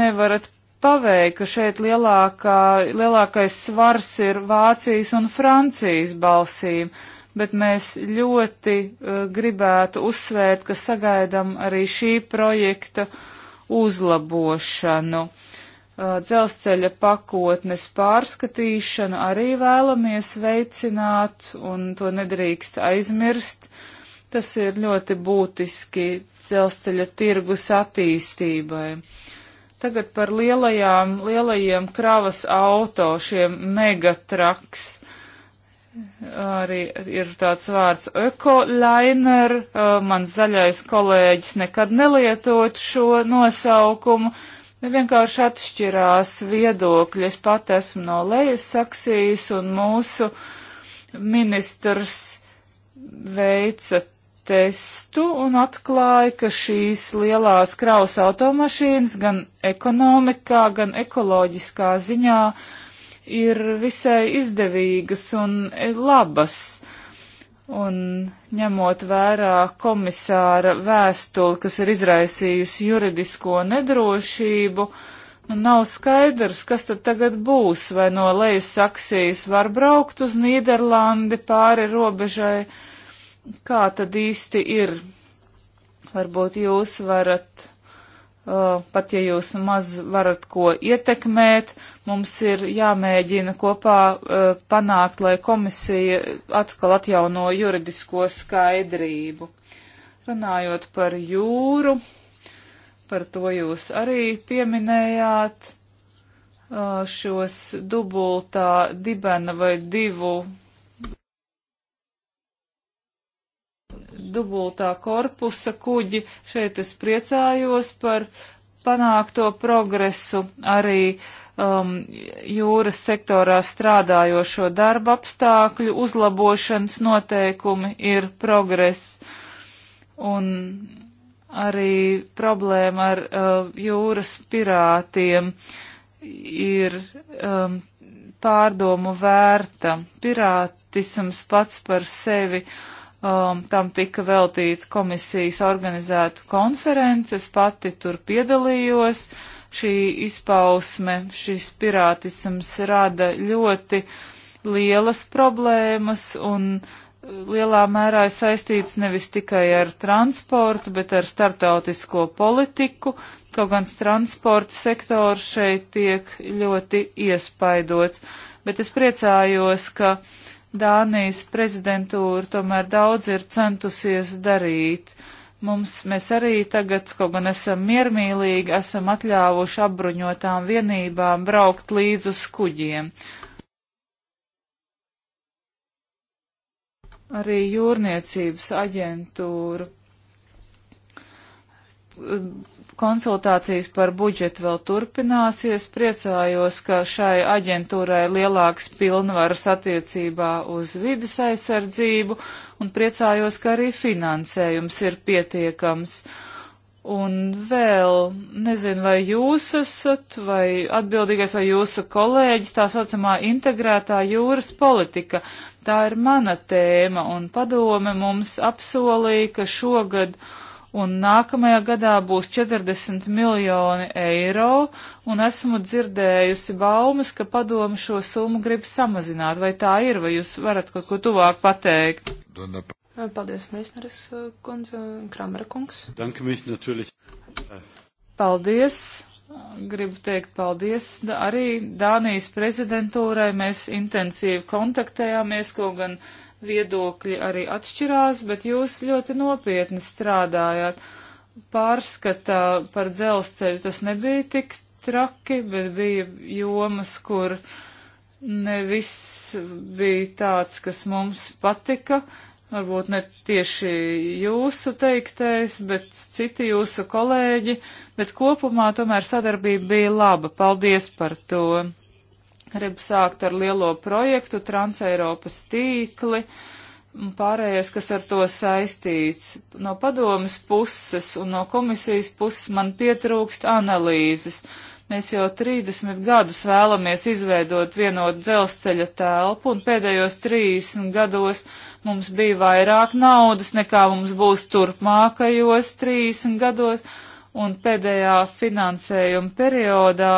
nevarat paveikt, ka šeit lielākā, lielākais svars ir Vācijas un Francijas balsīm, bet mēs ļoti uh, gribētu uzsvērt, ka sagaidam arī šī projekta uzlabošanu. Uh, Uh, dzelzceļa pakotnes pārskatīšanu arī vēlamies veicināt, un to nedrīkst aizmirst. Tas ir ļoti būtiski dzelzceļa tirgus attīstībai. Tagad par lielajām, lielajiem kravas auto, šiem megatraks. Arī ir tāds vārds ekoliner. Uh, mans zaļais kolēģis nekad nelietot šo nosaukumu Nu, vienkārši atšķirās viedokļi. Es pat esmu no lejas saksijas un mūsu ministrs veica testu un atklāja, ka šīs lielās kraus automašīnas gan ekonomikā, gan ekoloģiskā ziņā ir visai izdevīgas un e, labas. Uh, Un ņemot vērā komisāra vēstuli, kas ir izraisījusi juridisko nedrošību, nu nav skaidrs, kas tad tagad būs, vai no lejas Saksijas var braukt uz Nīderlandi pāri robežai, kā tad īsti ir. Varbūt jūs varat Uh, pat ja jūs maz varat ko ietekmēt, mums ir jāmēģina kopā uh, panākt, lai komisija atkal atjauno juridisko skaidrību. Runājot par jūru, par to jūs arī pieminējāt uh, šos dubultā dibena vai divu dubultā korpusa kuģi. Šeit es priecājos par panākto progresu arī um, jūras sektorā strādājošo darba apstākļu uzlabošanas noteikumi ir progress. Un arī problēma ar uh, jūras pirātiem ir um, pārdomu vērta. Pirātisms pats par sevi uh, Um, tam tika veltīta komisijas organizēta konference, es pati tur piedalījos. Šī izpausme, šis pirātisms rada ļoti lielas problēmas un uh, lielā mērā ir saistīts nevis tikai ar transportu, bet ar starptautisko politiku, kaut gan transporta sektors šeit tiek ļoti iespaidots. Bet es priecājos, ka uh, Dānijas prezidentūra tomēr daudz ir centusies darīt. Mums mēs arī tagad, kaut gan esam miermīlīgi, esam atļāvuši apbruņotām vienībām braukt līdz uz kuģiem. Arī jūrniecības aģentūra konsultācijas par budžetu vēl turpināsies. Priecājos, ka šai aģentūrai lielāks pilnvaras attiecībā uz vidas aizsardzību un priecājos, ka arī finansējums ir pietiekams. Un vēl, nezinu, vai jūs esat, vai atbildīgais, vai jūsu kolēģis, tā saucamā integrētā jūras politika. Tā ir mana tēma, un padome mums apsolīja, ka šogad uh, un nākamajā gadā būs 40 miljoni eiro, un esmu dzirdējusi baumas, ka padomu šo summu grib samazināt. Vai tā ir, vai jūs varat kaut ko tuvāk pateikt? Paldies, Meisneris kundze, Kramera kungs. Paldies. Gribu teikt paldies arī Dānijas prezidentūrai. Mēs intensīvi kontaktējāmies, ko gan. Uh, viedokļi arī atšķirās, bet jūs ļoti nopietni strādājāt. Pārskatā par dzelzceļu tas nebija tik traki, bet bija jomas, kur ne viss bija tāds, kas mums patika. Varbūt ne tieši jūsu teiktais, bet citi jūsu kolēģi, bet kopumā tomēr sadarbība bija laba. Paldies par to! grib sākt ar lielo projektu Transeiropas tīkli un pārējais, kas ar to saistīts. No padomas puses un no komisijas puses man pietrūkst analīzes. Mēs jau 30 gadus vēlamies izveidot vienotu dzelzceļa telpu, un pēdējos 30 gados mums bija vairāk naudas, nekā mums būs turpmākajos 30 gados, un pēdējā finansējuma periodā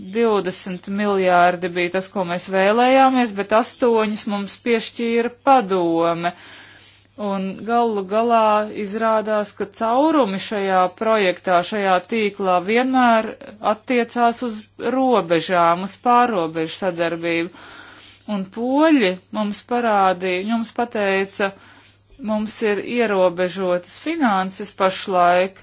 20 miljārdi bija tas, ko mēs vēlējāmies, bet astoņus mums piešķīra padome. Un galu galā izrādās, ka caurumi šajā projektā, šajā tīklā vienmēr attiecās uz robežām, uz pārobežu sadarbību. Un poļi mums parādīja, jums pateica, mums ir ierobežotas finanses pašlaik,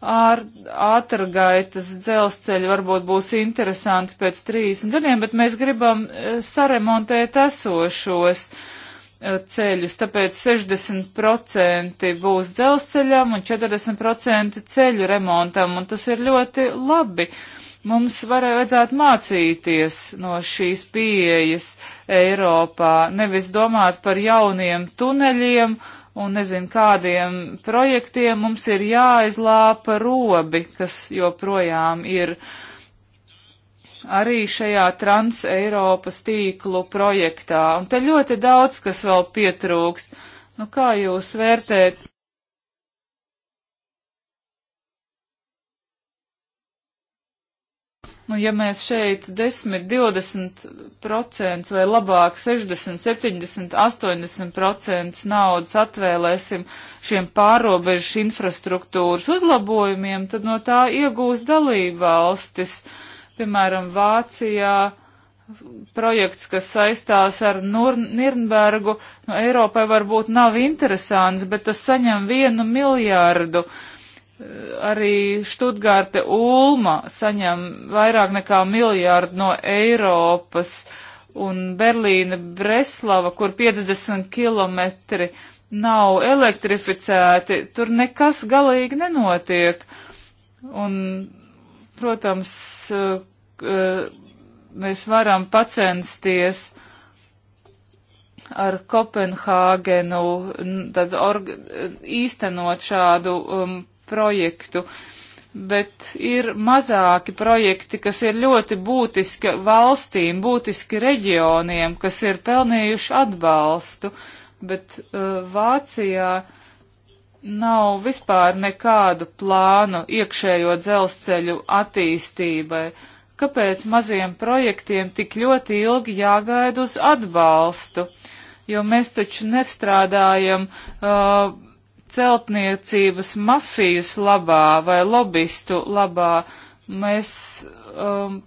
ātrgaitas dzelzceļi varbūt būs interesanti pēc 30 gadiem, bet mēs gribam eh, saremontēt esošos eh, ceļus, tāpēc 60% būs dzelzceļam un 40% ceļu remontam, un tas ir ļoti labi. Mums vajadzētu mācīties no šīs pieejas Eiropā, nevis domāt par jauniem tuneļiem, uh, un nezinu, kādiem projektiem mums ir jāizlāpa robi, kas joprojām ir arī šajā Trans-Eiropas tīklu projektā. Un te ļoti daudz, kas vēl pietrūkst. Nu, kā jūs vērtēt Nu, ja mēs šeit 10, 20% vai labāk 60, 70, 80% naudas atvēlēsim šiem pārobežu infrastruktūras uzlabojumiem, tad no tā iegūs dalībvalstis. Piemēram, Vācijā projekts, kas saistās ar Nur Nirnbergu, nu, Eiropai varbūt nav interesants, bet tas saņem vienu miljārdu. Uh, arī Študgārte Ulma saņem vairāk nekā miljārdu no Eiropas un Berlīna Breslava, kur 50 kilometri nav elektrificēti, tur nekas galīgi nenotiek. Un, protams, eh, mēs varam pacensties ar Kopenhāgenu tad orga, īstenot šādu um, projektu, bet ir mazāki projekti, kas ir ļoti būtiski valstīm, būtiski reģioniem, kas ir pelnījuši atbalstu, bet uh, Vācijā nav vispār nekādu plānu iekšējo dzelzceļu attīstībai. Kāpēc maziem projektiem tik ļoti ilgi jāgaida uz atbalstu? Jo mēs taču nestrādājam uh, celtniecības mafijas labā vai lobistu labā. Mēs, um,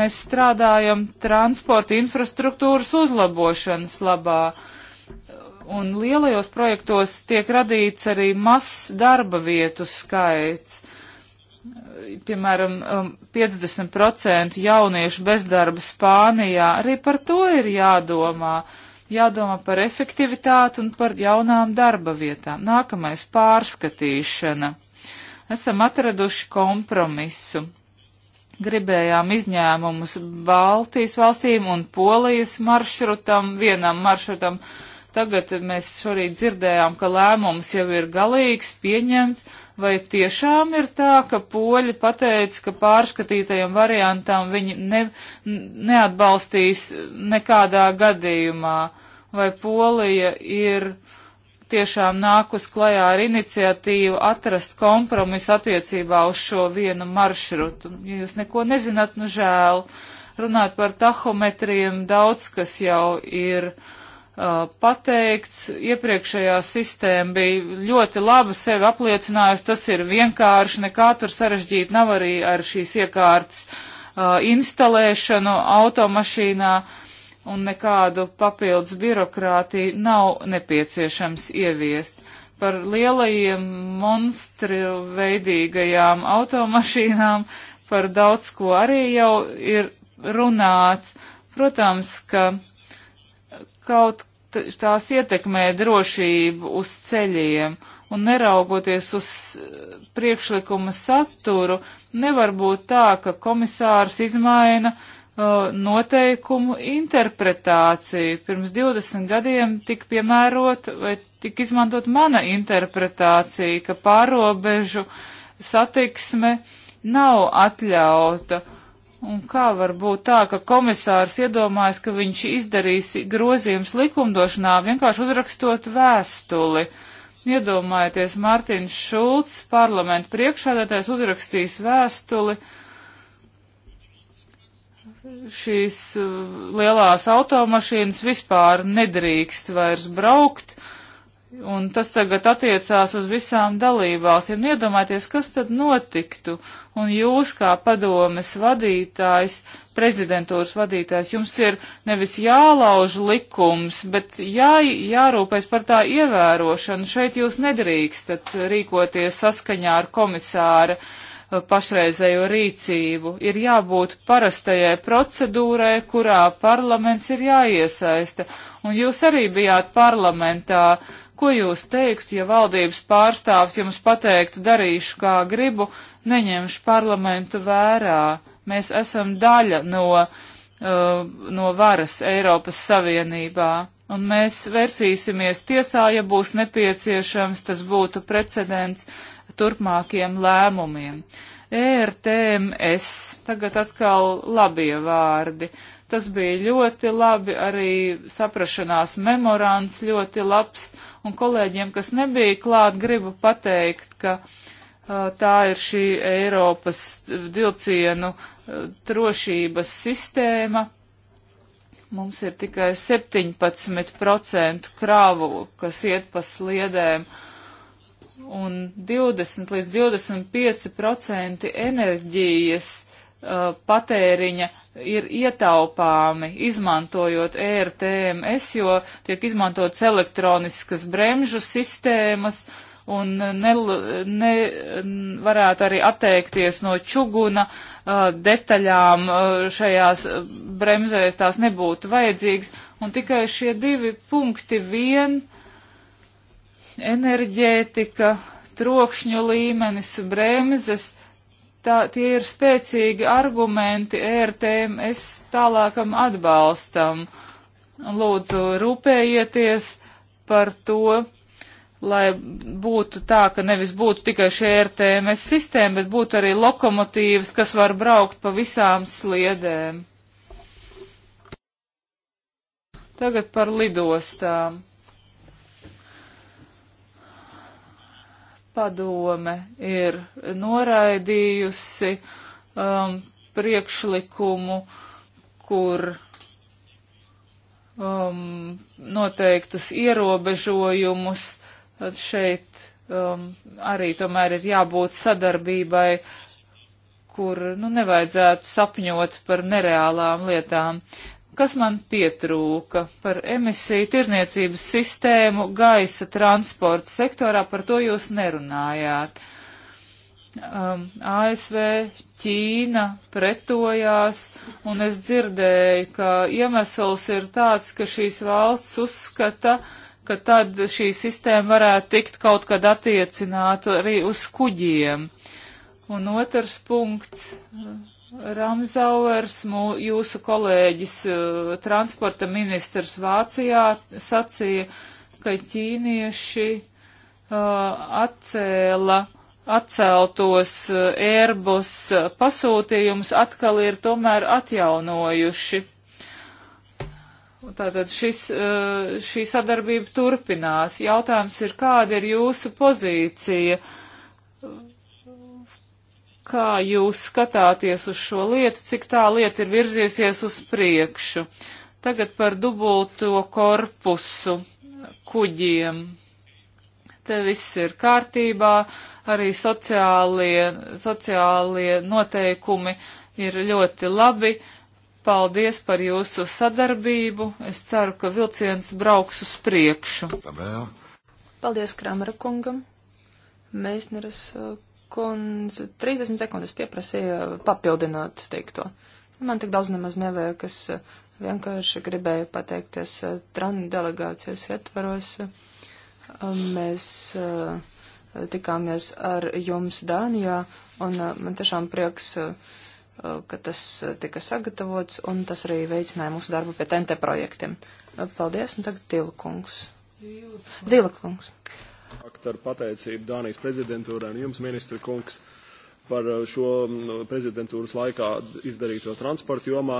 mēs strādājam transporta infrastruktūras uzlabošanas labā. Un lielajos projektos tiek radīts arī mazs darba vietu skaits. Piemēram, um, 50% jauniešu bezdarba Spānijā. Arī par to ir jādomā. Uh, jādomā par efektivitāti un par jaunām darba vietām. Nākamais - pārskatīšana. Esam atraduši kompromisu. Gribējām izņēmumus Baltijas valstīm un Polijas maršrutam, vienam maršrutam Tagad mēs šorīt dzirdējām, ka lēmums jau ir galīgs, pieņemts, vai tiešām ir tā, ka poļi pateica, ka pārskatītajam variantam viņi ne, neatbalstīs nekādā gadījumā, vai Polija ir tiešām nākus klajā ar iniciatīvu atrast kompromisu attiecībā uz šo vienu maršrutu. Ja jūs neko nezināt, nu žēl. Runāt par tahometriem daudz, kas jau ir pateikts, iepriekšējā sistēma bija ļoti laba sevi apliecinājusi, tas ir vienkārši, nekā tur sarežģīt nav arī ar šīs iekārtas uh, instalēšanu automašīnā un nekādu papildus birokrātiju nav nepieciešams ieviest. Par lielajiem monstru veidīgajām automašīnām par daudz ko arī jau ir runāts. Protams, ka kaut tās ietekmē drošību uz ceļiem, un neraugoties uz priekšlikuma saturu, nevar būt tā, ka komisārs izmaina uh, noteikumu interpretāciju. Pirms 20 gadiem tika piemērot vai tika izmantot mana interpretācija, ka pārobežu satiksme nav atļauta Un kā var būt tā, ka komisārs iedomājas, ka viņš izdarīs grozījums likumdošanā, vienkārši uzrakstot vēstuli? Iedomājieties, Mārtiņš Šulcs, parlamentu priekšādātājs, uzrakstīs vēstuli šīs uh, lielās automašīnas vispār nedrīkst vairs braukt, uh, Un tas tagad attiecās uz visām dalībvalstīm. Nu, iedomājieties, kas tad notiktu, un jūs kā padomes vadītājs, prezidentūras vadītājs, jums ir nevis jālauž likums, bet jā, jārūpēs par tā ievērošanu. Šeit jūs nedrīkstat rīkoties saskaņā ar komisāra uh, pašreizējo rīcību. Ir jābūt parastajai procedūrai, kurā parlaments ir jāiesaista. Un jūs arī bijāt parlamentā Ko jūs teiktu, ja valdības pārstāvs jums pateiktu, darīšu kā gribu, neņemšu parlamentu vērā? Mēs esam daļa no, uh, no varas Eiropas Savienībā, un mēs versīsimies tiesā, ja būs nepieciešams, tas būtu precedents turpmākiem lēmumiem. ERTMS, tagad atkal labie vārdi. Uh, Tas bija ļoti labi, arī saprašanās memorāns ļoti labs, un kolēģiem, kas nebija klāt, gribu pateikt, ka uh, tā ir šī Eiropas vilcienu uh, drošības sistēma. Mums ir tikai 17% kravu, kas iet pa sliedēm un 20 līdz 25% enerģijas uh, patēriņa ir ietaupāmi, izmantojot ERTMS, jo tiek izmantotas elektroniskas bremžu sistēmas un ne, ne, varētu arī atteikties no čuguna uh, detaļām uh, šajās bremzēs, tās nebūtu vajadzīgas. Un tikai šie divi punkti vien enerģētika, trokšņu līmenis, bremzes tā, tie ir spēcīgi argumenti ērtēms e tālākam atbalstam. Lūdzu, rūpējieties par to, lai būtu tā, ka nevis būtu tikai šī ērtēmes e sistēma, bet būtu arī lokomotīvas, kas var braukt pa visām sliedēm. Tagad par lidostām. padome ir noraidījusi um, priekšlikumu, kur um, noteiktus ierobežojumus šeit um, arī tomēr ir jābūt sadarbībai, kur nu, nevajadzētu sapņot par nereālām lietām kas man pietrūka par emisiju tirniecības sistēmu gaisa transporta sektorā, par to jūs nerunājāt. Um, ASV, Ķīna pretojās, un es dzirdēju, ka iemesls ir tāds, ka šīs valsts uzskata, ka tad šī sistēma varētu tikt kaut kad attiecināta arī uz kuģiem. Un otrs punkts. Uh, Ramzauers, jūsu kolēģis, eh, transporta ministrs Vācijā, sacīja, ka ķīnieši uh, atcēla, atceltos eh, Airbus pasūtījums atkal ir tomēr atjaunojuši. Tātad šis, uh, šī sadarbība turpinās. Jautājums ir, kāda ir jūsu pozīcija? Uh, kā jūs skatāties uz šo lietu, cik tā lieta ir virziesies uz priekšu. Tagad par dubulto korpusu kuģiem. Te viss ir kārtībā, arī sociālie, sociālie noteikumi ir ļoti labi. Paldies par jūsu sadarbību. Es ceru, ka vilciens brauks uz priekšu. Paldies Kramera kungam. Meisneres uh, kundze 30 sekundes pieprasīja papildināt teikto. Man tik daudz nemaz nevajag, es eh, vienkārši gribēju pateikties eh, Tran delegācijas ietvaros. Eh, mēs tikāmies ar jums Dānijā, un man tiešām prieks, ka tas tika sagatavots, un tas arī veicināja mūsu darbu pie TNT projektiem. Paldies, un tagad Tilkungs. Zīlakungs. Ar pateicību Dānijas prezidentūrai un jums, ministra kungs, par uh, šo mm, prezidentūras laikā izdarīto transportu jomā.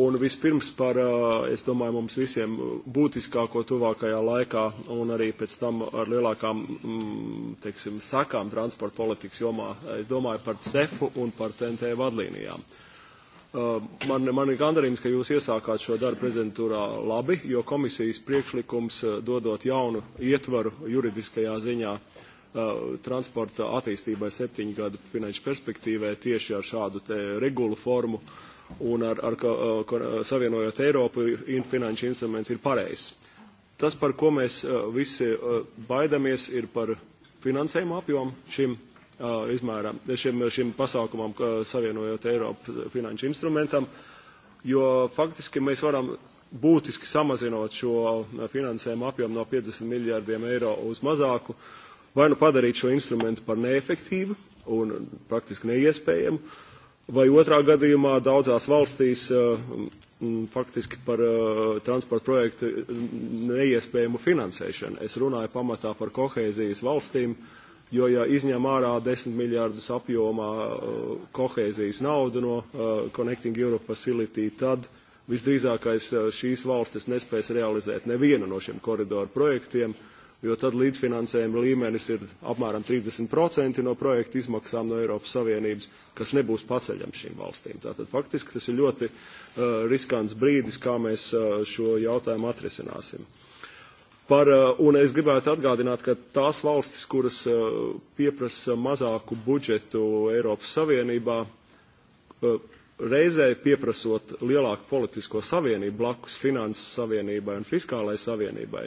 Un vispirms par, uh, es domāju, mums visiem būtiskāko tuvākajā laikā un arī pēc tam ar lielākām, mm, teiksim, sakām transporta politikas jomā, es domāju par CEFu un par TNT vadlīnijām. Uh, Eh, man, man ir gandarījums, ka jūs iesākāt šo darbu prezidentūrā labi, jo komisijas priekšlikums eh, dodot jaunu ietvaru juridiskajā ziņā eh, transporta attīstībai septiņu gadu finanšu perspektīvē tieši ar šādu te regulu formu un ar, ar, ar savienojot Eiropu in, finanšu instruments ir pareizs. Tas, par ko mēs visi baidamies, ir par finansējumu apjomu šim izmēram, šim, šim pasākumam, savienojot Eiropu finanšu instrumentam, jo faktiski mēs varam būtiski samazinot šo finansējumu apjomu no 50 miljārdiem eiro uz mazāku, vai nu padarīt šo instrumentu par neefektīvu un praktiski neiespējamu, vai otrā gadījumā daudzās valstīs faktiski par transporta projektu neiespējamu finansēšanu. Es runāju pamatā par kohēzijas valstīm, uh, jo, ja izņem ārā 10 miljārdus apjomā uh, kohēzijas naudu no uh, Connecting Europe Facility, tad visdrīzākais uh, šīs valstis nespēs realizēt nevienu no šiem koridoru projektiem, jo tad līdzfinansējuma līmenis ir apmēram 30% no projekta izmaksām no Eiropas Savienības, kas nebūs paceļams šīm valstīm. Tātad faktiski tas ir ļoti uh, riskants brīdis, kā mēs uh, šo jautājumu atrisināsim. Uh, Par, uh, un es gribētu atgādināt, ka tās valstis, kuras uh, pieprasa mazāku budžetu Eiropas Savienībā, uh, reizē pieprasot lielāku politisko savienību blakus finanses savienībai un fiskālai savienībai,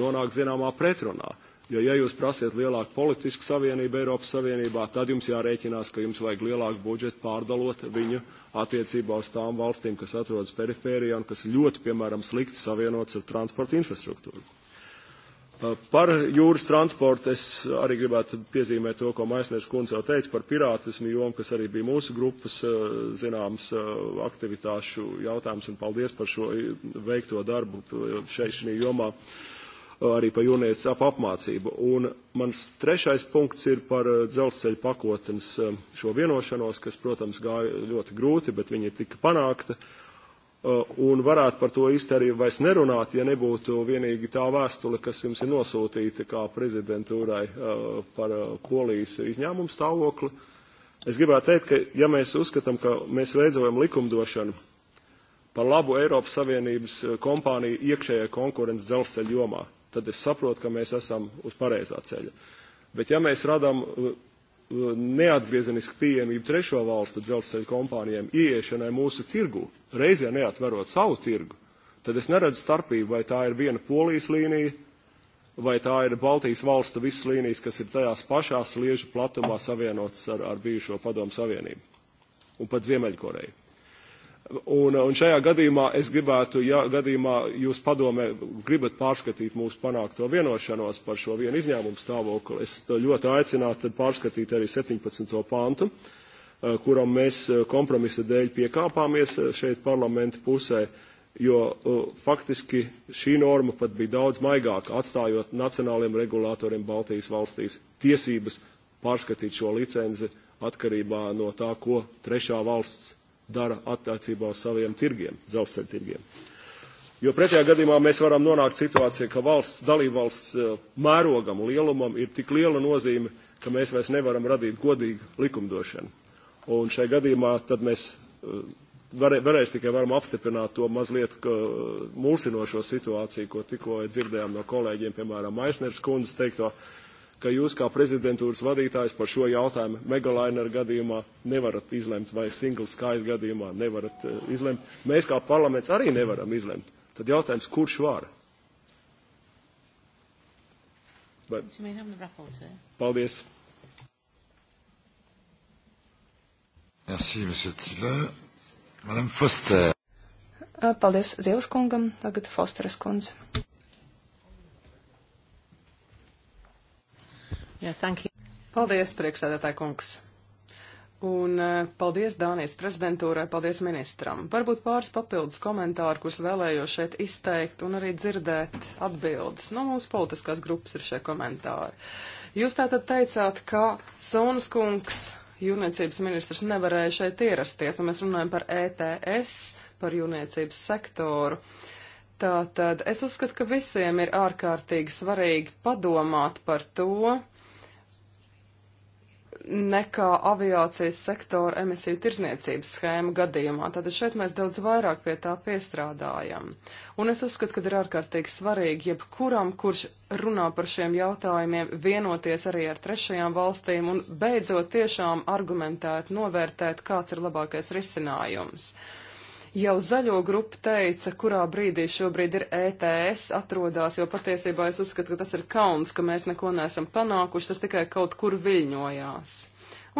nonāk zināmā pretrunā. Jo, ja jūs prasiet lielāku politisku savienību Eiropas Savienībā, tad jums jārēķinās, ka jums vajag lielāku budžetu pārdalot viņu attiecībā uz tām valstīm, kas atrodas perifērijā un kas ļoti, piemēram, slikti savienots ar transporta infrastruktūru. Eh, par jūras transportu es arī gribētu piezīmēt to, ko Maisnēs kundze jau teica par pirātismu jomu, kas arī bija mūsu grupas eh, zināms eh, aktivitāšu jautājums, un paldies par šo veikto darbu šeit šī jomā arī par jūrniecības ap apmācību. Un mans trešais punkts ir par dzelzceļa pakotnes šo vienošanos, kas, protams, gāja ļoti grūti, bet viņa tika panākta. Uh, Eh, un varētu par to īsti arī vairs nerunāt, ja nebūtu vienīgi tā vēstule, kas jums ir nosūtīta kā prezidentūrai eh, par eh, polijas izņēmumu stāvokli. Es gribētu teikt, ka ja mēs uzskatām, ka mēs veidojam likumdošanu par labu Eiropas Savienības kompāniju iekšējai konkurences dzelzceļa jomā, tad es saprotu, ka mēs esam uz pareizā ceļa. Bet ja mēs radām neatgriezeniska pieejamība trešo valstu dzelzceļa kompānijiem ieiešanai mūsu tirgu, reizē neatverot savu tirgu, tad es neredzu starpību, vai tā ir viena polijas līnija, vai tā ir Baltijas valstu visas līnijas, kas ir tajās pašās liežu platumā savienotas ar, ar bijušo padomu savienību un pat Ziemeļkoreju. Un, un šajā gadījumā es gribētu, ja gadījumā jūs padomē gribat pārskatīt mūsu panākto vienošanos par šo vienu izņēmumu stāvokli, es ļoti aicinātu pārskatīt arī 17. pantu, eh, kuram mēs eh, kompromisa dēļ piekāpāmies eh, šeit parlamenta pusē, jo faktiski šī norma pat bija daudz maigāka, atstājot nacionāliem regulātoriem Baltijas valstīs tiesības pārskatīt šo licenzi atkarībā no tā, ko trešā valsts dara attiecībā uz saviem tirgiem, dzelzceļa tirgiem. Jo pretējā gadījumā mēs varam nonākt situācijā, ka valsts, dalībvalsts eh, mērogam, lielumam ir tik liela nozīme, ka mēs vairs nevaram radīt godīgu likumdošanu. Un šai gadījumā tad mēs eh, varē, varēs tikai varam apstiprināt to mazliet mulsinošo situāciju, ko tikko dzirdējām no kolēģiem, piemēram, Maisners kundzes teikto, ka jūs kā prezidentūras vadītājs par šo jautājumu megalaineru gadījumā nevarat izlemt vai single skies gadījumā nevarat uh, izlemt. Mēs kā parlaments arī nevaram izlemt. Tad jautājums, kurš var? Vai... Paldies. Merci, monsieur Tiller. Madame Foster. Paldies Zilskungam, tagad Fosteres kundze. Yeah, thank you. Paldies, priekšsēdētāji kungs. Un eh, paldies Dānijas prezidentūrai, paldies ministram. Varbūt pāris papildus komentāru, kurus vēlējos šeit izteikt un arī dzirdēt atbildes. No nu, mūsu politiskās grupas ir šie komentāri. Jūs tātad teicāt, ka Sonas kungs, jūrniecības ministrs, nevarēja šeit ierasties, un mēs runājam par ETS, par jūrniecības sektoru. Tātad es uzskatu, ka visiem ir ārkārtīgi svarīgi padomāt par to, nekā aviācijas sektora emisiju tirzniecības schēma gadījumā. Tātad šeit mēs daudz vairāk pie tā piestrādājam. Un es uzskatu, ka ir ārkārtīgi svarīgi jebkuram, kurš runā par šiem jautājumiem, vienoties arī ar trešajām valstīm un beidzot tiešām argumentēt, novērtēt, kāds ir labākais risinājums. Uh, Jau zaļo grupa teica, kurā brīdī šobrīd ir ETS atrodās, jo patiesībā es uzskatu, ka tas ir kauns, ka mēs neko neesam panākuši, tas tikai kaut kur viļņojās.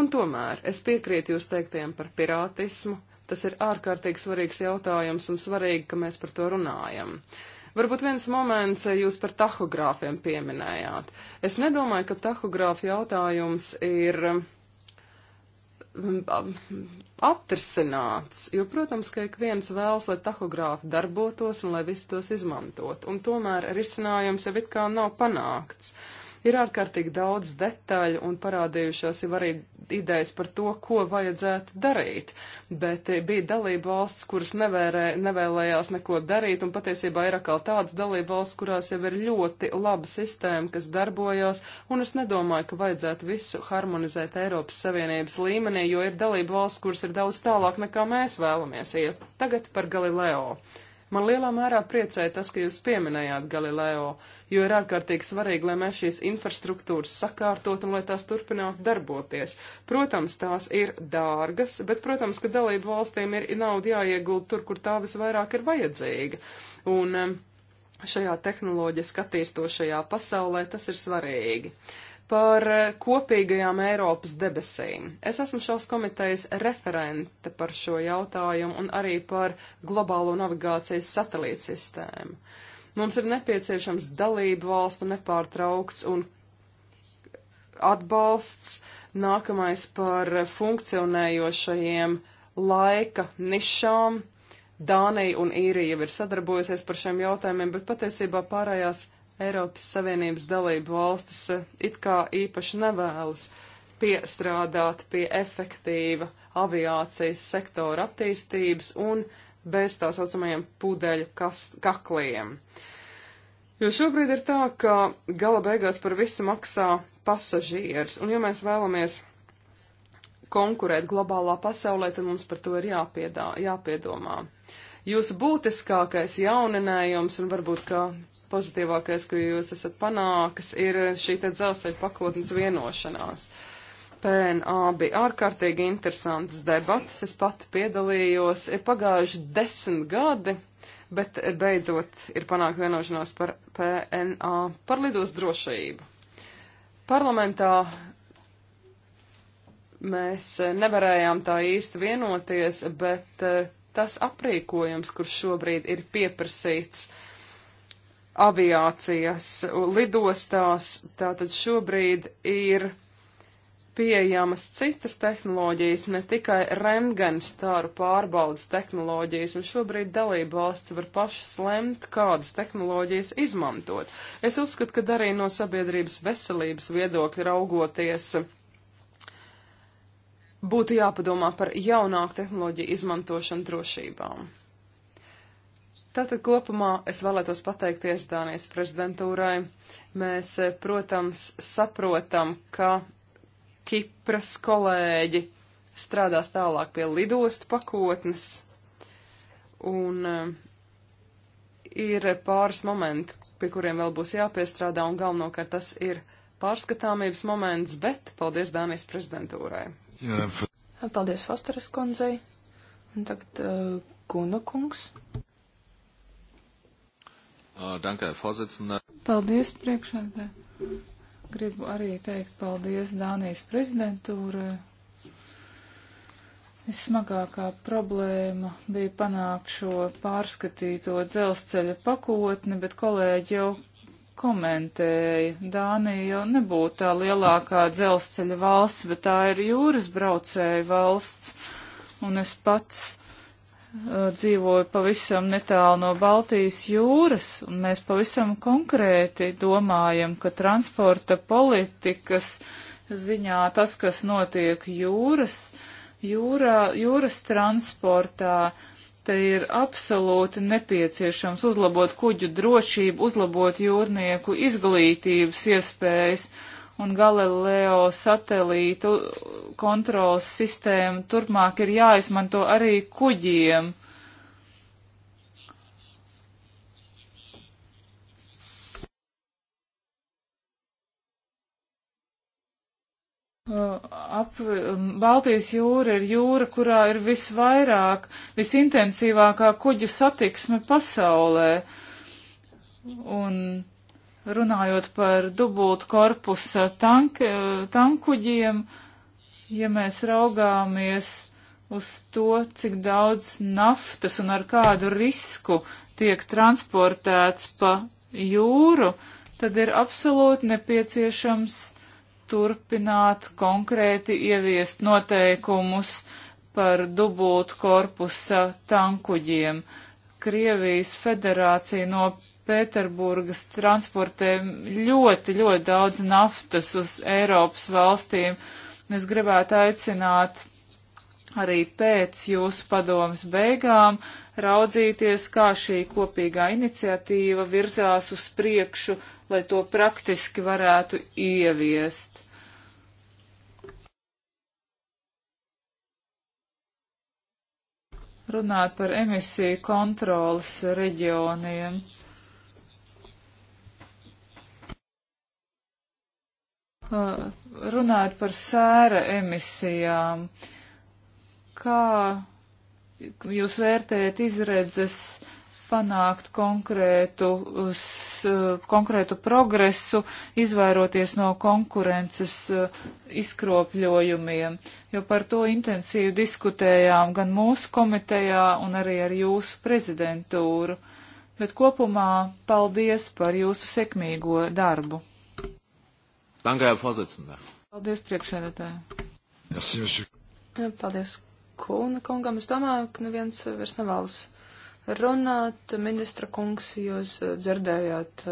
Un tomēr es piekrītu jūs teiktiem par pirātismu. Tas ir ārkārtīgi svarīgs jautājums un svarīgi, ka mēs par to runājam. Varbūt viens moments eh, jūs par tahogrāfiem pieminējāt. Es nedomāju, ka tahogrāfa jautājums ir atrisināts, jo, protams, ka ik viens vēlas, lai tahogrāfi darbotos un lai visi tos izmantot, un tomēr risinājums jau it kā nav panākts. Uh, Ir ārkārtīgi daudz detaļu un parādījušās jau arī idejas par to, ko vajadzētu darīt, bet eh, bija dalība valsts, kuras nevērē, nevēlējās neko darīt, un patiesībā ir atkal tādas dalība valsts, kurās jau ir ļoti laba sistēma, kas darbojas, un es nedomāju, ka vajadzētu visu harmonizēt Eiropas Savienības līmenī, jo ir dalība valsts, kuras ir daudz tālāk nekā mēs vēlamies iet. Tagad par Galileo. Man lielā mērā priecēja tas, ka jūs pieminējāt Galileo jo ir ārkārtīgi svarīgi, lai mēs šīs infrastruktūras sakārtot un lai tās turpinātu darboties. Protams, tās ir dārgas, bet, protams, ka dalību valstīm ir nauda jāiegulda tur, kur tā visvairāk ir vajadzīga. Un um, šajā tehnoloģiski attīstošajā pasaulē tas ir svarīgi par uh, kopīgajām Eiropas debesīm. Es esmu šās komitejas referente par šo jautājumu un arī par globālo navigācijas satelītsistēmu. Mums ir nepieciešams dalību valstu nepārtraukts un atbalsts, nākamais par funkcionējošajiem laika nišām. Dānija un Īrija jau ir sadarbojusies par šiem jautājumiem, bet patiesībā pārējās Eiropas Savienības dalību valstis eh, it kā īpaši nevēlas piestrādāt pie efektīva aviācijas sektora attīstības un uh, bez tā saucamajiem pudeļu kas, kakliem. Jo šobrīd ir tā, ka gala beigās par visu maksā pasažieris, un ja mēs vēlamies konkurēt globālā pasaulē, tad mums par to ir jāpiedā, jāpiedomā. Jūsu būtiskākais jauninājums un varbūt kā pozitīvākais, ko jūs esat panākas, ir šī te dzelzceļa pakotnes vienošanās. Uh, PNA bija ārkārtīgi interesants debats, es pati piedalījos, ir pagājuši desmit gadi, bet beidzot ir panākt vienošanās par PNA, par lidos drošību. Parlamentā mēs nevarējām tā īsti vienoties, bet eh, tas aprīkojums, kurš šobrīd ir pieprasīts aviācijas lidostās, tātad šobrīd ir pieejamas citas tehnoloģijas, ne tikai rentgenstāru pārbaudas tehnoloģijas, un šobrīd dalība valsts var pašas lemt, kādas tehnoloģijas izmantot. Es uzskatu, ka arī no sabiedrības veselības viedokļa raugoties būtu jāpadomā par jaunāku tehnoloģiju izmantošanu drošībām. Tātad kopumā es vēlētos pateikties Dānijas prezidentūrai. Mēs, eh, protams, saprotam, ka Kipras kolēģi strādās tālāk pie lidostu pakotnes, un eh, ir pāris momenti, pie kuriem vēl būs jāpiestrādā, un galvenokārt tas ir pārskatāmības moments, bet paldies Dānijas prezidentūrai. Jā. Paldies Fosteras kundzei, un tagad uh, eh, Guna kungs. Danke, Herr Vorsitzender. Paldies, priekšādē gribu arī teikt paldies Dānijas prezidentūrai. Vismagākā problēma bija panākt šo pārskatīto dzelzceļa pakotni, bet kolēģi jau komentēja. Dānija jau nebūtu tā lielākā dzelzceļa valsts, bet tā ir jūras braucēja valsts. Un es pats Uh, dzīvoju pavisam netālu no Baltijas jūras, un mēs pavisam konkrēti domājam, ka transporta politikas ziņā tas, kas notiek jūras, jūrā, jūras transportā, te ir absolūti nepieciešams uzlabot kuģu drošību, uzlabot jūrnieku izglītības iespējas un Galileo satelītu kontrolas sistēma turpmāk ir jāizmanto arī kuģiem. Ap um, Baltijas jūra ir jūra, kurā ir visvairāk, visintensīvākā kuģu satiksme pasaulē. Un runājot par dubult korpusa tank, tankuģiem, ja mēs raugāmies uz to, cik daudz naftas un ar kādu risku tiek transportēts pa jūru, tad ir absolūti nepieciešams turpināt konkrēti ieviest noteikumus par dubult korpusa tankuģiem. Krievijas federācija no Pēterburgas transportē ļoti, ļoti daudz naftas uz Eiropas valstīm. Es gribētu aicināt arī pēc jūsu padomas beigām raudzīties, kā šī kopīgā iniciatīva virzās uz priekšu, lai to praktiski varētu ieviest. Runāt par emisiju kontrolas reģioniem. Eh, runāt par sēra emisijām. Kā jūs vērtējat izredzes panākt konkrētu, uz, eh, konkrētu progresu, izvairoties no konkurences eh, izkropļojumiem, jo par to intensīvi diskutējām gan mūsu komitejā un arī ar jūsu prezidentūru. Bet kopumā paldies par jūsu sekmīgo darbu. Danke, Herr Vorsitzender. Paldies, priekšsēdētāji. Merci, monsieur. Paldies, Kūna kungam. Es domāju, ka neviens vairs nevēlas runāt. Ministra kungs, jūs dzirdējāt,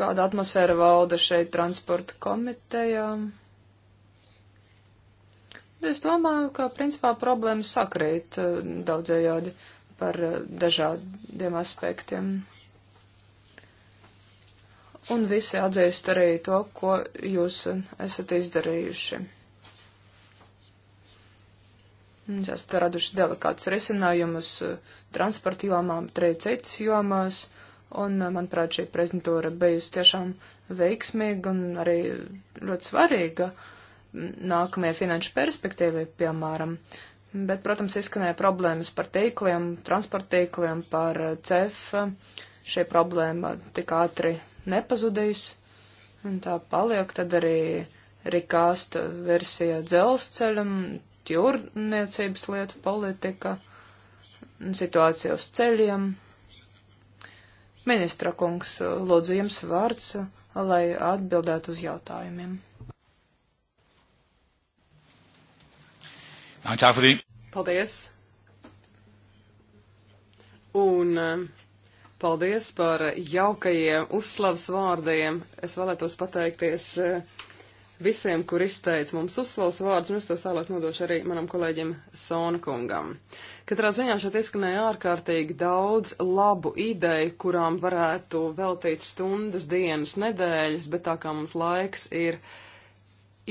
kāda atmosfēra valda šeit transporta komitejā. Es domāju, ka principā problēmas sakrīt daudzējādi par dažādiem aspektiem un visi atzīst arī to, ko jūs esat izdarījuši. Jūs esat raduši delikātus risinājumus transporta jomā, bet arī citas jomās, un, manuprāt, šī prezentūra bijusi tiešām veiksmīga un arī ļoti svarīga nākamajai finanšu perspektīvai, piemēram. Bet, protams, izskanēja problēmas par tīkliem, transporta tīkliem, par eh, CEF. E. Šī problēma tik ātri nepazudīs, un tā paliek tad arī Rikāsta versija dzelzceļam, jūrniecības lietu politika, situācija uz ceļiem. Ministra kungs, lūdzu jums vārds, lai atbildētu uz jautājumiem. Paldies! Un uh, Paldies par jaukajiem uzslavas vārdiem. Es vēlētos pateikties eh, visiem, kur izteica mums uzslavas vārdus, un es tos tālāk nodošu arī manam kolēģim Sonkungam. Katrā ziņā šeit izskanēja ārkārtīgi daudz labu ideju, kurām varētu veltīt stundas, dienas, nedēļas, bet tā kā mums laiks ir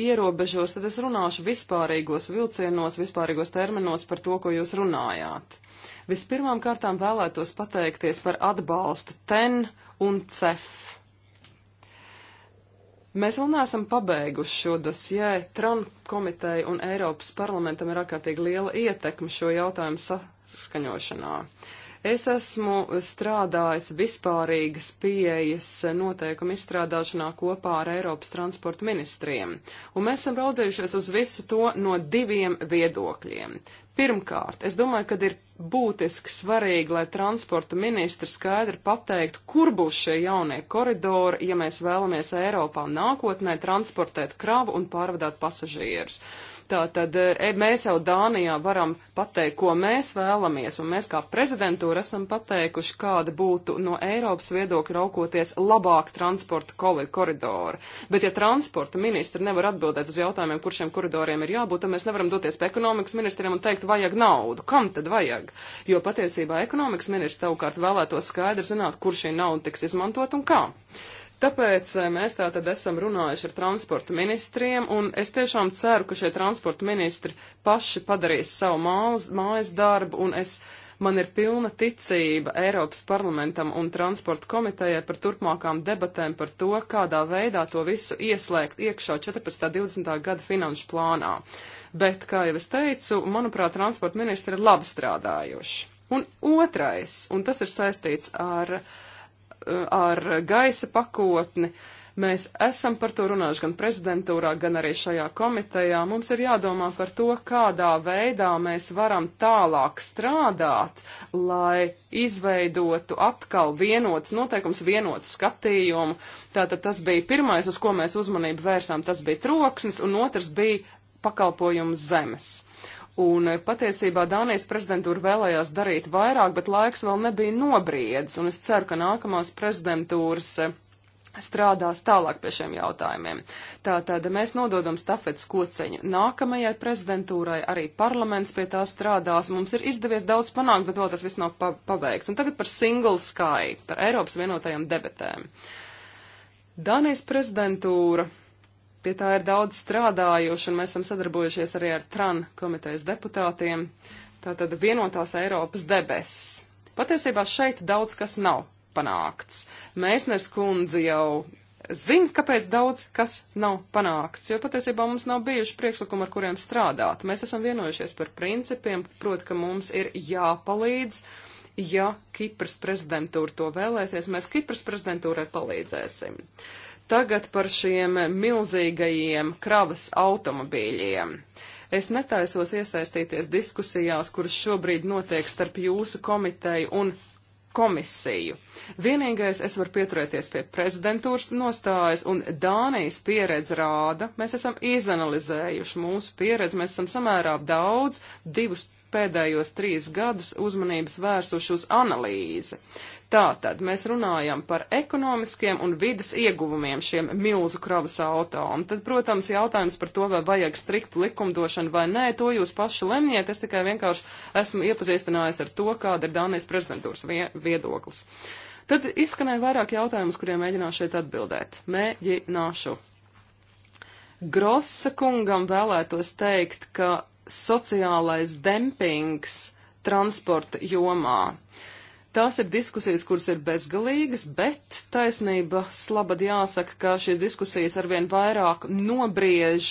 ierobežos, tad es runāšu vispārīgos vilcienos, vispārīgos terminos par to, ko jūs runājāt. Vispirmām kārtām vēlētos pateikties par atbalstu TEN un CEF. Mēs vēl neesam pabeiguši šo dosjē. Tran komiteja un Eiropas parlamentam ir ārkārtīgi liela ietekme šo jautājumu saskaņošanā. Es esmu strādājis vispārīgas pieejas noteikumu izstrādāšanā kopā ar Eiropas transporta ministriem, un mēs esam raudzējušies uz visu to no diviem viedokļiem. Pirmkārt, es domāju, ka ir būtiski svarīgi, lai transporta ministri skaidri pateiktu, kur būs šie jaunie koridori, ja mēs vēlamies Eiropā nākotnē transportēt kravu un pārvadāt pasažierus. Uh, Tātad eh, mēs jau Dānijā varam pateikt, ko mēs vēlamies, un mēs kā prezidentūra esam pateikuši, kāda būtu no Eiropas viedokļa raukoties labāk transporta koridori. Bet ja transporta ministri nevar atbildēt uz jautājumiem, kur šiem koridoriem ir jābūt, tad mēs nevaram doties pie ekonomikas ministriem un teikt, vajag naudu. Kam tad vajag? Jo patiesībā ekonomikas ministrs savukārt vēlētos skaidri zināt, kur šī nauda tiks izmantot un kā. Tāpēc eh, mēs tā tad esam runājuši ar transporta ministriem, un es tiešām ceru, ka šie transporta ministri paši padarīs savu māles, mājas darbu, un es, man ir pilna ticība Eiropas parlamentam un transporta komitejai par turpmākām debatēm par to, kādā veidā to visu ieslēgt iekšā 14. 20. gada finanšu plānā. Bet, kā jau es teicu, manuprāt, transporta ministri ir labi strādājuši. Un otrais, un tas ir saistīts ar uh, ar gaisa pakotni. Mēs esam par to runājuši gan prezidentūrā, gan arī šajā komitejā. Mums ir jādomā par to, kādā veidā mēs varam tālāk strādāt, lai izveidotu atkal vienotas noteikums, vienotu skatījumu. Tātad tas bija pirmais, uz ko mēs uzmanību vērsām, tas bija troksnis, un otrs bija pakalpojums zemes. Uh, Un eh, patiesībā Dānijas prezidentūra vēlējās darīt vairāk, bet laiks vēl nebija nobriedis, un es ceru, ka nākamās prezidentūras eh, strādās tālāk pie šiem jautājumiem. Tātad mēs nododam stafetes kociņu nākamajai prezidentūrai, arī parlaments pie tā strādās. Mums ir izdevies daudz panākt, bet vēl tas viss nav pa paveikts. Un tagad par Single Sky, par Eiropas vienotajām debetēm. Danijas prezidentūra Pie tā ir daudz strādājuši, un mēs esam sadarbojušies arī ar TRAN komitejas deputātiem. Tātad vienotās Eiropas debesis. Patiesībā šeit daudz kas nav panākts. Mēsnes kundze jau zina, kāpēc daudz kas nav panākts, jo patiesībā mums nav bijuši priekšlikumi, ar kuriem strādāt. Mēs esam vienojušies par principiem, proti, ka mums ir jāpalīdz. Ja Kipras prezidentūra to vēlēsies, mēs Kipras prezidentūrai palīdzēsim. Uh, Tagad par šiem milzīgajiem kravas automobīļiem. Es netaisos iesaistīties diskusijās, kuras šobrīd notiek starp jūsu komiteju un komisiju. Vienīgais es varu pieturēties pie prezidentūras nostājas un Dānijas pieredze rāda, mēs esam izanalizējuši mūsu pieredzi, mēs esam samērā daudz divus pēdējos trīs gadus uzmanības vērsuši uz analīzi. Uh, Tātad mēs runājam par ekonomiskiem un vidas ieguvumiem šiem milzu kravas auto. Un tad, protams, jautājums par to, vai vajag striktu likumdošanu vai nē, to jūs paši lemjiet. Es tikai vienkārši esmu iepazīstinājis ar to, kāda ir Dānijas prezidentūras viedoklis. Tad izskanēja vairāk jautājumus, kuriem mēģināšu šeit atbildēt. Mēģināšu. Grossa kungam vēlētos teikt, ka sociālais dempings transporta jomā. Uh, Tās ir diskusijas, kuras ir bezgalīgas, bet taisnība slabad jāsaka, ka šīs diskusijas arvien vairāk nobriež,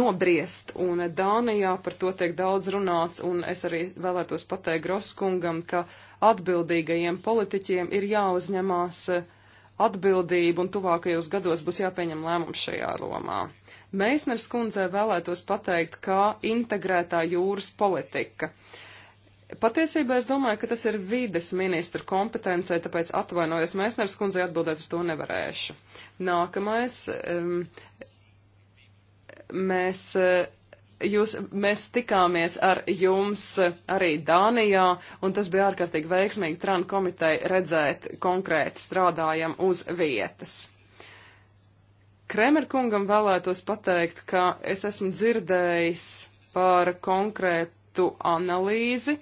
nobriest, un Dānijā par to tiek daudz runāts, un es arī vēlētos pateikt Groskungam, ka atbildīgajiem politiķiem ir jāuzņemās atbildība, un tuvākajos gados būs jāpieņem lēmums šajā lomā. Meisners kundzei vēlētos pateikt, kā integrētā jūras politika. Uh, Patiesībā es domāju, ka tas ir vides ministra kompetencē, tāpēc atvainojos, Mēsners kundzei atbildēt uz to nevarēšu. Nākamais, um, mēs, eh, jūs, mēs tikāmies ar jums arī Dānijā, un tas bija ārkārtīgi veiksmīgi Tran komitei redzēt konkrēti strādājam uz vietas. Kremerkungam vēlētos pateikt, ka es esmu dzirdējis par konkrētu analīzi,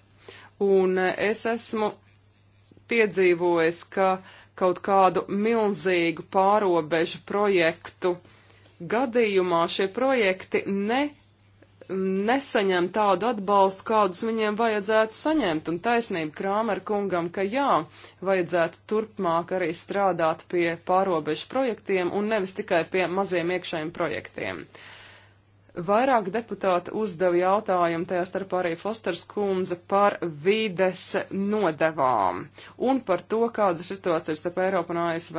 un es esmu piedzīvojis, ka kaut kādu milzīgu pārobežu projektu gadījumā šie projekti ne nesaņem tādu atbalstu, kādus viņiem vajadzētu saņemt, un taisnība Krāmer kungam, ka jā, vajadzētu turpmāk arī strādāt pie pārobežu projektiem un nevis tikai pie maziem iekšējiem projektiem. Uh, Vairāk deputāti uzdeva jautājumu, tajā starp arī Fosters kundze, par vides nodevām un par to, kāda situācija ir starp Eiropu un ASV.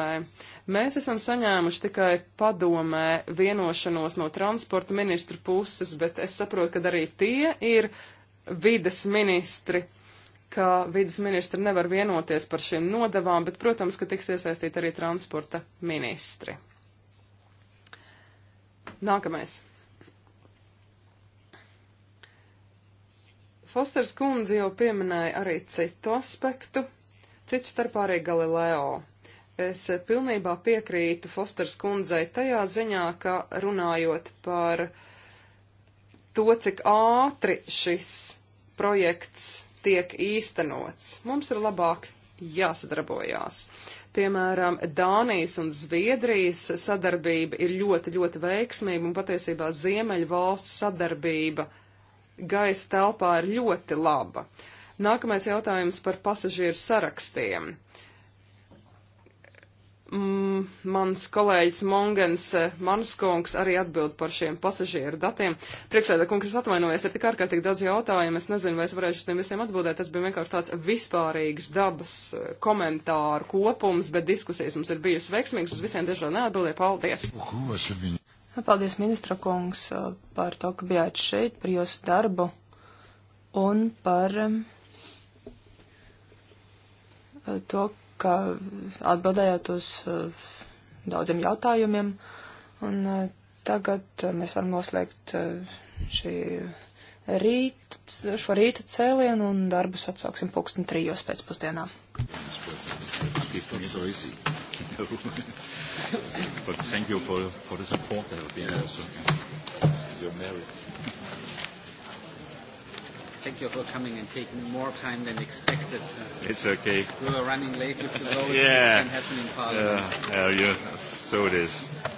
Mēs esam saņēmuši tikai padomē vienošanos no transporta ministra puses, bet es saprotu, ka arī tie ir vides ministri ka vidas ministri nevar vienoties par šīm nodevām, bet, protams, ka tiks iesaistīti arī transporta ministri. Nākamais. Fosters kundze jau pieminēja arī citu aspektu, citu starpā arī Galileo. Es pilnībā piekrītu Fosters kundzei tajā ziņā, ka runājot par to, cik ātri šis projekts tiek īstenots, mums ir labāk jāsadarbojās. Piemēram, Dānijas un Zviedrijas sadarbība ir ļoti, ļoti veiksmīga, un patiesībā Ziemeļu valstu sadarbība gaisa telpā ir ļoti laba. Nākamais jautājums par pasažieru sarakstiem. Mm, mans kolēģis Mongens eh, Manskungs arī atbild par šiem pasažieru datiem. Priekšsēdā kungs, es atvainojos, ir tik ārkārtīgi daudz jautājumu, es nezinu, vai es varēšu uz tiem visiem atbildēt. Tas bija vienkārši tāds vispārīgs dabas eh, komentāru kopums, bet diskusijas mums ir bijusi veiksmīgas, uz visiem dažādi neatbildēja. Paldies! Paldies, ministra kungs, par to, ka bijāt šeit, par jūsu darbu un par um, to, ka atbildējāt uz uh, daudziem jautājumiem. Un uh, tagad uh, mēs varam noslēgt šī rīt, šo rīta cēlienu un darbus atsāksim pulksten trijos pēcpusdienā. Tas, protams, ir tā, ka tā ir tā, ka tā ir. But thank you for, for the support that have been yes. also. Your merit. Thank you for coming and taking more time than expected. Uh, it's okay. We were running late with the votes. yeah. This can happen in Parliament. Yeah, yeah, yeah, so it is.